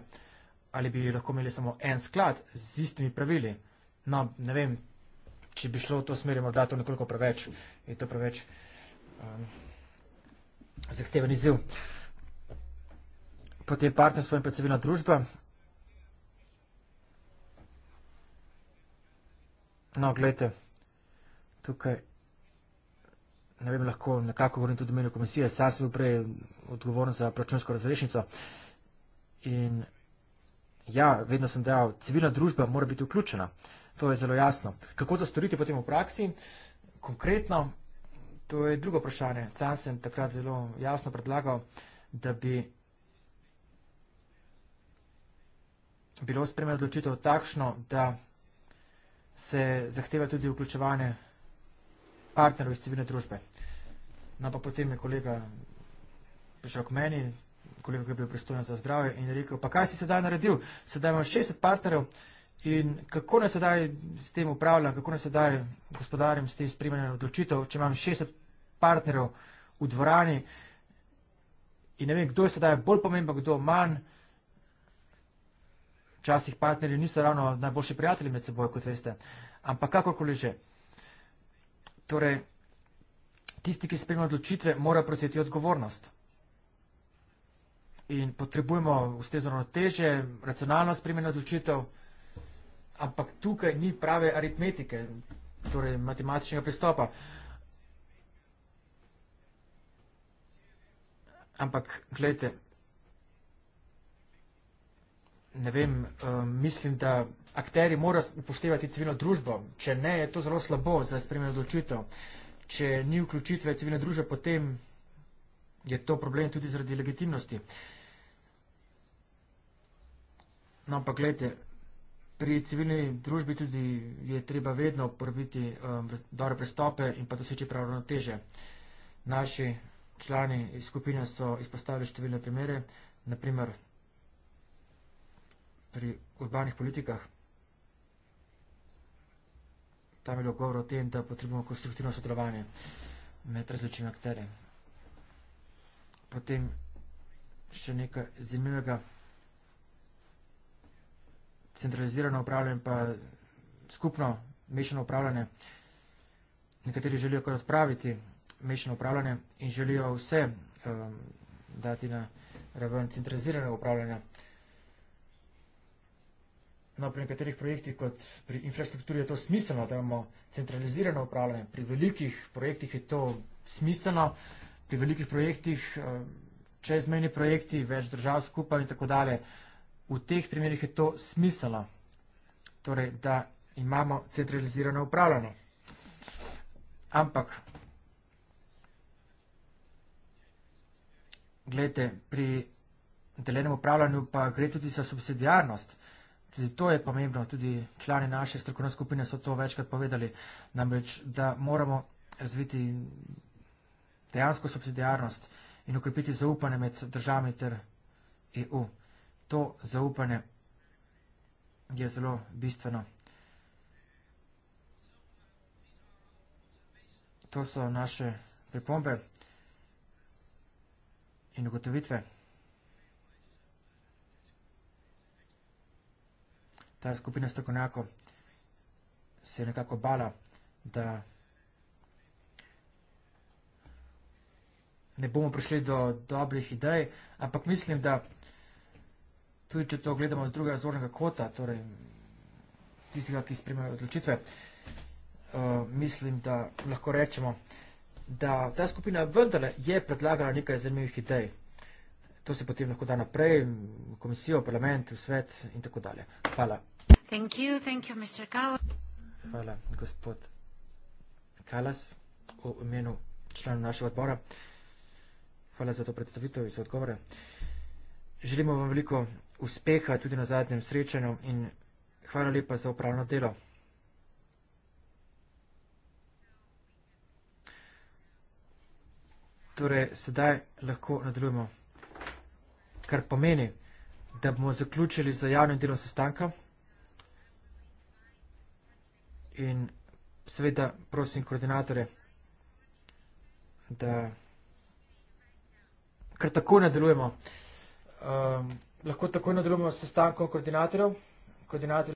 ali bi lahko imeli samo en sklad z istimi pravili. No, ne vem, če bi šlo v to smer, morda to nekoliko preveč, je to preveč um, zahteven izziv. Potem partnerstvo in pa civilna družba. No, gledajte, tukaj, ne vem, lahko nekako govorim tudi o imenu komisije, sam sem bil prej odgovoren za računsko razrešnico. In ja, vedno sem dejal, civilna družba mora biti vključena. Uh, To je zelo jasno. Kako to storiti potem v praksi? Konkretno, to je drugo vprašanje. Sam sem takrat zelo jasno predlagal, da bi bilo spremljeno odločitev takšno, da se zahteva tudi vključevanje partnerov iz civilne družbe. No, pa potem je kolega prišel k meni, kolega, ki je bil pristojen za zdravje in je rekel, pa kaj si sedaj naredil? Sedaj imam 60 partnerjev, In kako naj sedaj s tem upravljam, kako naj sedaj gospodarim s tem spremljanjem odločitev, če imam 60 partnerjev v dvorani in ne vem, kdo je sedaj bolj pomemben, kdo manj. Včasih partnerji niso ravno najboljši prijatelji med seboj, kot veste. Ampak kakorkoli že. Torej, tisti, ki spremlja odločitve, mora prosjeti odgovornost. In potrebujemo ustrezno teže, racionalno spremljanje odločitev ampak tukaj ni prave aritmetike, torej matematičnega pristopa. Ampak, gledajte, ne vem, eh, mislim, da akteri mora upoštevati civilno družbo. Če ne, je to zelo slabo za spremljeno odločitev. Če ni vključitve civilne družbe, potem je to problem tudi zaradi legitimnosti. No, ampak, gledajte, pri civilni družbi tudi je treba vedno uporabiti um, dobre prestope in pa doseči pravno teže. Naši člani iz skupine so izpostavili številne primere, naprimer pri urbanih politikah. Tam je bilo govor o tem, da potrebujemo konstruktivno sodelovanje med različnimi akterji. Potem še nekaj zanimivega centralizirano upravljanje pa skupno mešano upravljanje. Nekateri želijo kar odpraviti mešano upravljanje in želijo vse um, dati na raven centraliziranega upravljanja. No, pri nekaterih projektih, kot pri infrastrukturi, je to smiselno, da imamo centralizirano upravljanje. Pri velikih projektih je to smiselno, pri velikih projektih, um, čezmejni projekti, več držav skupaj in tako dalje v teh primerih je to smiselno, torej, da imamo centralizirano upravljanje. Ampak, gledajte, pri delenem upravljanju pa gre tudi za subsidijarnost. Tudi to je pomembno, tudi člani naše strokovne skupine so to večkrat povedali, namreč, da moramo razviti dejansko subsidijarnost in ukrepiti zaupanje med državami ter EU to zaupanje je zelo bistveno. To so naše pripombe in ugotovitve. Ta skupina strokovnjako se je nekako bala, da ne bomo prišli do dobrih idej, ampak mislim, da tudi če to gledamo z drugega zornega kota, torej tistega, ki spremljajo odločitve, uh, mislim, da lahko rečemo, da ta skupina vendarle je predlagala nekaj zanimivih idej. To se potem lahko da naprej, komisijo, parlament, svet in tako dalje. Hvala. Thank you, thank you, Mr. Hvala, gospod Kalas, v imenu člana našega odbora. Hvala za to predstavitev in za odgovore. Želimo vam veliko uspeha tudi na zadnjem srečanju in hvala lepa za upravno delo. Torej, sedaj lahko nadaljujemo, kar pomeni, da bomo zaključili z javnim delom sestanka. In seveda prosim koordinatore, da kar tako nadaljujemo. Um, lahko takoj nadaljujemo s sestankom koordinatorjev. Koordinator